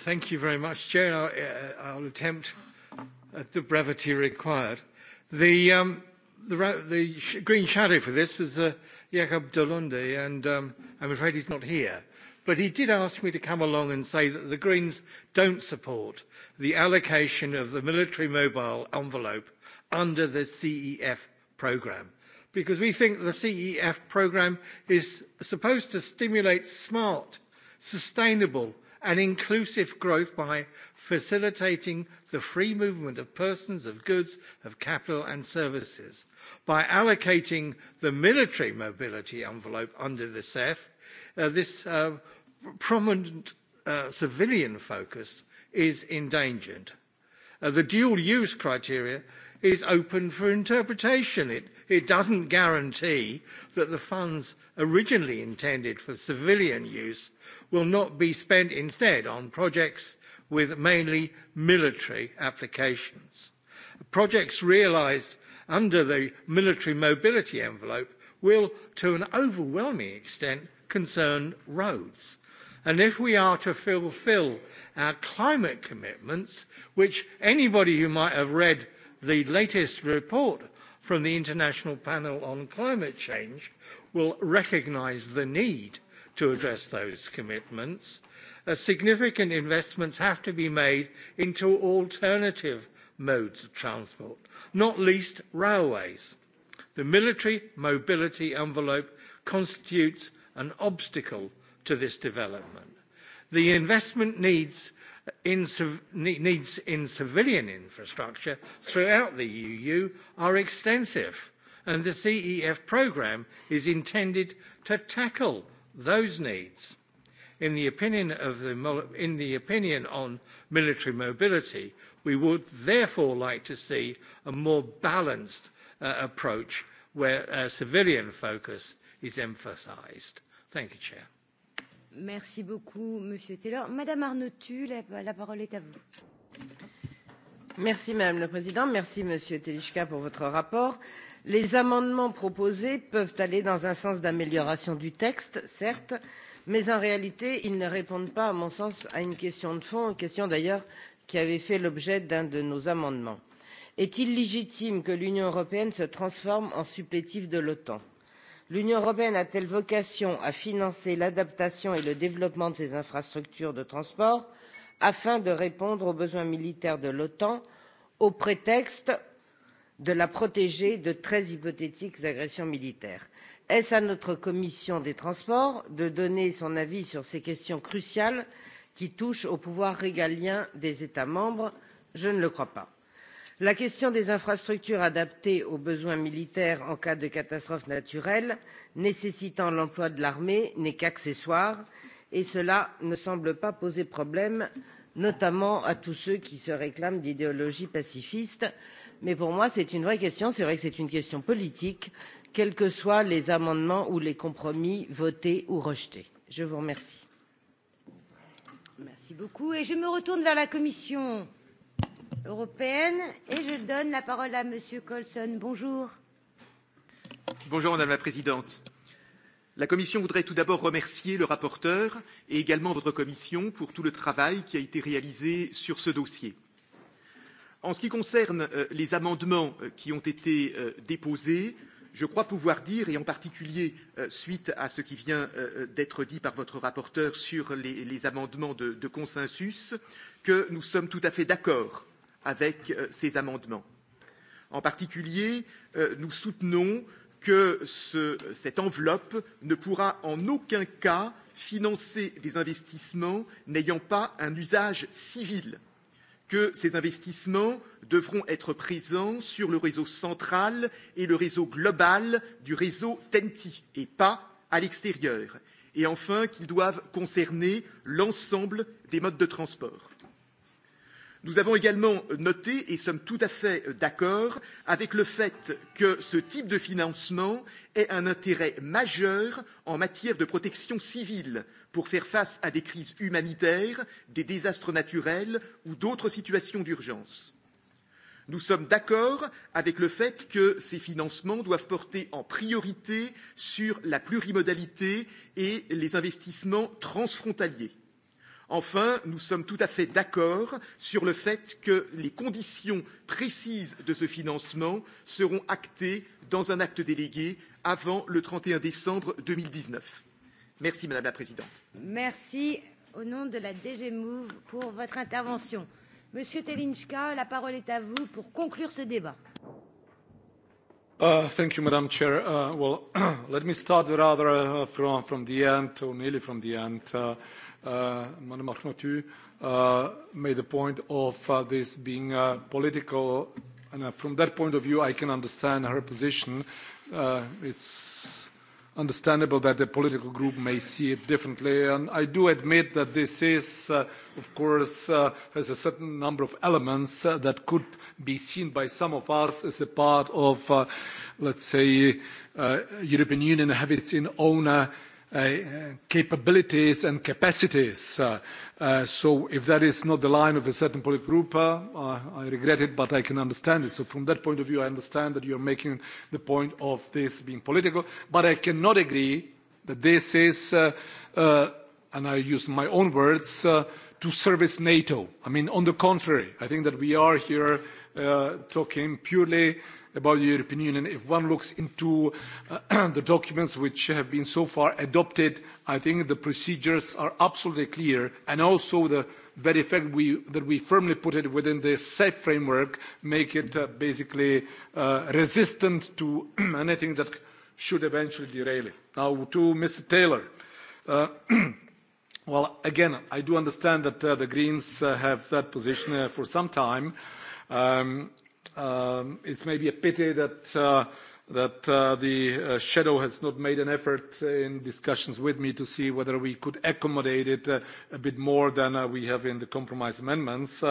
Thank you very much, Chair. I'll, uh, I'll attempt at uh, the brevity required. The, um, the, the green shadow for this was uh, Jakob Dolunde, and um, I'm afraid he's not here but he did ask me to come along and say that the Greens don't support the allocation of the military mobile envelope under the CEF programme because we think the CEF programme is supposed to stimulate smart, sustainable and inclusive growth by facilitating the free movement of persons, of goods, of capital and services. By allocating the military mobility envelope under the CEF, uh, this uh, prominent uh, civilian focus is endangered. Uh, the dual use criteria is open for interpretation. It, it doesn't guarantee that the funds originally intended for civilian use will not be spent instead on projects with mainly military applications. Projects realised under the military mobility envelope will, to an overwhelming extent, concern roads and if we are to fulfil our climate commitments which anybody who might have read the latest report from the international panel on climate change will recognise the need to address those commitments uh, significant investments have to be made into alternative modes of transport not least railways. the military mobility envelope constitutes an obstacle to this development. The investment needs in, needs in civilian infrastructure throughout the EU are extensive, and the CEF programme is intended to tackle those needs. In the opinion, of the, in the opinion on military mobility, we would therefore like to see a more balanced uh, approach where a uh, civilian focus is emphasised. Thank you, Chair. Merci beaucoup, Monsieur Taylor. Madame Arnautu, la, la parole est à vous. Merci, Madame la Présidente. Merci, Monsieur Telichka, pour votre rapport. Les amendements proposés peuvent aller dans un sens d'amélioration du texte, certes, mais en réalité, ils ne répondent pas, à mon sens, à une question de fond, une question d'ailleurs qui avait fait l'objet d'un de nos amendements. Est-il légitime que l'Union européenne se transforme en supplétif de l'OTAN l'union européenne a t elle vocation à financer l'adaptation et le développement de ses infrastructures de transport afin de répondre aux besoins militaires de l'otan au prétexte de la protéger de très hypothétiques agressions militaires? est ce à notre commission des transports de donner son avis sur ces questions cruciales qui touchent au pouvoir régalien des états membres? je ne le crois pas la question des infrastructures adaptées aux besoins militaires en cas de catastrophe naturelle nécessitant l'emploi de l'armée n'est qu'accessoire et cela ne semble pas poser problème notamment à tous ceux qui se réclament d'idéologie pacifiste mais pour moi c'est une vraie question c'est vrai que c'est une question politique quels que soient les amendements ou les compromis votés ou rejetés je vous remercie merci beaucoup et je me retourne vers la commission européenne. Et je donne la parole à Monsieur Colson. Bonjour. Bonjour Madame la Présidente. La Commission voudrait tout d'abord remercier le rapporteur et également votre Commission pour tout le travail qui a été réalisé sur ce dossier. En ce qui concerne euh, les amendements euh, qui ont été euh, déposés, je crois pouvoir dire, et en particulier suite à ce qui vient d'être dit par votre rapporteur sur les, amendements de, de consensus, que nous sommes tout à fait d'accord avec euh, ces amendements. En particulier, euh, nous soutenons que ce, cette enveloppe ne pourra en aucun cas financer des investissements n'ayant pas un usage civil, que ces investissements devront être présents sur le réseau central et le réseau global du réseau TENTI et pas à l'extérieur, et enfin qu'ils doivent concerner l'ensemble des modes de transport. Nous avons également noté et sommes tout à fait euh, d'accord avec le fait que ce type de financement est un intérêt majeur en matière de protection civile pour faire face à des crises humanitaires, des désastres naturels ou d'autres situations d'urgence. Nous sommes d'accord avec le fait que ces financements doivent porter en priorité sur la plurimodalité et les investissements transfrontaliers. Enfin, nous sommes tout à fait d'accord sur le fait que les conditions précises de ce financement seront actées dans un acte délégué avant le 31 décembre 2019. Merci Madame la Présidente. Merci au nom de la DG Move pour votre intervention. Monsieur Telinska, la parole est à vous pour conclure ce débat. Uh, thank you, Madam Chair. Uh, well, let me start rather uh, from, from the end, or nearly from the end. Uh, Uh, Madam Arnautu uh, made the point of uh, this being political, and from that point of view, I can understand her position. Uh It's understandable that the political group may see it differently, and I do admit that this is, of course, has a certain number of elements that could be seen by some of us as a part of, let's say, European Union have its own Uh, capabilities and capacities. Uh, uh, so if that is not the line of a certain political group, I regret it, but I can understand it. So from that point of view, I understand that you are making the point of this being political, but I cannot agree that this is, and I use my own words, to service NATO. I mean, on the contrary, I think that we are here Uh, talking purely about the European Union. If one looks into uh, the documents which have been so far adopted, I think the procedures are absolutely clear, and also the very fact we, that we firmly put it within the safe framework make it uh, basically uh, resistant to anything that should eventually derail it. Now to Mr. Taylor. well, again, I do understand that the Greens have that position for some time. Um, um, it's maybe a pity that uh, that uh, the uh, shadow has not made an effort in discussions with me to see whether we could accommodate it a bit more than we have in the compromise amendments,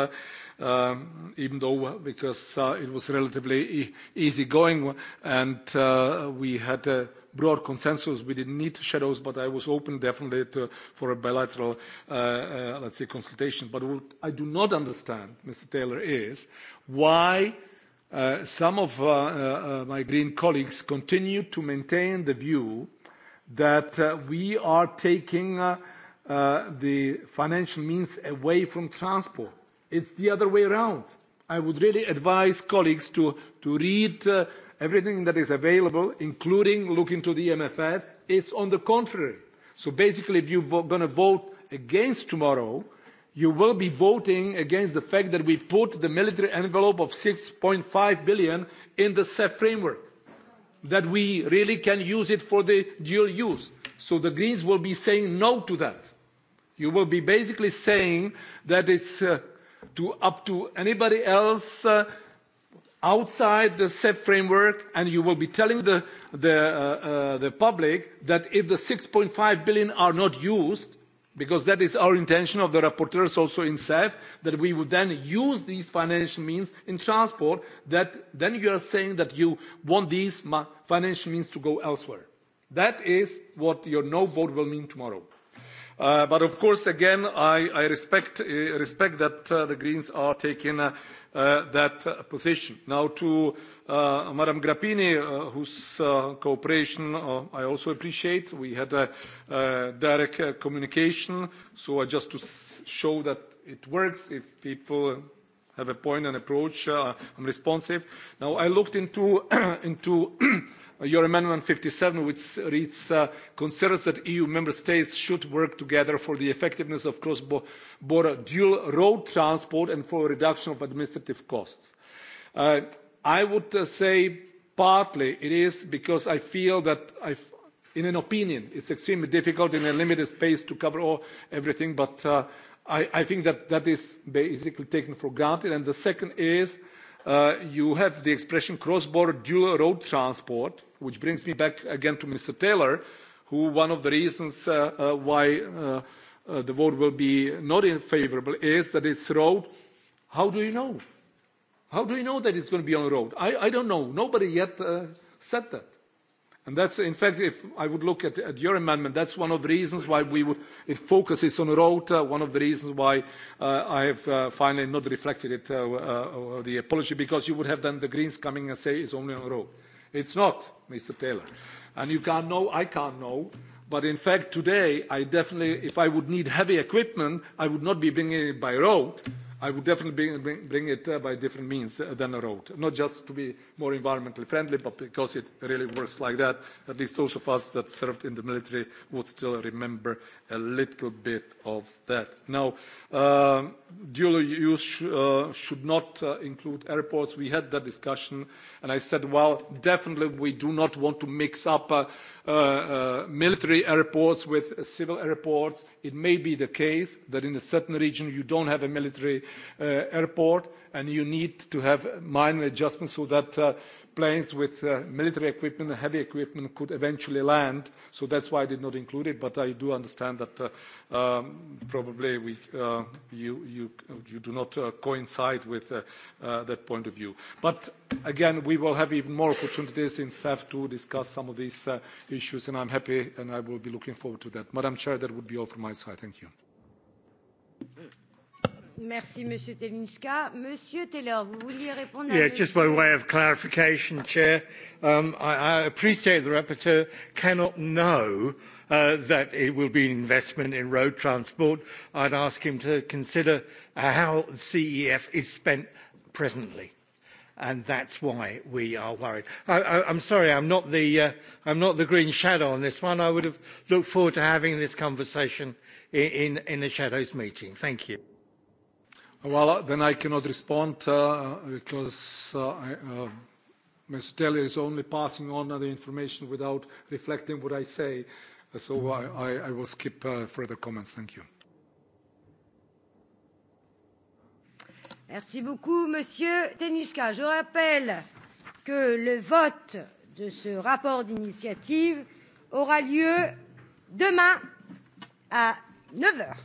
um, even though because it was relatively e easy going and we had a broad consensus. We didn't need shadows, but I was open definitely to, for a bilateral, uh, uh, let's say, consultation. But what I do not understand, Mr. Taylor, is why uh, some of my Green colleagues continue to maintain the view that we are taking the financial means away from transport. It's the other way around. I would really advise colleagues to, to read everything that is available including looking to the e mff it's on the contrary so basically if you're going to vote against tomorrow you will be voting against the fact that we put the military envelope of 6.5 billion in the cef framework that we really can use it for the dual use so the greens will be saying no to that you will be basically saying that it's uh, to up to anybody else uh, outside the CEF framework and you will be telling the, the, uh, uh, the public that if the 6.5 billion are not used, because that is our intention of the rapporteurs also in CEF, that we would then use these financial means in transport, that then you are saying that you want these financial means to go elsewhere. That is what your no vote will mean tomorrow. Uh, but of course, again, I, I respect, respect that the Greens are taking Uh, that position. Now to uh, Madam Grappini, uh, whose uh, cooperation uh, I also appreciate. We had a, direct communication, so just to show that it works if people have a point and approach, I'm responsive. Now I looked into into your amendment fifty seven which reads uh, concerns that eu member states should work together for the effectiveness of cross border dual road transport and for a reduction of administrative costs. Uh, i would uh, say partly it is because i feel that in an opinion it's extremely difficult in a limited space to cover all, everything but uh, I, i think that that is basically taken for granted and the second is uh, you have the expression cross border dual road transport which brings me back again to mr taylor who one of the reasons uh, uh, why uh, the vote will be not in favourable is that it's road how do you know? how do you know that it's going to be on road? i, I don't know. nobody yet said that. And that's, in fact, if I would look at, at your amendment, that's one of the reasons why we would, it focuses on road, uh, one of the reasons why uh, I have uh, finally not reflected it, uh, uh, the apology, because you would have then the Greens coming and say it's only on road. It's not, Mr. Taylor. And you can't know, I can't know. But in fact, today, I definitely, if I would need heavy equipment, I would not be bringing it by road. I would definitely bring, bring, bring it uh, by different means uh, than a road. Not just to be more environmentally friendly, but because it really works like that. At least those of us that served in the military would still remember a little bit of that. Now, um, dual use sh uh, should not uh, include airports. We had that discussion, and I said, well, definitely we do not want to mix up uh, uh, uh military airports with civil airports. It may be the case that in a certain region you don't have a military uh, airport, and you need to have minor adjustments so that uh, planes with uh, military equipment and heavy equipment could eventually land. So that's why I did not include it, but I do understand that uh, um, probably we, you, you, do not coincide with that point of view. But again, we will have even more opportunities in CEF to discuss some of these issues, and I'm happy and I will be looking forward to that. Madam Chair, that would be all from my side. Thank you. Merci, Monsieur Telinska. Monsieur Taylor, vous vouliez répondre à Yeah, just by way of clarification, Chair, um, I, I appreciate the rapporteur cannot know uh, that it will be an investment in road transport. I'd ask him to consider how CEF is spent presently and that's why we are worried. I, I, I'm sorry, I'm not, the, uh, I'm not the green shadow on this one. I would have looked forward to having this conversation in, in, in the shadows meeting. Thank you. Well, then I cannot respond uh, because uh, uh, Mr. Taylor is only passing on the information without reflecting what I say. So I, I, will skip further comments. Thank you. Merci beaucoup, Monsieur Teniska. Je rappelle que le vote de ce rapport d'initiative aura lieu demain à 9 heures.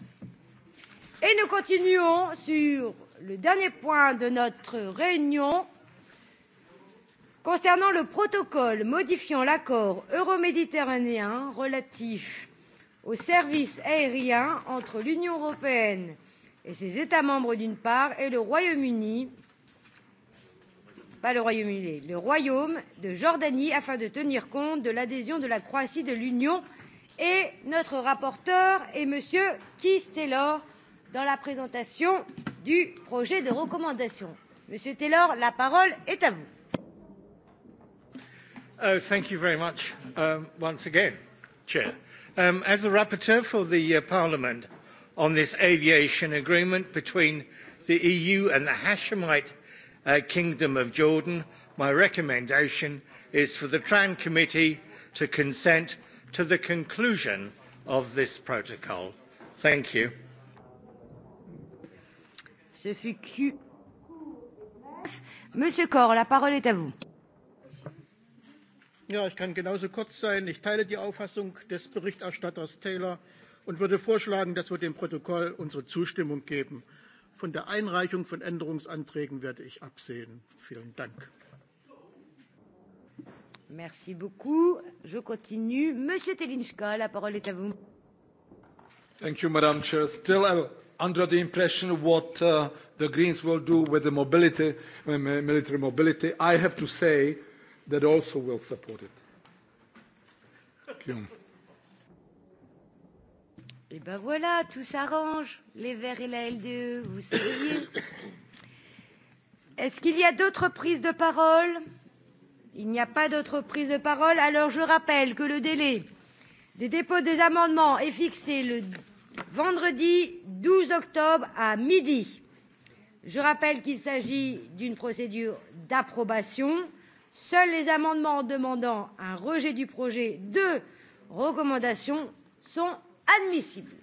Et nous continuons sur le dernier point de notre réunion concernant le protocole modifiant l'accord euroméditerranéen relatif aux services aériens entre l'Union européenne et ses États membres d'une part et le Royaume-Uni pas le Royaume-Uni, le Royaume de Jordanie afin de tenir compte de l'adhésion de la Croatie de l'Union et notre rapporteur est monsieur Keith dans la présentation du projet de recommandation. Monsieur Taylor, la parole est à vous. Uh, thank you very much um, once again, Chair. Um, as the rapporteur for the uh, Parliament on this aviation agreement between the EU and the Hashemite uh, Kingdom of Jordan, my recommendation is for the Tran Committee to consent to the conclusion of this protocol. Thank you. Ce fut Q. Monsieur Corr, la parole est à vous. Ja, ich kann genauso kurz sein. Ich teile die Auffassung des Berichterstatters Taylor und würde vorschlagen, dass wir dem Protokoll unsere Zustimmung geben. Von der Einreichung von Änderungsanträgen werde ich absehen. Vielen Dank. Merci beaucoup. Je continue. Monsieur Telinschka, la parole est à vous. Thank you, Madame Chair. Still, I will under the impression of what uh, the Greens will do with the mobility, uh, military mobility. I have to say that also will support it. Thank Et ben voilà, tout s'arrange, les Verts et la LDE, vous souriez. Est-ce qu'il y a d'autres prises de parole Il n'y a pas d'autres prises de parole, alors je rappelle que le délai des dépôts des amendements est fixé le vendredi 12 octobre à midi. Je rappelle qu'il s'agit d'une procédure d'approbation. Seuls les amendements demandant un rejet du projet de recommandation sont admissibles.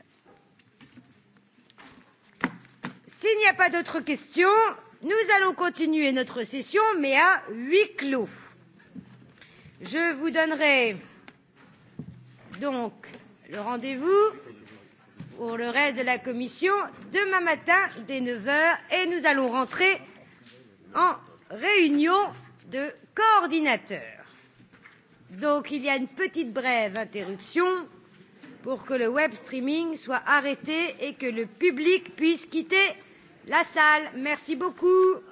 S'il n'y a pas d'autres questions, nous allons continuer notre session, mais à huis clos. Je vous donnerai donc le rendez-vous pour le reste de la commission demain matin dès 9h et nous allons rentrer en réunion de coordinateurs. Donc il y a une petite brève interruption pour que le web streaming soit arrêté et que le public puisse quitter la salle. Merci beaucoup.